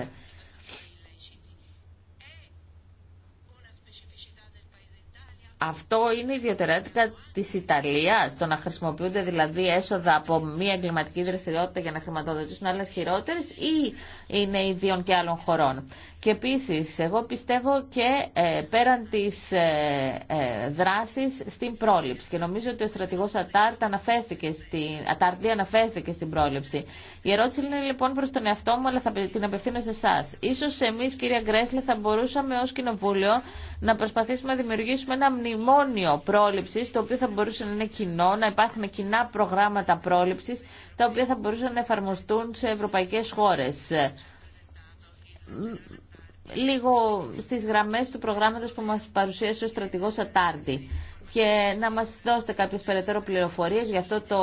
Αυτό είναι ιδιαιτερότητα της Ιταλίας, το να χρησιμοποιούνται δηλαδή έσοδα από μία εγκληματική δραστηριότητα για να χρηματοδοτήσουν άλλες χειρότερες ή είναι ιδίων και άλλων χωρών. Και επίσης, εγώ πιστεύω και ε, πέραν της ε, ε, δράσης στην πρόληψη. Και νομίζω ότι ο στρατηγός Ατάρτ αναφέρθηκε στην, Ατάρτη αναφέρθηκε στην πρόληψη. Η ερώτηση είναι λοιπόν προς τον εαυτό μου, αλλά θα την απευθύνω σε εσά. Ίσως εμείς, κυρία Γκρέσλε, θα μπορούσαμε ως Κοινοβούλιο να προσπαθήσουμε να δημιουργήσουμε ένα μνημόνιο πρόληψης, το οποίο θα μπορούσε να είναι κοινό, να υπάρχουν κοινά προγράμματα πρόληψης, τα οποία θα μπορούσαν να εφαρμοστούν σε ευρωπαϊκές χώρες. Λίγο στις γραμμές του προγράμματος που μας παρουσίασε ο στρατηγός Ατάρτη και να μας δώσετε κάποιες περαιτέρω πληροφορίες για αυτό το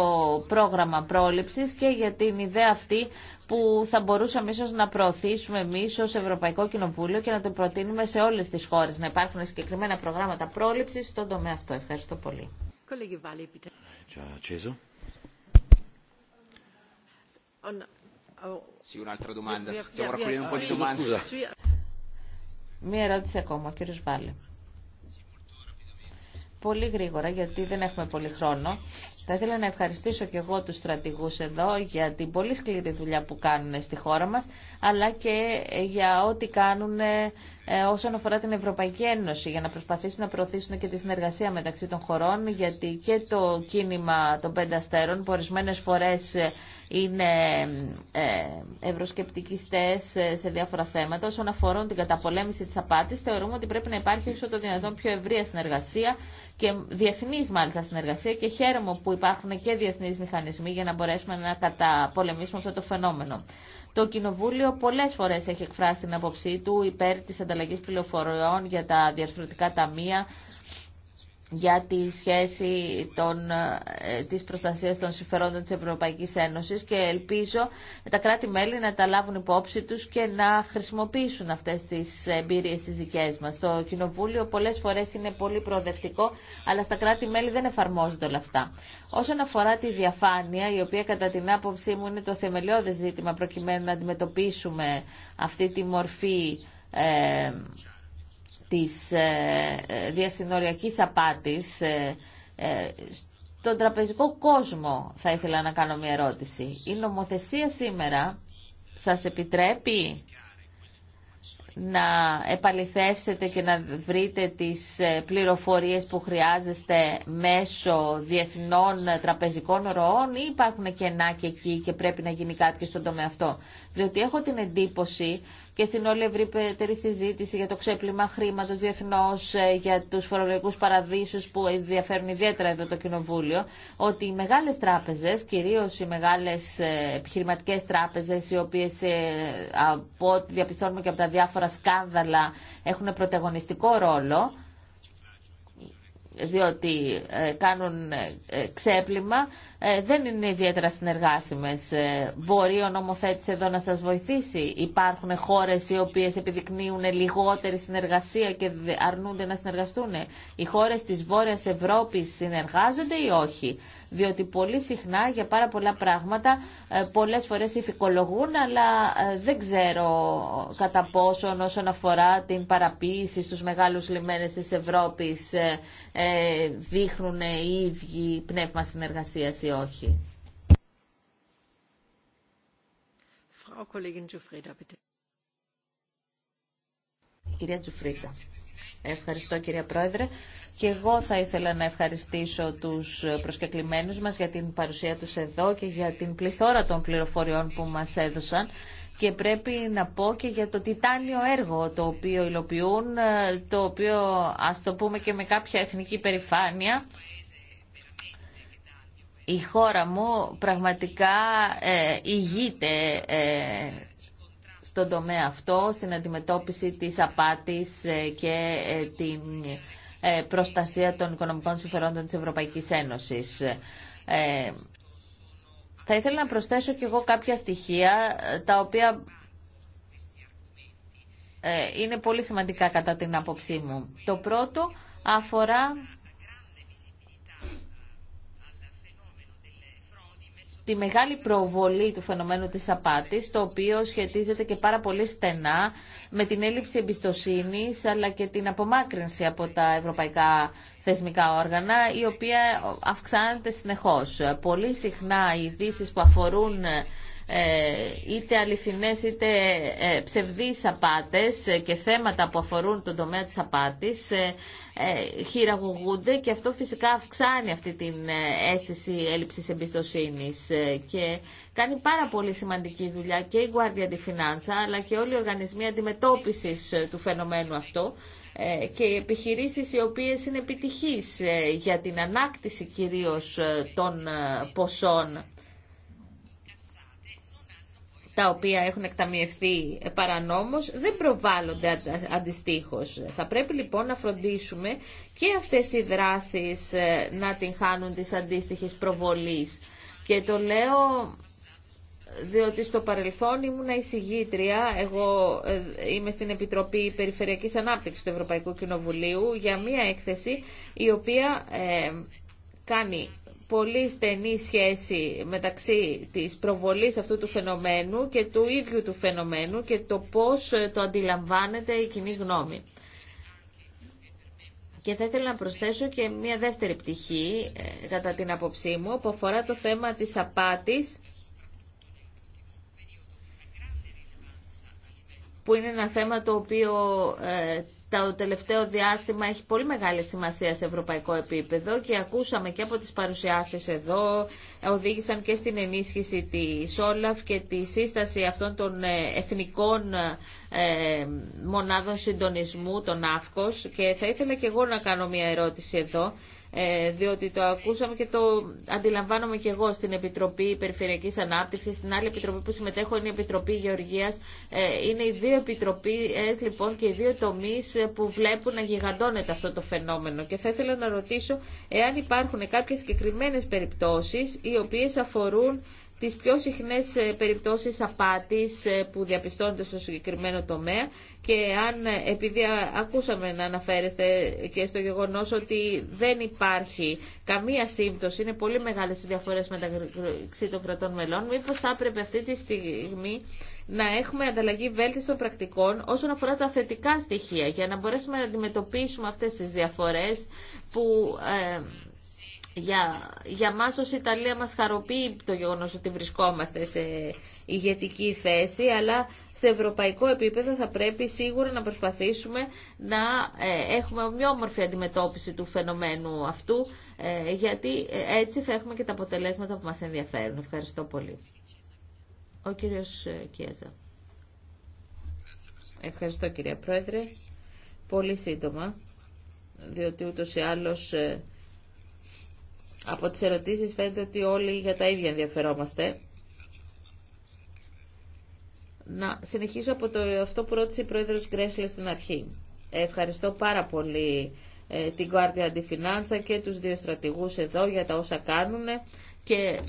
πρόγραμμα πρόληψης και για την ιδέα αυτή που θα μπορούσαμε ίσως να προωθήσουμε εμείς ως Ευρωπαϊκό Κοινοβούλιο και να το προτείνουμε σε όλες τις χώρες να υπάρχουν συγκεκριμένα προγράμματα πρόληψης στον τομέα αυτό. Ευχαριστώ πολύ. Kollege Valli, bitte. Oh. Sì, un'altra Μία ερώτηση ακόμα, ο κύριος Πολύ γρήγορα, γιατί δεν έχουμε πολύ χρόνο. Θα ήθελα να ευχαριστήσω και εγώ τους στρατηγούς εδώ για την πολύ σκληρή δουλειά που κάνουν στη χώρα μας, αλλά και για ό,τι κάνουν ε, όσον αφορά την Ευρωπαϊκή Ένωση, για να προσπαθήσουν να προωθήσουν και τη συνεργασία μεταξύ των χωρών, γιατί και το κίνημα των πέντε αστέρων, που ορισμένες φορές ε, είναι ε, ευρωσκεπτικιστές ε, σε διάφορα θέματα. Όσον αφορούν την καταπολέμηση της απάτης, θεωρούμε ότι πρέπει να υπάρχει όσο το δυνατόν πιο ευρεία συνεργασία και διεθνής μάλιστα συνεργασία και χαίρομαι που υπάρχουν και διεθνείς μηχανισμοί για να μπορέσουμε να καταπολεμήσουμε αυτό το φαινόμενο. Το Κοινοβούλιο πολλέ φορέ έχει εκφράσει την άποψή του υπέρ τη ανταλλαγή πληροφοριών για τα διαρθρωτικά ταμεία για τη σχέση των, ε, της προστασίας των συμφερόντων της Ευρωπαϊκής Ένωσης και ελπίζω τα κράτη-μέλη να τα λάβουν υπόψη τους και να χρησιμοποιήσουν αυτές τις εμπειρίες τις δικές μας. Το Κοινοβούλιο πολλές φορές είναι πολύ προοδευτικό, αλλά στα κράτη-μέλη δεν εφαρμόζονται όλα αυτά. Όσον αφορά τη διαφάνεια, η οποία κατά την άποψή μου είναι το θεμελιώδες ζήτημα προκειμένου να αντιμετωπίσουμε αυτή τη μορφή ε, της ε, ε, διασυνοριακής απάτης ε, στον τραπεζικό κόσμο θα ήθελα να κάνω μια ερώτηση. Η νομοθεσία σήμερα σας επιτρέπει να επαληθεύσετε και να βρείτε τις πληροφορίες που χρειάζεστε μέσω διεθνών τραπεζικών ροών ή υπάρχουν κενά και εκεί και πρέπει να γίνει κάτι και στον τομέα αυτό. Διότι έχω την εντύπωση και στην όλη ευρύτερη συζήτηση για το ξέπλυμα χρήματο διεθνώ, ε, για του φορολογικού παραδείσου που ενδιαφέρουν ιδιαίτερα εδώ το Κοινοβούλιο, ότι οι μεγάλε τράπεζε, κυρίω οι μεγάλε επιχειρηματικέ τράπεζε, οι οποίε ε, από ό,τι διαπιστώνουμε και από τα διάφορα σκάνδαλα έχουν πρωταγωνιστικό ρόλο, διότι ε, κάνουν ξέπλυμα ε, δεν είναι ιδιαίτερα συνεργάσιμες. Ε, μπορεί ο νομοθέτης εδώ να σας βοηθήσει. Υπάρχουν χώρες οι οποίες επιδεικνύουν λιγότερη συνεργασία και αρνούνται να συνεργαστούν. Οι χώρες της Βόρειας Ευρώπης συνεργάζονται ή όχι. Διότι πολύ συχνά για πάρα πολλά πράγματα ε, πολλές φορές ηθικολογούν αλλά δεν ξέρω κατά πόσον όσον αφορά την παραποίηση στους μεγάλους λιμένες της Ευρώπης δείχνουν οι ίδιοι πνεύμα συνεργασίας Κυρία Τζουφρίτα. Ευχαριστώ κυρία Πρόεδρε. Και εγώ θα ήθελα να ευχαριστήσω τους προσκεκλημένους μας για την παρουσία τους εδώ και για την πληθώρα των πληροφοριών που μας έδωσαν. Και πρέπει να πω και για το τιτάνιο έργο το οποίο υλοποιούν, ε, το οποίο ας το πούμε και με κάποια εθνική περηφάνεια η χώρα μου πραγματικά ε, ηγείται ε, στον τομέα αυτό, στην αντιμετώπιση της απάτης ε, και ε, την ε, προστασία των οικονομικών συμφερόντων της Ευρωπαϊκής Ένωσης. Θα ήθελα να προσθέσω και εγώ κάποια στοιχεία, τα οποία είναι πολύ σημαντικά κατά την άποψή μου. Το πρώτο αφορά τη μεγάλη προβολή του φαινομένου της απάτης, το οποίο σχετίζεται και πάρα πολύ στενά με την έλλειψη εμπιστοσύνης, αλλά και την απομάκρυνση από τα ευρωπαϊκά θεσμικά όργανα, η οποία αυξάνεται συνεχώς. Πολύ συχνά οι ειδήσει που αφορούν ε, είτε αληθινές είτε ε, ψευδείς απάτες και θέματα που αφορούν τον τομέα της απάτης ε, χειραγωγούνται και αυτό φυσικά αυξάνει αυτή την αίσθηση έλλειψης εμπιστοσύνης και κάνει πάρα πολύ σημαντική δουλειά και η Guardia di Finanza αλλά και όλοι οι οργανισμοί αντιμετώπισης του φαινομένου αυτό και επιχειρήσεις οι οποίες είναι επιτυχείς για την ανάκτηση κυρίως των ποσών τα οποία έχουν εκταμιευθεί παρανόμως δεν προβάλλονται αντιστοίχως. Θα πρέπει λοιπόν να φροντίσουμε και αυτές οι δράσεις ε, να την χάνουν τις αντίστοιχες προβολής. Και το λέω διότι στο παρελθόν ήμουν εισηγήτρια, εγώ ε, είμαι στην Επιτροπή Περιφερειακής Ανάπτυξης του Ευρωπαϊκού Κοινοβουλίου για μία έκθεση η οποία... Ε, κάνει πολύ στενή σχέση μεταξύ της προβολής αυτού του φαινομένου και του ίδιου του φαινομένου και το πώς ε, το αντιλαμβάνεται η κοινή γνώμη. Και θα ήθελα να προσθέσω και μια δεύτερη πτυχή, ε, κατά την απόψή μου, που αφορά το θέμα της απάτης, που είναι ένα θέμα το οποίο ε, το τελευταίο διάστημα έχει πολύ μεγάλη σημασία σε ευρωπαϊκό επίπεδο και ακούσαμε και από τις παρουσιάσεις εδώ, οδήγησαν και στην ενίσχυση της Όλαφ και τη σύσταση αυτών των ε, εθνικών ε, μονάδων συντονισμού, των ΑΦΚΟΣ και θα ήθελα και εγώ να κάνω μια ερώτηση εδώ ε, διότι το ακούσαμε και το αντιλαμβάνομαι και εγώ στην Επιτροπή Περιφερειακής Ανάπτυξης, στην άλλη επιτροπή που συμμετέχω είναι η Επιτροπή Γεωργίας. Ε, είναι οι δύο επιτροπές λοιπόν και οι δύο τομείς που βλέπουν να γιγαντώνεται αυτό το φαινόμενο. Και θα ήθελα να ρωτήσω εάν υπάρχουν κάποιες συγκεκριμένε περιπτώσεις οι οποίες αφορούν τις πιο συχνές ε, περιπτώσεις απάτης ε, που διαπιστώνεται στο συγκεκριμένο τομέα και αν ε, επειδή ακούσαμε να αναφέρεστε και στο γεγονός ότι δεν υπάρχει καμία σύμπτωση, είναι πολύ μεγάλες οι διαφορές μεταξύ των κρατών μελών, μήπως θα έπρεπε αυτή τη στιγμή να έχουμε ανταλλαγή βέλτιστων πρακτικών όσον αφορά τα θετικά στοιχεία για να μπορέσουμε να αντιμετωπίσουμε αυτές τις διαφορές που για, για μας ως Ιταλία μας χαροποιεί το γεγονός ότι βρισκόμαστε σε ηγετική θέση, αλλά σε ευρωπαϊκό επίπεδο θα πρέπει σίγουρα να προσπαθήσουμε να ε, έχουμε όμορφη αντιμετώπιση του φαινομένου αυτού, ε, γιατί ε, έτσι θα έχουμε και τα αποτελέσματα που μας ενδιαφέρουν. Ευχαριστώ πολύ. Ο κύριος ε, Κιέζα. Ευχαριστώ κυρία Πρόεδρε. Πολύ σύντομα, διότι ούτως ή από τις ερωτήσεις φαίνεται ότι όλοι για τα ίδια ενδιαφερόμαστε. Να συνεχίσω από το, αυτό που ρώτησε η Πρόεδρος Γκρέσλε στην αρχή. Ευχαριστώ πάρα πολύ ε, την Guardia Αντιφινάντσα και τους δύο στρατηγούς εδώ για τα όσα κάνουν και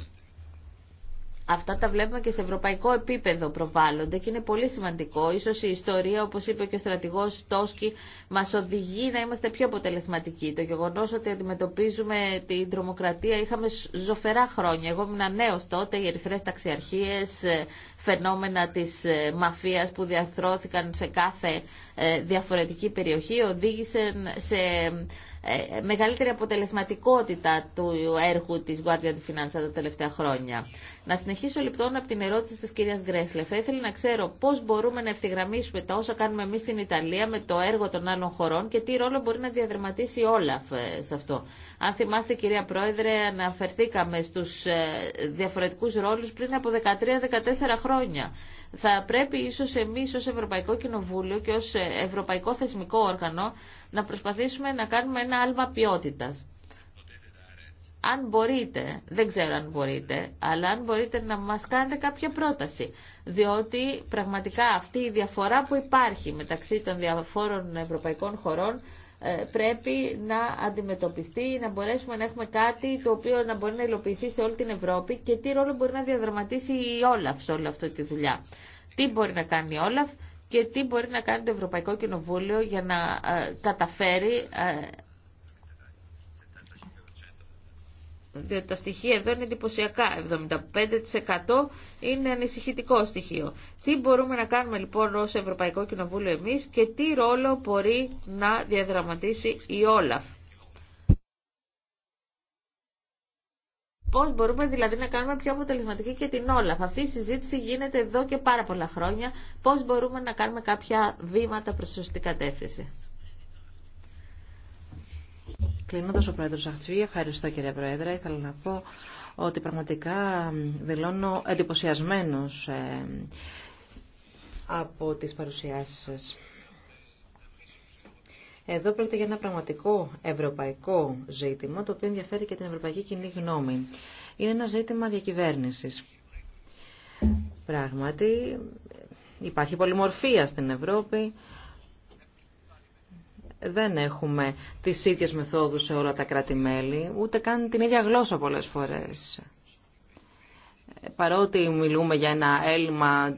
Αυτά τα βλέπουμε και σε ευρωπαϊκό επίπεδο προβάλλονται και είναι πολύ σημαντικό. Ίσως η ιστορία, όπως είπε και ο στρατηγός Τόσκι, μας οδηγεί να είμαστε πιο αποτελεσματικοί. Το γεγονός ότι αντιμετωπίζουμε την τρομοκρατία είχαμε ζωφερά χρόνια. Εγώ ήμουν νέο τότε, οι ερυθρές ταξιαρχίες, ε, φαινόμενα της ε, μαφίας που διαρθρώθηκαν σε κάθε ε, διαφορετική περιοχή, οδήγησαν σε ε, μεγαλύτερη αποτελεσματικότητα του έργου της Guardian Finanza τα τελευταία χρόνια. Να συνεχίσω λοιπόν από την ερώτηση της κυρίας Γκρέσλεφ. Θα ήθελα να ξέρω πώς μπορούμε να ευθυγραμμίσουμε τα όσα κάνουμε εμείς στην Ιταλία με το έργο των άλλων χωρών και τι ρόλο μπορεί να διαδραματίσει όλα ε, σε αυτό. Αν θυμάστε κυρία Πρόεδρε αναφερθήκαμε στους ε, διαφορετικούς ρόλους πριν από 13-14 χρόνια θα πρέπει ίσως εμείς ως Ευρωπαϊκό Κοινοβούλιο και ως Ευρωπαϊκό Θεσμικό Όργανο να προσπαθήσουμε να κάνουμε ένα άλμα ποιότητας. Αν μπορείτε, δεν ξέρω αν μπορείτε, αλλά αν μπορείτε να μας κάνετε κάποια πρόταση. Διότι πραγματικά αυτή η διαφορά που υπάρχει μεταξύ των διαφόρων ευρωπαϊκών χωρών ε, πρέπει να αντιμετωπιστεί, να μπορέσουμε να έχουμε κάτι το οποίο να μπορεί να υλοποιηθεί σε όλη την Ευρώπη και τι ρόλο μπορεί να διαδραματίσει η Όλαφ σε όλη αυτή τη δουλειά. Τι μπορεί να κάνει η Όλαφ και τι μπορεί να κάνει το Ευρωπαϊκό Κοινοβούλιο για να ε, καταφέρει ε, διότι τα στοιχεία εδώ είναι εντυπωσιακά. 75% είναι ανησυχητικό στοιχείο. Τι μπορούμε να κάνουμε λοιπόν ως Ευρωπαϊκό Κοινοβούλιο εμείς και τι ρόλο μπορεί να διαδραματίσει η Όλαφ. Πώς μπορούμε δηλαδή να κάνουμε πιο αποτελεσματική και την Όλαφ. Αυτή η συζήτηση γίνεται εδώ και πάρα πολλά χρόνια. Πώς μπορούμε να κάνουμε κάποια βήματα προς σωστή κατεύθυνση. Κλείνοντας ο Πρόεδρος Αχτσουή, ευχαριστώ κύριε Πρόεδρε. Ήθελα να πω ότι πραγματικά δηλώνω εντυπωσιασμένος ε, από τις παρουσιάσεις σας. Εδώ πρόκειται για ένα πραγματικό ευρωπαϊκό ζήτημα, το οποίο ενδιαφέρει και την ευρωπαϊκή κοινή γνώμη. Είναι ένα ζήτημα διακυβέρνησης. Πράγματι, υπάρχει πολυμορφία στην Ευρώπη, δεν έχουμε τις ίδιες μεθόδους σε όλα τα κράτη-μέλη, ούτε καν την ίδια γλώσσα πολλές φορές. Παρότι μιλούμε για ένα έλλειμμα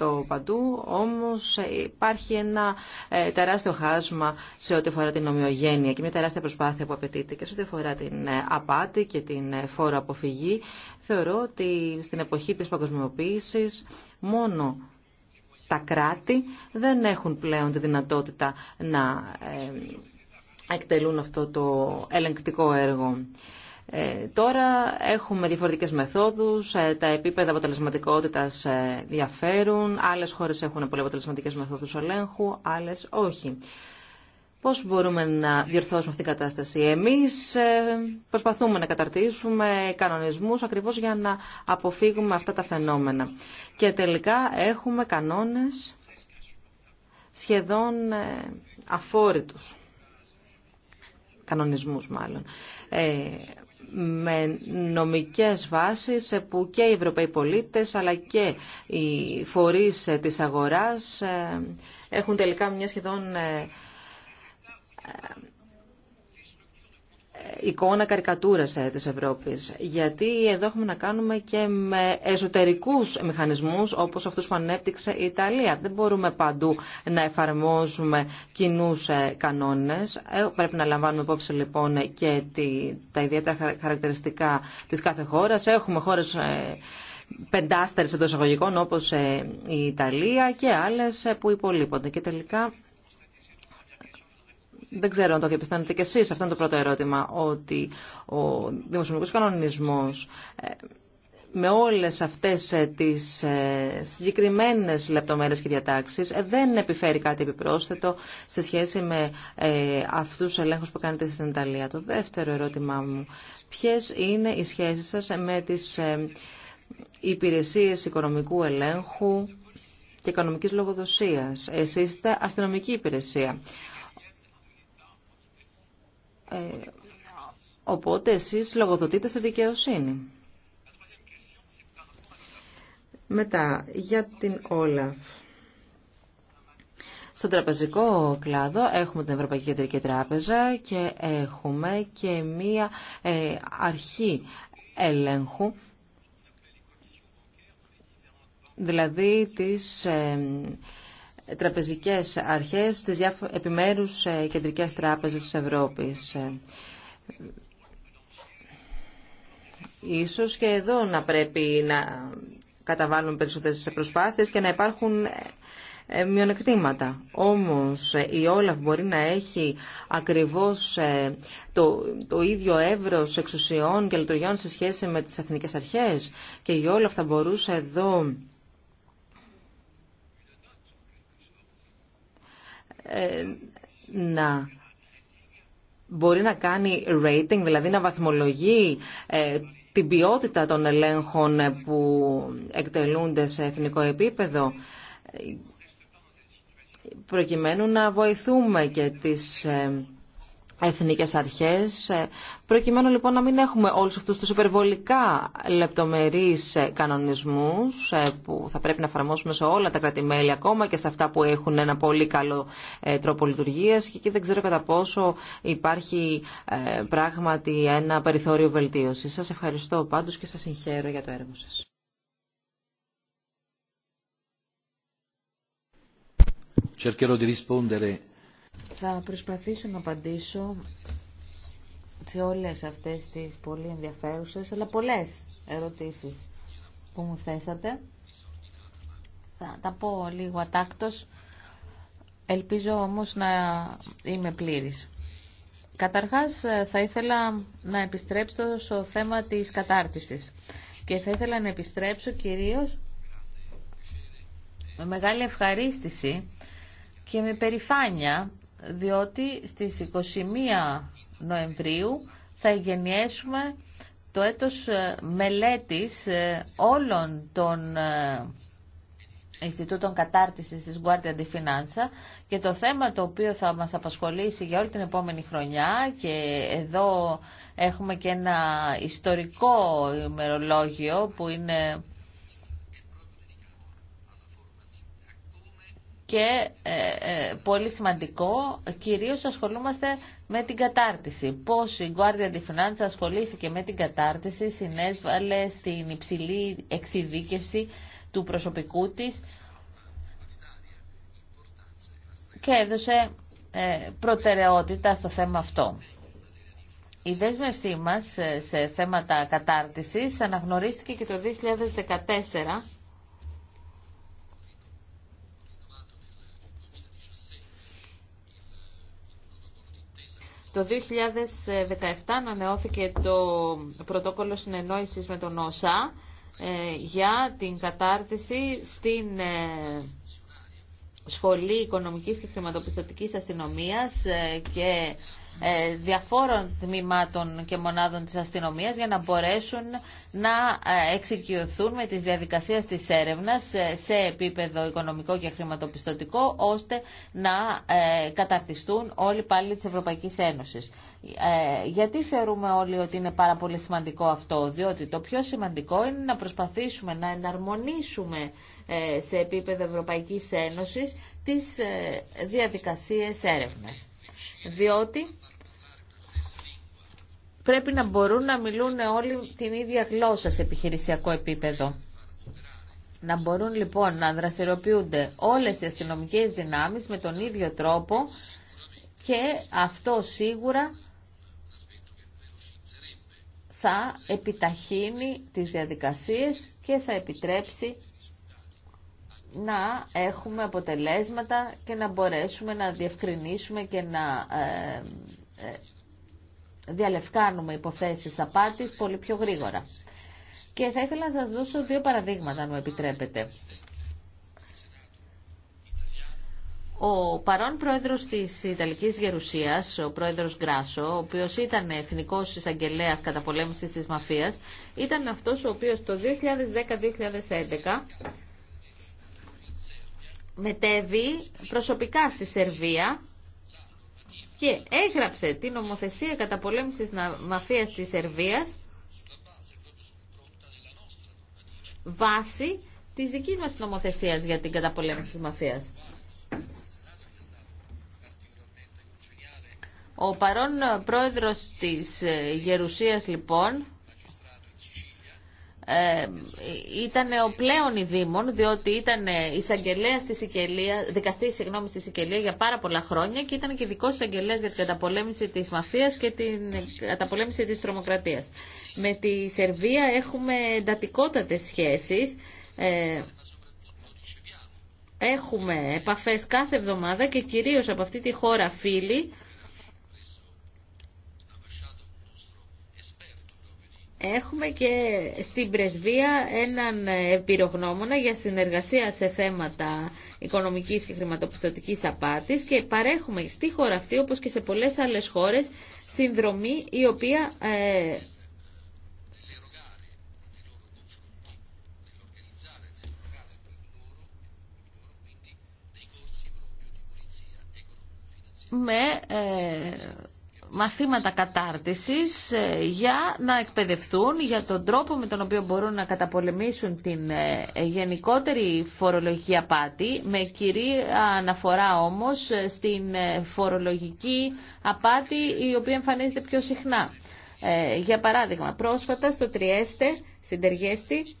3% παντού, όμως υπάρχει ένα ε, τεράστιο χάσμα σε ό,τι αφορά την ομοιογένεια και μια τεράστια προσπάθεια που απαιτείται και σε ό,τι αφορά την ε, απάτη και την ε, φόρο αποφυγή. Θεωρώ ότι στην εποχή της παγκοσμιοποίησης μόνο τα κράτη δεν έχουν πλέον τη δυνατότητα να ε, εκτελούν αυτό το ελεγκτικό έργο. Ε, τώρα έχουμε διαφορετικές μεθόδους, ε, τα επίπεδα αποτελεσματικότητας ε, διαφέρουν, άλλες χώρες έχουν πολύ αποτελεσματικές μεθόδους ελέγχου, άλλες όχι. Πώς μπορούμε να διορθώσουμε αυτήν την κατάσταση. Εμείς ε, προσπαθούμε να καταρτήσουμε κανονισμούς ακριβώς για να αποφύγουμε αυτά τα φαινόμενα. Και τελικά έχουμε κανόνες σχεδόν ε, αφόρητους. Κανονισμούς μάλλον. Ε, με νομικές βάσεις που και οι Ευρωπαίοι πολίτες αλλά και οι φορείς της αγοράς έχουν τελικά μια σχεδόν ε, εικόνα καρικατούρας ε, της Ευρώπης. Γιατί εδώ έχουμε να κάνουμε και με εσωτερικούς μηχανισμούς όπως αυτούς που ανέπτυξε η Ιταλία. Δεν μπορούμε παντού να εφαρμόζουμε κοινού ε, κανόνες. Πρέπει να λαμβάνουμε υπόψη λοιπόν και τα ιδιαίτερα χαρακτηριστικά της κάθε χώρας. Έχουμε χώρες πεντάστερες εντός αγωγικών όπως η Ιταλία και άλλες που υπολείπονται. Και τελικά δεν ξέρω αν το διαπιστώνετε κι εσείς, αυτό είναι το πρώτο ερώτημα, ότι ο δημοσιονομικός κανονισμός ε, με όλες αυτές ε, τις ε, συγκεκριμένες λεπτομέρειες και διατάξεις δεν επιφέρει κάτι επιπρόσθετο σε σχέση με αυτούς τους ελέγχους που κάνετε στην Ιταλία. Το δεύτερο ερώτημά μου, ποιες είναι οι σχέσεις σας με τις υπηρεσίες οικονομικού ελέγχου και οικονομικής λογοδοσίας. Εσείς είστε αστυνομική υπηρεσία. Ε, οπότε εσείς λογοδοτείτε στη δικαιοσύνη. Μετά, για την Όλαφ. Στον τραπεζικό κλάδο έχουμε την Ευρωπαϊκή Κεντρική Τράπεζα και έχουμε και μία ε, αρχή ελέγχου, δηλαδή της ε, τραπεζικές αρχές στις επιμέρους ε, κεντρικές τράπεζες της Ευρώπης. Ίσως και εδώ να πρέπει να καταβάλουν περισσότερες προσπάθειες και να υπάρχουν ε, μειονεκτήματα. Όμως ε, η Όλαφ μπορεί να έχει ακριβώς το, το ίδιο εύρος εξουσιών και λειτουργιών σε σχέση με τις εθνικές αρχές και η Όλαφ θα μπορούσε εδώ Ε, να μπορεί να κάνει rating, δηλαδή να βαθμολογεί ε, την ποιότητα των ελέγχων που εκτελούνται σε εθνικό επίπεδο προκειμένου να βοηθούμε και τις ε, εθνικές αρχές. Ε, προκειμένου λοιπόν να μην έχουμε όλους αυτούς τους υπερβολικά λεπτομερείς ε, κανονισμούς ε, που θα πρέπει να εφαρμόσουμε σε όλα τα κρατημέλη ακόμα και σε αυτά που έχουν ένα πολύ καλό τρόπο λειτουργίας και εκεί δεν ξέρω κατά πόσο υπάρχει πράγματι ένα περιθώριο βελτίωσης. Σας ευχαριστώ πάντως και σας συγχαίρω για το έργο σας. Cercherò di rispondere θα προσπαθήσω να απαντήσω σε όλες αυτές τις πολύ ενδιαφέρουσες, αλλά πολλές ερωτήσεις που μου θέσατε. Θα τα πω λίγο ατάκτος, ελπίζω όμως να είμαι πλήρης. Καταρχάς θα ήθελα να επιστρέψω στο θέμα της κατάρτισης και θα ήθελα να επιστρέψω κυρίως με μεγάλη ευχαρίστηση και με περηφάνεια διότι στις 21 Νοεμβρίου θα γενιέσουμε το έτος ε, μελέτης ε, όλων των ε, Ινστιτούτων Κατάρτισης της Guardia di Finanza και το θέμα το οποίο θα μας απασχολήσει για όλη την επόμενη χρονιά και εδώ έχουμε και ένα ιστορικό ημερολόγιο που είναι και ε, ε, πολύ σημαντικό, κυρίως ασχολούμαστε με την κατάρτιση. Πώς η Guardia di Finanza ασχολήθηκε με την κατάρτιση, συνέσβαλε στην υψηλή εξειδίκευση του προσωπικού της και έδωσε ε, προτεραιότητα στο θέμα αυτό. Η δέσμευσή μας σε θέματα κατάρτισης αναγνωρίστηκε και το 2014 Το 2017 ανανεώθηκε το πρωτόκολλο συνεννόησης με τον ΩΣΑ ε, για την κατάρτιση στην ε, Σχολή Οικονομικής και Χρηματοπιστωτικής Αστυνομίας ε, και ε, διαφόρων τμήματων και μονάδων της αστυνομίας για να μπορέσουν να ε, εξοικειωθούν με τις διαδικασίες της έρευνας ε, σε επίπεδο οικονομικό και χρηματοπιστωτικό ώστε να καταρτιστούν όλοι πάλι της Ευρωπαϊκής Ένωσης. Γιατί θεωρούμε όλοι ότι είναι πάρα πολύ σημαντικό αυτό, διότι το πιο σημαντικό είναι να προσπαθήσουμε να εναρμονίσουμε σε επίπεδο Ευρωπαϊκής Ένωσης τις διαδικασίες έρευνας διότι πρέπει να μπορούν να μιλούν όλοι την ίδια γλώσσα σε επιχειρησιακό επίπεδο. Να μπορούν λοιπόν να δραστηριοποιούνται όλες οι αστυνομικές δυνάμεις με τον ίδιο τρόπο και αυτό σίγουρα θα επιταχύνει τις διαδικασίες και θα επιτρέψει να έχουμε αποτελέσματα και να μπορέσουμε να διευκρινίσουμε και να ε, ε, διαλευκάνουμε υποθέσεις απάτης πολύ πιο γρήγορα. Και θα ήθελα να σας δώσω δύο παραδείγματα, αν μου επιτρέπετε. Ο παρόν πρόεδρος της Ιταλικής Γερουσίας, ο πρόεδρος Γκράσο, ο οποίος ήταν εθνικός εισαγγελέας καταπολέμησης της μαφίας, ήταν αυτός ο οποίος το 2010-2011 μετέβη προσωπικά στη Σερβία και έγραψε την νομοθεσία κατά πολέμησης μαφίας της Σερβίας βάση της δικής μας νομοθεσίας για την καταπολέμηση της μαφίας. Ο παρόν πρόεδρος της Γερουσίας λοιπόν ε, ήταν ο πλέον ειδήμων, διότι ήταν εισαγγελέα στη Σικελία, δικαστή συγγνώμη, στη Σικελία για πάρα πολλά χρόνια και ήταν και ειδικό εισαγγελέα για την καταπολέμηση τη μαφία και την καταπολέμηση τη τρομοκρατία. Με τη Σερβία έχουμε εντατικότατε σχέσει. Ε, έχουμε επαφές κάθε εβδομάδα και κυρίως από αυτή τη χώρα φίλοι Έχουμε και στην Πρεσβεία έναν επιρογνώμονα για συνεργασία σε θέματα οικονομικής και χρηματοπιστωτικής απάτης και παρέχουμε στη χώρα αυτή, όπως και σε πολλές άλλες χώρες, συνδρομή η οποία ε, με... Ε, μαθήματα κατάρτισης ε, για να εκπαιδευτούν για τον τρόπο με τον οποίο μπορούν να καταπολεμήσουν την ε, γενικότερη φορολογική απάτη με κυρία αναφορά όμως ε, στην φορολογική απάτη η οποία εμφανίζεται πιο συχνά. Για παράδειγμα, πρόσφατα στο Τριέστε, στην Τεργέστη,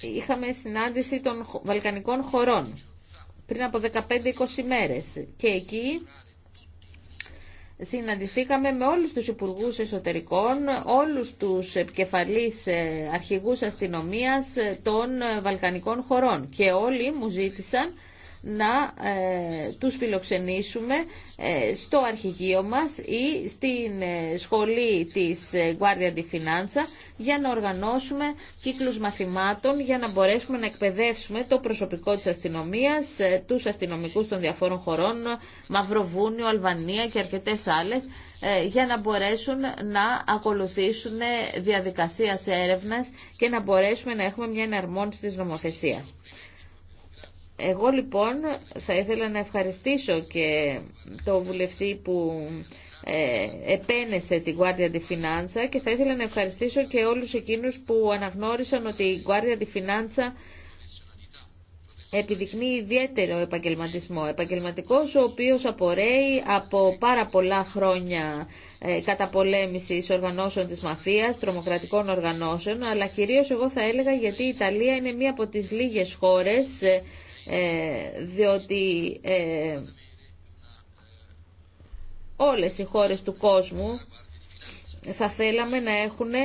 είχαμε συνάντηση των Βαλκανικών χωρών πριν από 15-20 μέρες και εκεί συναντηθήκαμε με όλους τους υπουργούς εσωτερικών, όλους τους επικεφαλείς ε, αρχηγούς αστυνομίας των Βαλκανικών χωρών και όλοι μου ζήτησαν να ε, τους φιλοξενήσουμε ε, στο αρχηγείο μας ή στην ε, σχολή της Guardia di Finanza για να οργανώσουμε κύκλους μαθημάτων για να μπορέσουμε να εκπαιδεύσουμε το προσωπικό της αστυνομίας, τους αστυνομικούς των διαφόρων χωρών, Μαυροβούνιο, Αλβανία και αρκετές άλλες, για να μπορέσουν να ακολουθήσουν διαδικασία έρευνας και να μπορέσουμε να έχουμε μια εναρμόνιση της νομοθεσίας. Εγώ λοιπόν θα ήθελα να ευχαριστήσω και το βουλευτή που ε, επένεσε την Guardia di Finanza και θα ήθελα να ευχαριστήσω και όλους εκείνους που αναγνώρισαν ότι η Guardia di Finanza επιδεικνύει ιδιαίτερο επαγγελματισμό. Επαγγελματικός ο οποίος απορρέει από πάρα πολλά χρόνια ε, καταπολέμησης οργανώσεων της μαφίας, τρομοκρατικών οργανώσεων, αλλά κυρίως εγώ θα έλεγα γιατί η Ιταλία είναι μία από τις λίγες χώρες ε, ε, διότι ε, όλες οι χώρες του κόσμου θα θέλαμε να έχουν ε,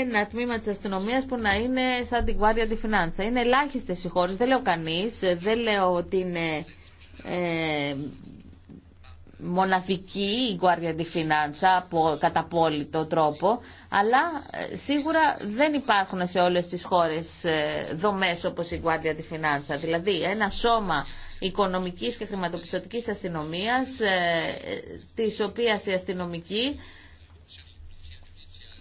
ένα τμήμα της αστυνομίας που να είναι σαν την Guardia di Finanza. Είναι ελάχιστες οι χώρες, δεν λέω κανείς, δεν λέω ότι είναι μοναδική η Guardia di Finanza από καταπόλυτο τρόπο, αλλά ε, σίγουρα δεν υπάρχουν σε όλες τις χώρες ε, δομές όπως η Guardia di Finanza. Δηλαδή ένα σώμα οικονομικής και χρηματοπιστωτικής αστυνομίας, ε, της οποίας η αστυνομική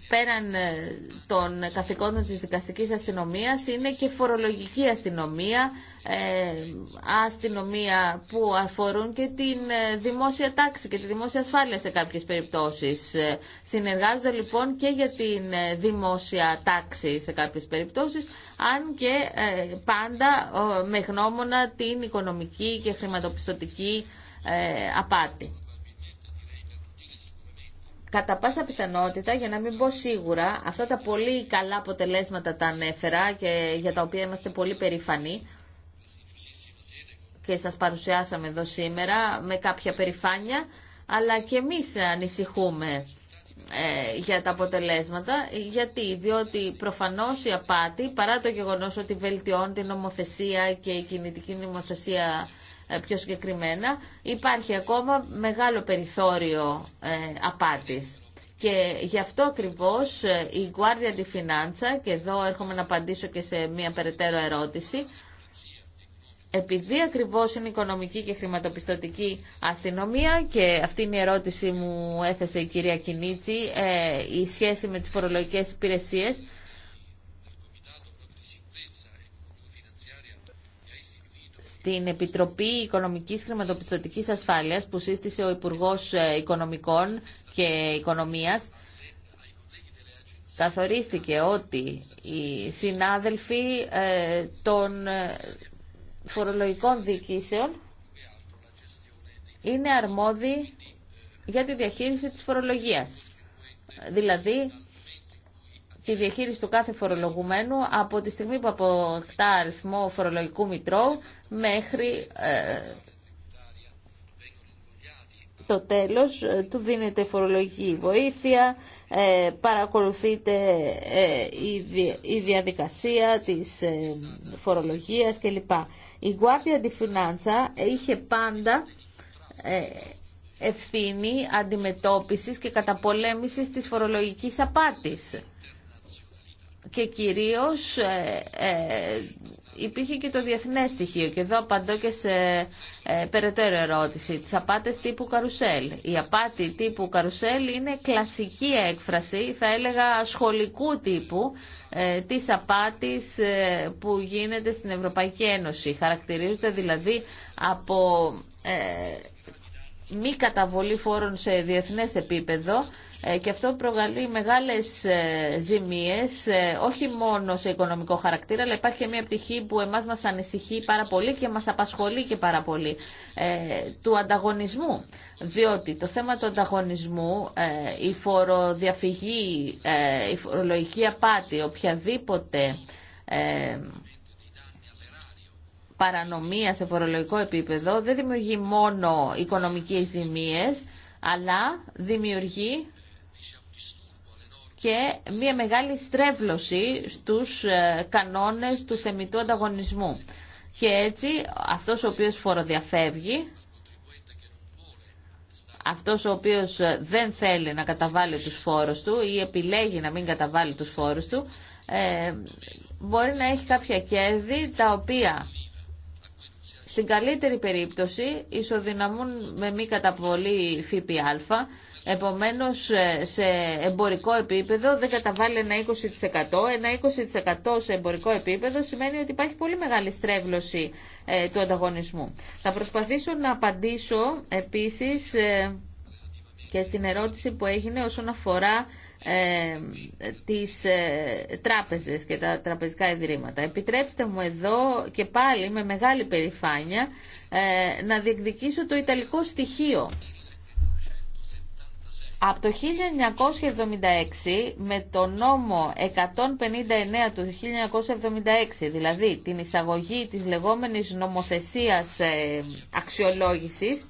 πέραν ε, των καθηκόντων της δικαστικής αστυνομίας είναι και φορολογική αστυνομία, ε, αστυνομία που αφορούν και την ε, δημόσια τάξη και τη δημόσια ασφάλεια σε κάποιες περιπτώσεις. Συνεργάζονται λοιπόν και για την δημόσια τάξη σε κάποιες περιπτώσεις, αν και πάντα με γνώμονα την οικονομική και χρηματοπιστωτική απάτη. Κατά πάσα πιθανότητα, για να μην πω σίγουρα, αυτά τα πολύ καλά αποτελέσματα τα ανέφερα και για τα οποία είμαστε πολύ περηφανοί και σας παρουσιάσαμε εδώ σήμερα με κάποια περηφάνεια, αλλά και εμείς ανησυχούμε ε, για τα αποτελέσματα. Γιατί, διότι προφανώς η απάτη, παρά το γεγονός ότι βελτιώνει την νομοθεσία και η κινητική νομοθεσία ε, πιο συγκεκριμένα, υπάρχει ακόμα μεγάλο περιθώριο ε, απάτης. Και γι' αυτό ακριβώς ε, η Guardia di Finanza, και εδώ έρχομαι να απαντήσω και σε μια περαιτέρω ερώτηση, επειδή ακριβώς είναι οικονομική και χρηματοπιστωτική αστυνομία και αυτή είναι η ερώτηση μου έθεσε η κυρία Κινίτσι, η σχέση με τις φορολογικές υπηρεσίες, την Επιτροπή Οικονομικής Χρηματοπιστωτικής Ασφάλειας που σύστησε ο Υπουργός ε, Οικονομικών και Οικονομίας καθορίστηκε ότι οι συνάδελφοι ε, των ε, φορολογικών διοικήσεων είναι αρμόδιοι για τη διαχείριση της φορολογίας. Δηλαδή, τη διαχείριση του κάθε φορολογουμένου από τη στιγμή που αποκτά αριθμό φορολογικού μητρώου μέχρι ε, το τέλος ε, του δίνεται φορολογική βοήθεια, ε, παρακολουθείται ε, η, διαδικασία της ε, φορολογίας κλπ. Η Guardia di Finanza είχε πάντα ευθύνη αντιμετώπισης και καταπολέμησης της φορολογικής απάτης και κυρίως ε, ε, υπήρχε και το διεθνές στοιχείο και εδώ απαντώ και σε ε, περαιτέρω ερώτηση τις απάτες τύπου καρουσέλ η απάτη τύπου καρουσέλ είναι κλασική έκφραση θα έλεγα σχολικού τύπου ε, της απάτης που γίνεται στην Ευρωπαϊκή Ένωση χαρακτηρίζεται δηλαδή από μη καταβολή φόρων σε διεθνές επίπεδο ε, και αυτό προκαλεί μεγάλες ε, ζημίες, ε, όχι μόνο σε οικονομικό χαρακτήρα, αλλά υπάρχει και μια πτυχή που εμάς μας ανησυχεί πάρα πολύ και μας απασχολεί και πάρα πολύ, του ανταγωνισμού. Διότι το θέμα του ανταγωνισμού, η φοροδιαφυγή, η φορολογική απάτη, οποιαδήποτε παρανομία σε φορολογικό επίπεδο δεν δημιουργεί μόνο οικονομικές ζημίες, αλλά δημιουργεί και μια μεγάλη στρέβλωση στους ε, κανόνες του θεμητού ανταγωνισμού. Και έτσι αυτός ο οποίος φοροδιαφεύγει, αυτός ο οποίος ε, δεν θέλει να καταβάλει τους φόρους του ή επιλέγει να μην καταβάλει τους φόρους του, ε, μπορεί να έχει κάποια κέρδη τα οποία στην καλύτερη περίπτωση ισοδυναμούν με μη καταβολή ΦΠΑ Επομένως, ε, σε εμπορικό επίπεδο δεν καταβάλει ένα 20%. Ένα 20% σε εμπορικό επίπεδο σημαίνει ότι υπάρχει πολύ μεγάλη στρέβλωση ε, του ανταγωνισμού. Θα προσπαθήσω να απαντήσω επίσης ε, και στην ερώτηση που έγινε όσον αφορά τις τράπεζες και τα τραπεζικά ιδρύματα. Επιτρέψτε μου εδώ και πάλι με μεγάλη περηφάνεια να διεκδικήσω το ιταλικό στοιχείο από το 1976 με το νόμο 159 του 1976, δηλαδή την εισαγωγή της λεγόμενης νομοθεσίας ε, αξιολόγησης,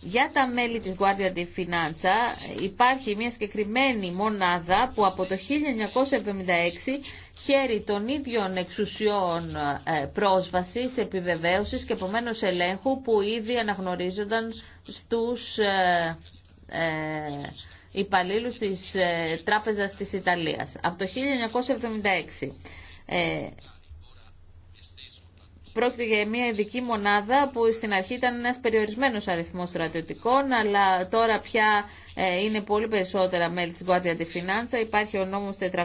Για τα μέλη της Guardia di Finanza υπάρχει μια συγκεκριμένη μονάδα που από το 1976 χέρι των ίδιων εξουσιών ε, πρόσβασης, επιβεβαίωσης και επομένω ελέγχου που ήδη αναγνωρίζονταν στους ε, ε, υπαλλήλους της Τράπεζας της Ιταλίας. Από το 1976 πρόκειται για μια ειδική μονάδα που στην αρχή ήταν ένας περιορισμένος αριθμός στρατιωτικών, αλλά τώρα πια είναι πολύ περισσότερα μέλη της Guardia di Finanza. Υπάρχει ο νόμος 413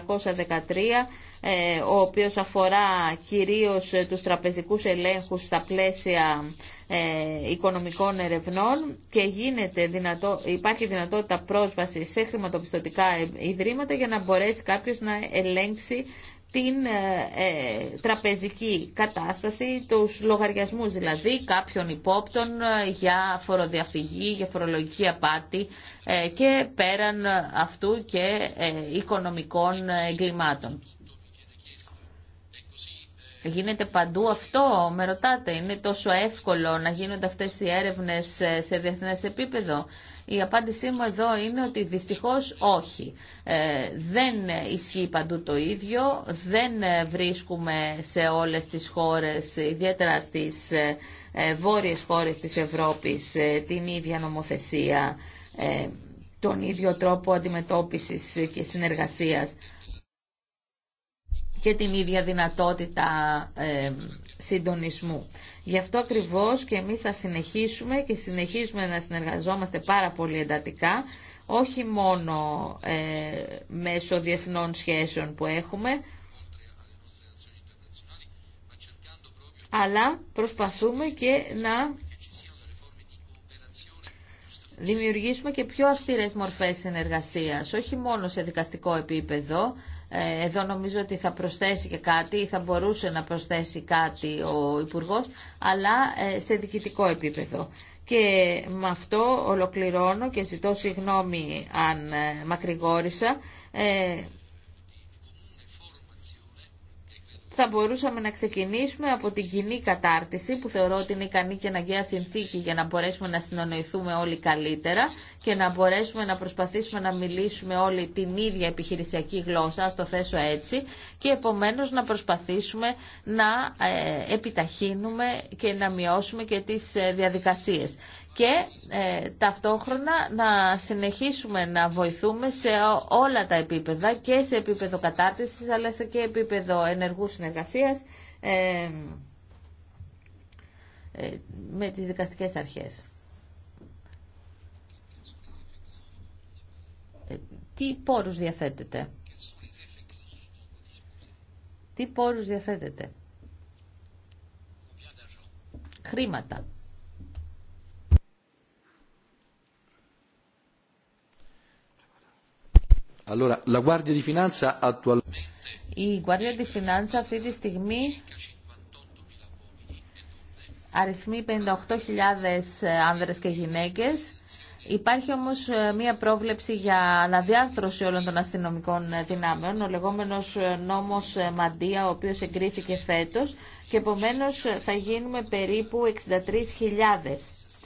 ε, ο οποίος αφορά κυρίως ε, τους τραπεζικούς ελέγχους στα πλαίσια ε, οικονομικών ερευνών και γίνεται δυνατό, υπάρχει δυνατότητα πρόσβαση σε χρηματοπιστωτικά ιδρύματα για να μπορέσει κάποιος να ελέγξει την τραπεζική κατάσταση, τους λογαριασμούς δηλαδή κάποιων υπόπτων για φοροδιαφυγή, για φορολογική απάτη και πέραν αυτού και οικονομικών εγκλημάτων. Γίνεται παντού αυτό, με ρωτάτε. Είναι τόσο εύκολο να γίνονται αυτές οι έρευνες ε, σε διεθνές επίπεδο. Η απάντησή μου εδώ είναι ότι δυστυχώς όχι. Ε, δεν ισχύει παντού το ίδιο. Δεν ε, βρίσκουμε σε όλες τις χώρες, ιδιαίτερα στις ε, βόρειες χώρες της Ευρώπης, την ίδια νομοθεσία, τον ίδιο τρόπο αντιμετώπισης και συνεργασίας και την ίδια δυνατότητα ε, συντονισμού. Γι' αυτό ακριβώς και εμείς θα συνεχίσουμε και συνεχίζουμε να συνεργαζόμαστε πάρα πολύ εντατικά, όχι μόνο ε, μέσω διεθνών σχέσεων που έχουμε, αλλά προσπαθούμε και να δημιουργήσουμε και πιο αυστηρές μορφές συνεργασίας, όχι μόνο σε δικαστικό επίπεδο, ε, εδώ νομίζω ότι θα προσθέσει και κάτι ή θα μπορούσε να προσθέσει κάτι ο Υπουργός, αλλά ε, σε διοικητικό επίπεδο. Και με αυτό ολοκληρώνω και ζητώ συγγνώμη αν ε, μακρηγόρησα. θα μπορούσαμε να ξεκινήσουμε από την κοινή κατάρτιση που θεωρώ ότι είναι ικανή και αναγκαία συνθήκη για να μπορέσουμε να συνονοηθούμε όλοι καλύτερα και να μπορέσουμε να προσπαθήσουμε να μιλήσουμε όλοι την ίδια επιχειρησιακή γλώσσα, ας το θέσω έτσι, και επομένως να προσπαθήσουμε να ε, επιταχύνουμε και να μειώσουμε και τις ε, διαδικασίες και ε, ταυτόχρονα να συνεχίσουμε να βοηθούμε σε όλα τα επίπεδα και σε επίπεδο κατάρτισης αλλά σε και επίπεδο ενεργού συνεργασίας ε, ε, με τις δικαστικές αρχές. Τι πόρους διαθέτεται. Τι πόρους διαθέτεται. Χρήματα. Η Guardia di Finanza αυτή τη στιγμή αριθμεί 58.000 άνδρες και γυναίκες. Υπάρχει όμως ε, μία πρόβλεψη για αναδιάρθρωση όλων των αστυνομικών ε, δυνάμεων, ο λεγόμενος ε, νόμος Μαντία, ο οποίος εγκρίθηκε φέτος και επομένως θα γίνουμε περίπου 63.000.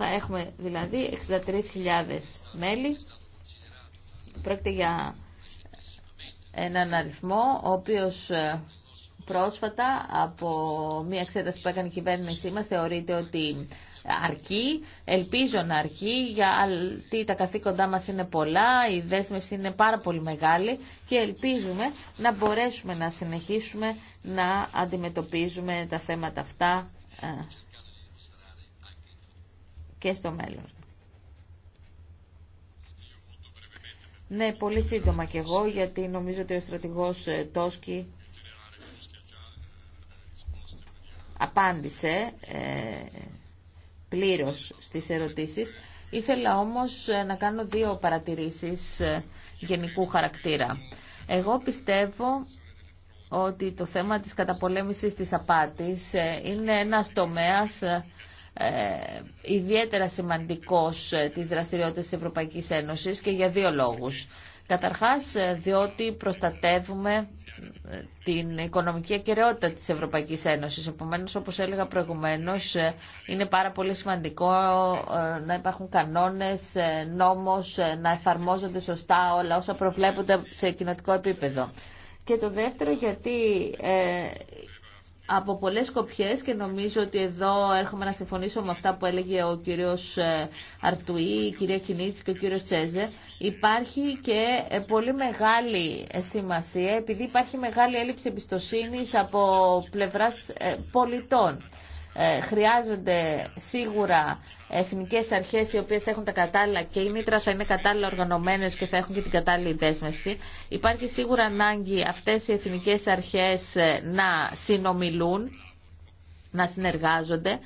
Θα έχουμε δηλαδή 63.000 μέλη. Πρόκειται για έναν αριθμό ο οποίος ε, πρόσφατα από μια εξέταση που έκανε η κυβέρνησή μας θεωρείται ότι αρκεί, ελπίζω να αρκεί γιατί τα καθήκοντά μας είναι πολλά, η δέσμευση είναι πάρα πολύ μεγάλη και ελπίζουμε να μπορέσουμε να συνεχίσουμε να αντιμετωπίζουμε τα θέματα αυτά ε, και στο μέλλον. Ναι, πολύ σύντομα κι εγώ, γιατί νομίζω ότι ο στρατηγός ε, Τόσκι απάντησε ε, πλήρως στις ερωτήσεις. Ήθελα όμως ε, να κάνω δύο παρατηρήσεις γενικού χαρακτήρα. Εγώ πιστεύω ότι το θέμα της καταπολέμησης της απάτης είναι ένας τομέας ε, ιδιαίτερα σημαντικός ε, της δραστηριότητας της Ευρωπαϊκής Ένωσης και για δύο λόγους. Καταρχάς, ε, διότι προστατεύουμε την οικονομική ακαιρεότητα της Ευρωπαϊκής Ένωσης. Επομένως, όπως έλεγα προηγουμένως, είναι πάρα πολύ σημαντικό να υπάρχουν κανόνες, νόμος, να εφαρμόζονται σωστά όλα όσα προβλέπονται σε κοινοτικό επίπεδο. Και το δεύτερο, γιατί από πολλές σκοπιές και νομίζω ότι εδώ έρχομαι να συμφωνήσω με αυτά που έλεγε ο κύριος ε, Αρτουή, η κυρία Κινίτση και ο κύριος Τσέζε. Υπάρχει και ε, πολύ μεγάλη ε, σημασία επειδή υπάρχει μεγάλη έλλειψη εμπιστοσύνης από πλευράς πολιτών. Χρειάζονται σίγουρα εθνικές αρχές οι οποίες θα έχουν τα κατάλληλα και η μήτρα θα είναι κατάλληλα οργανωμένες και θα έχουν και την κατάλληλη δέσμευση. Υπάρχει σίγουρα ανάγκη αυτές οι εθνικές αρχές ε, να συνομιλούν, να συνεργάζονται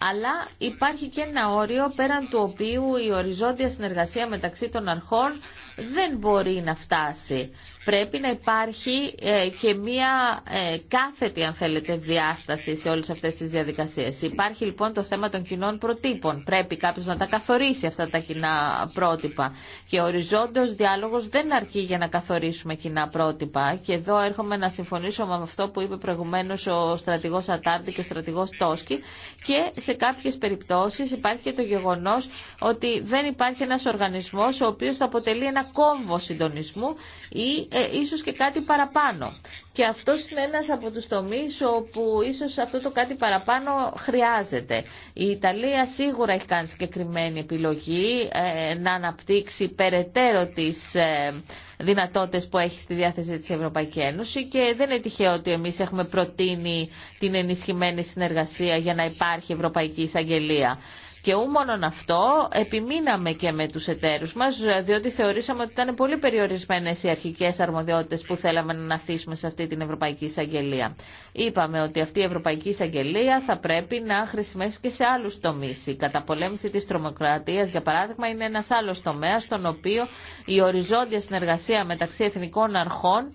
αλλά υπάρχει και ένα όριο πέραν του οποίου η οριζόντια συνεργασία μεταξύ των αρχών δεν μπορεί να φτάσει πρέπει να υπάρχει ε, και μία ε, κάθετη, αν θέλετε, διάσταση σε όλες αυτές τις διαδικασίες. Υπάρχει λοιπόν το θέμα των κοινών προτύπων. Πρέπει κάποιος να τα καθορίσει αυτά τα κοινά πρότυπα. Και ο οριζόντος διάλογος δεν αρκεί για να καθορίσουμε κοινά πρότυπα. Και εδώ έρχομαι να συμφωνήσω με αυτό που είπε προηγουμένως ο στρατηγός Ατάρτη και ο στρατηγός Τόσκι. Και σε κάποιες περιπτώσεις υπάρχει και το γεγονός ότι δεν υπάρχει ένας οργανισμός ο οποίος θα αποτελεί ένα κόμβο συντονισμού ή ε, ε, ίσως και κάτι παραπάνω. Και αυτό είναι ένας από τους τομείς όπου ίσως αυτό το κάτι παραπάνω χρειάζεται. Η Ιταλία σίγουρα έχει κάνει συγκεκριμένη επιλογή ε, να αναπτύξει περαιτέρω τις ε, δυνατότητες που έχει στη διάθεση της Ευρωπαϊκή Ένωση και δεν είναι τυχαίο ότι εμείς έχουμε προτείνει την ενισχυμένη συνεργασία για να υπάρχει Ευρωπαϊκή Εισαγγελία. Και ού μόνον αυτό, επιμείναμε και με τους εταίρους μας, διότι θεωρήσαμε ότι ήταν πολύ περιορισμένες οι αρχικές αρμοδιότητες που θέλαμε να αναθίσουμε σε αυτή την Ευρωπαϊκή Εισαγγελία. Είπαμε ότι αυτή η Ευρωπαϊκή Εισαγγελία θα πρέπει να χρησιμεύσει και σε άλλους τομείς. Η καταπολέμηση της τρομοκρατίας, για παράδειγμα, είναι ένας άλλος τομέας, στον οποίο η οριζόντια συνεργασία μεταξύ εθνικών αρχών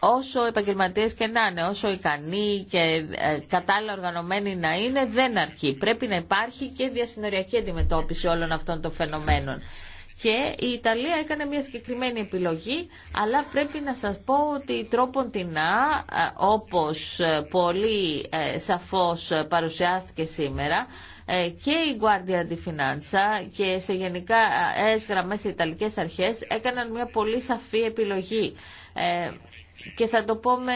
όσο επαγγελματίες και να είναι, όσο ικανοί και ε, κατάλληλα οργανωμένοι να είναι, δεν αρκεί. Πρέπει να υπάρχει και διασυνοριακή αντιμετώπιση όλων αυτών των φαινομένων. Και η Ιταλία έκανε μια συγκεκριμένη επιλογή, αλλά πρέπει να σας πω ότι τρόπον την Α, ε, όπως ε, πολύ σαφώς παρουσιάστηκε σήμερα, και η Guardia di Finanza και σε γενικά έσγραμμες οι Ιταλικές αρχές έκαναν μια πολύ σαφή επιλογή και θα το πω με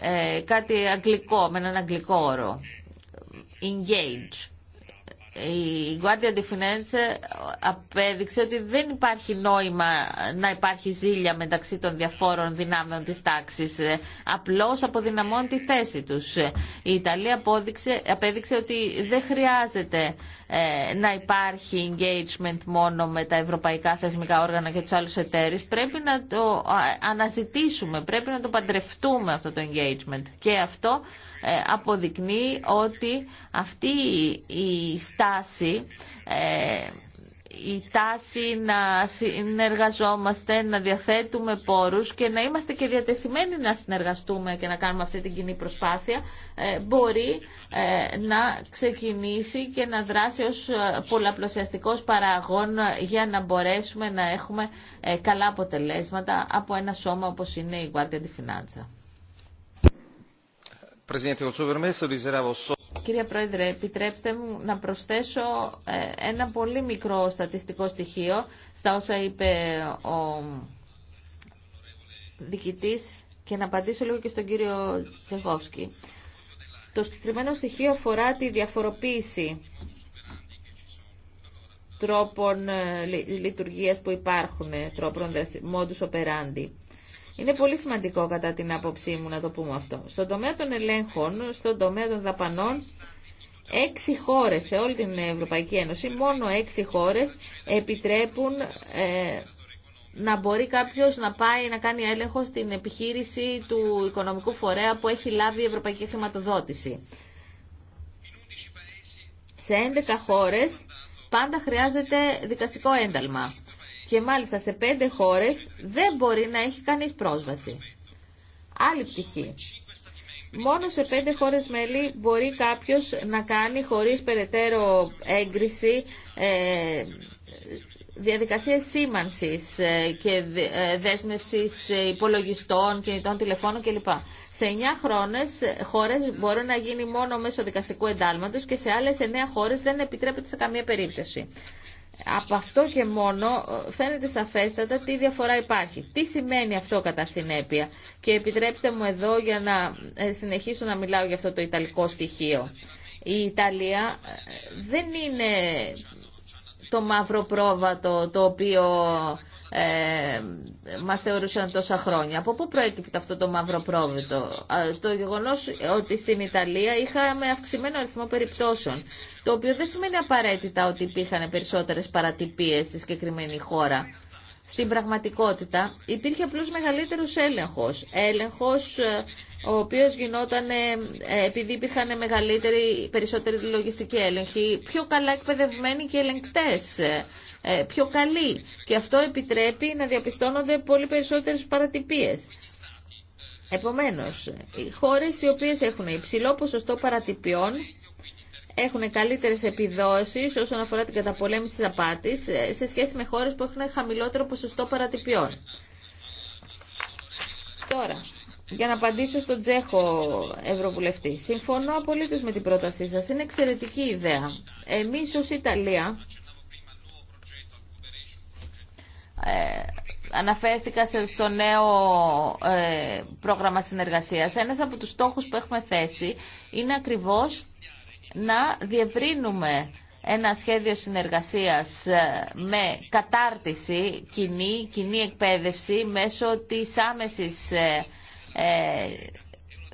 ε, κάτι αγγλικό, με έναν αγγλικό όρο. Engage η Guardia di Finanza απέδειξε ότι δεν υπάρχει νόημα να υπάρχει ζήλια μεταξύ των διαφόρων δυνάμεων της τάξης. Ε, απλώς αποδυναμώνει τη θέση τους. Η Ιταλία απέδειξε ότι δεν χρειάζεται ε, να υπάρχει engagement μόνο με τα ευρωπαϊκά θεσμικά όργανα και τους άλλους εταίρους. Πρέπει να το αναζητήσουμε, πρέπει να το παντρευτούμε αυτό το engagement. Και αυτό ε, αποδεικνύει ότι αυτή η στάση ε, η τάση να συνεργαζόμαστε, να διαθέτουμε πόρους και να είμαστε και διατεθειμένοι να συνεργαστούμε και να κάνουμε αυτή την κοινή προσπάθεια ε, μπορεί να ξεκινήσει και να δράσει ως πολλαπλασιαστικός παραγόν για να μπορέσουμε να έχουμε καλά αποτελέσματα από ένα σώμα όπως είναι η Guardia di Finanza. Κύριε Πρόεδρε, επιτρέψτε μου να προσθέσω ε, ένα πολύ μικρό στατιστικό στοιχείο στα όσα είπε ο διοικητής και να απαντήσω λίγο και στον κύριο Τσεχόφσκι. Το συγκεκριμένο στοιχείο αφορά τη διαφοροποίηση τρόπων ε, λειτουργίας που υπάρχουν, ε, τρόπων modus operandi. Είναι πολύ σημαντικό κατά την άποψή μου να το πούμε αυτό. Στον τομέα των ελέγχων, στον τομέα των δαπανών, έξι χώρες σε όλη την Ευρωπαϊκή Ένωση, μόνο έξι χώρες επιτρέπουν ε, να μπορεί κάποιος να πάει να κάνει έλεγχο στην επιχείρηση του οικονομικού φορέα που έχει λάβει η Ευρωπαϊκή Χρηματοδότηση. Σε 11 χώρες πάντα χρειάζεται δικαστικό ένταλμα και μάλιστα σε πέντε χώρες δεν μπορεί να έχει κανείς πρόσβαση. Άλλη πτυχή. Μόνο σε πέντε χώρες μέλη μπορεί κάποιος να κάνει χωρίς περαιτέρω έγκριση ε, διαδικασίες σήμανσης ε, και ε, δέσμευσης υπολογιστών, κινητών τηλεφώνων κλπ. Σε εννιά χρόνες, χώρες μπορεί να γίνει μόνο μέσω δικαστικού εντάλματος και σε άλλες εννέα χώρες δεν επιτρέπεται σε καμία περίπτωση. Από αυτό και μόνο ε, φαίνεται σαφέστατα τι διαφορά υπάρχει. Τι σημαίνει αυτό κατά συνέπεια. Και επιτρέψτε μου εδώ για να ε, συνεχίσω να μιλάω για αυτό το ιταλικό στοιχείο. Η Ιταλία ε, δεν είναι το μαύρο πρόβατο το οποίο ε, μα θεωρούσαν τόσα χρόνια. Από πού προέκυπτε αυτό το μαύρο πρόβλητο. Το γεγονό ότι στην Ιταλία είχαμε αυξημένο αριθμό περιπτώσεων, το οποίο δεν σημαίνει απαραίτητα ότι υπήρχαν περισσότερε παρατυπίες στη συγκεκριμένη χώρα. Στην πραγματικότητα υπήρχε απλώς μεγαλύτερος έλεγχος. Έλεγχος ε, ο οποίος γινόταν ε, επειδή υπήρχαν μεγαλύτεροι, περισσότεροι λογιστικοί έλεγχοι, πιο καλά εκπαιδευμένοι και ελεγκτές ε, πιο καλή και αυτό επιτρέπει να διαπιστώνονται πολύ περισσότερες παρατυπίες. Επομένως, οι χώρες οι οποίες έχουν υψηλό ποσοστό παρατυπιών έχουν καλύτερες επιδόσεις όσον αφορά την καταπολέμηση της απάτης ε, σε σχέση με χώρες που έχουν χαμηλότερο ποσοστό παρατυπιών. Τώρα, για να απαντήσω στον Τσέχο Ευρωβουλευτή. Συμφωνώ απολύτω με την πρότασή σα. Είναι εξαιρετική ιδέα. Εμείς ως Ιταλία ε, αναφέρθηκα στο νέο ε, πρόγραμμα συνεργασίας. Ένας από τους στόχους που έχουμε θέσει είναι ακριβώς να διευρύνουμε ένα σχέδιο συνεργασίας ε, με κατάρτιση κοινή, κοινή εκπαίδευση μέσω της άμεσης ε, ε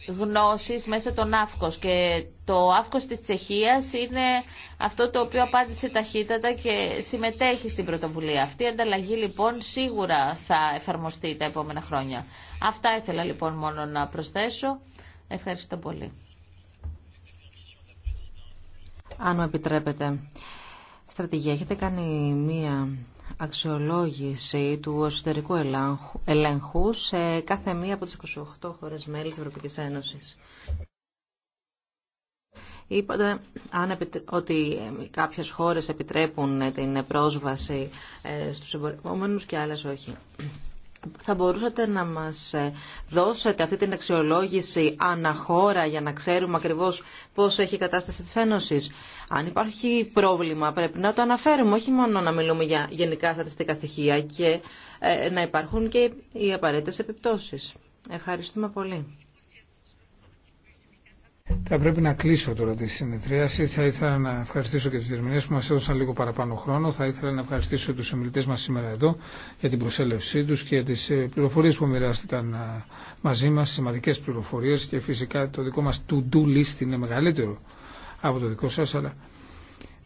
γνώσης μέσω των ΑΦΚΟΣ και το ΑΦΚΟΣ της Τσεχίας είναι αυτό το οποίο απάντησε ταχύτατα και συμμετέχει στην πρωτοβουλία. Αυτή η ανταλλαγή λοιπόν σίγουρα θα εφαρμοστεί τα επόμενα χρόνια. Αυτά ήθελα λοιπόν μόνο να προσθέσω. Ευχαριστώ πολύ. Αν μου επιτρέπετε, στρατηγία, έχετε κάνει μία αξιολόγηση του εσωτερικού ελέγχου σε κάθε μία από τις 28 χώρες μέλη της Ευρωπαϊκής Ένωσης. Είπατε αν ότι ε, κάποιες χώρες επιτρέπουν ε, την πρόσβαση ε, στους εμπορευόμενους και άλλες όχι θα μπορούσατε να μας ε, δώσετε αυτή την αξιολόγηση αναχώρα για να ξέρουμε ακριβώς πώς έχει η κατάσταση της Ένωσης. Αν υπάρχει πρόβλημα πρέπει να το αναφέρουμε, όχι μόνο να μιλούμε για γενικά στατιστικά στοιχεία και ε, να υπάρχουν και οι απαραίτητες επιπτώσεις. Ευχαριστούμε πολύ. Θα πρέπει να κλείσω τώρα τη συνεδρίαση. Θα ήθελα να ευχαριστήσω και τι διερμηνέ που μα έδωσαν λίγο παραπάνω χρόνο. Θα ήθελα να ευχαριστήσω του ομιλητέ μα σήμερα εδώ για την προσέλευσή του και τι ε, πληροφορίε που μοιράστηκαν ε, μαζί μα, σημαντικέ πληροφορίε και φυσικά το δικό μα to-do list είναι μεγαλύτερο από το δικό σα, αλλά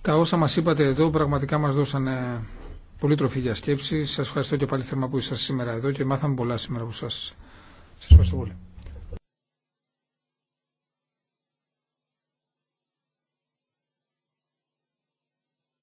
τα όσα μα είπατε εδώ πραγματικά μα δώσαν ε, πολύ τροφή για σκέψη. Σα ευχαριστώ και πάλι θερμά που ήσασταν σήμερα εδώ και μάθαμε πολλά σήμερα από εσά. Σα ευχαριστώ πολύ.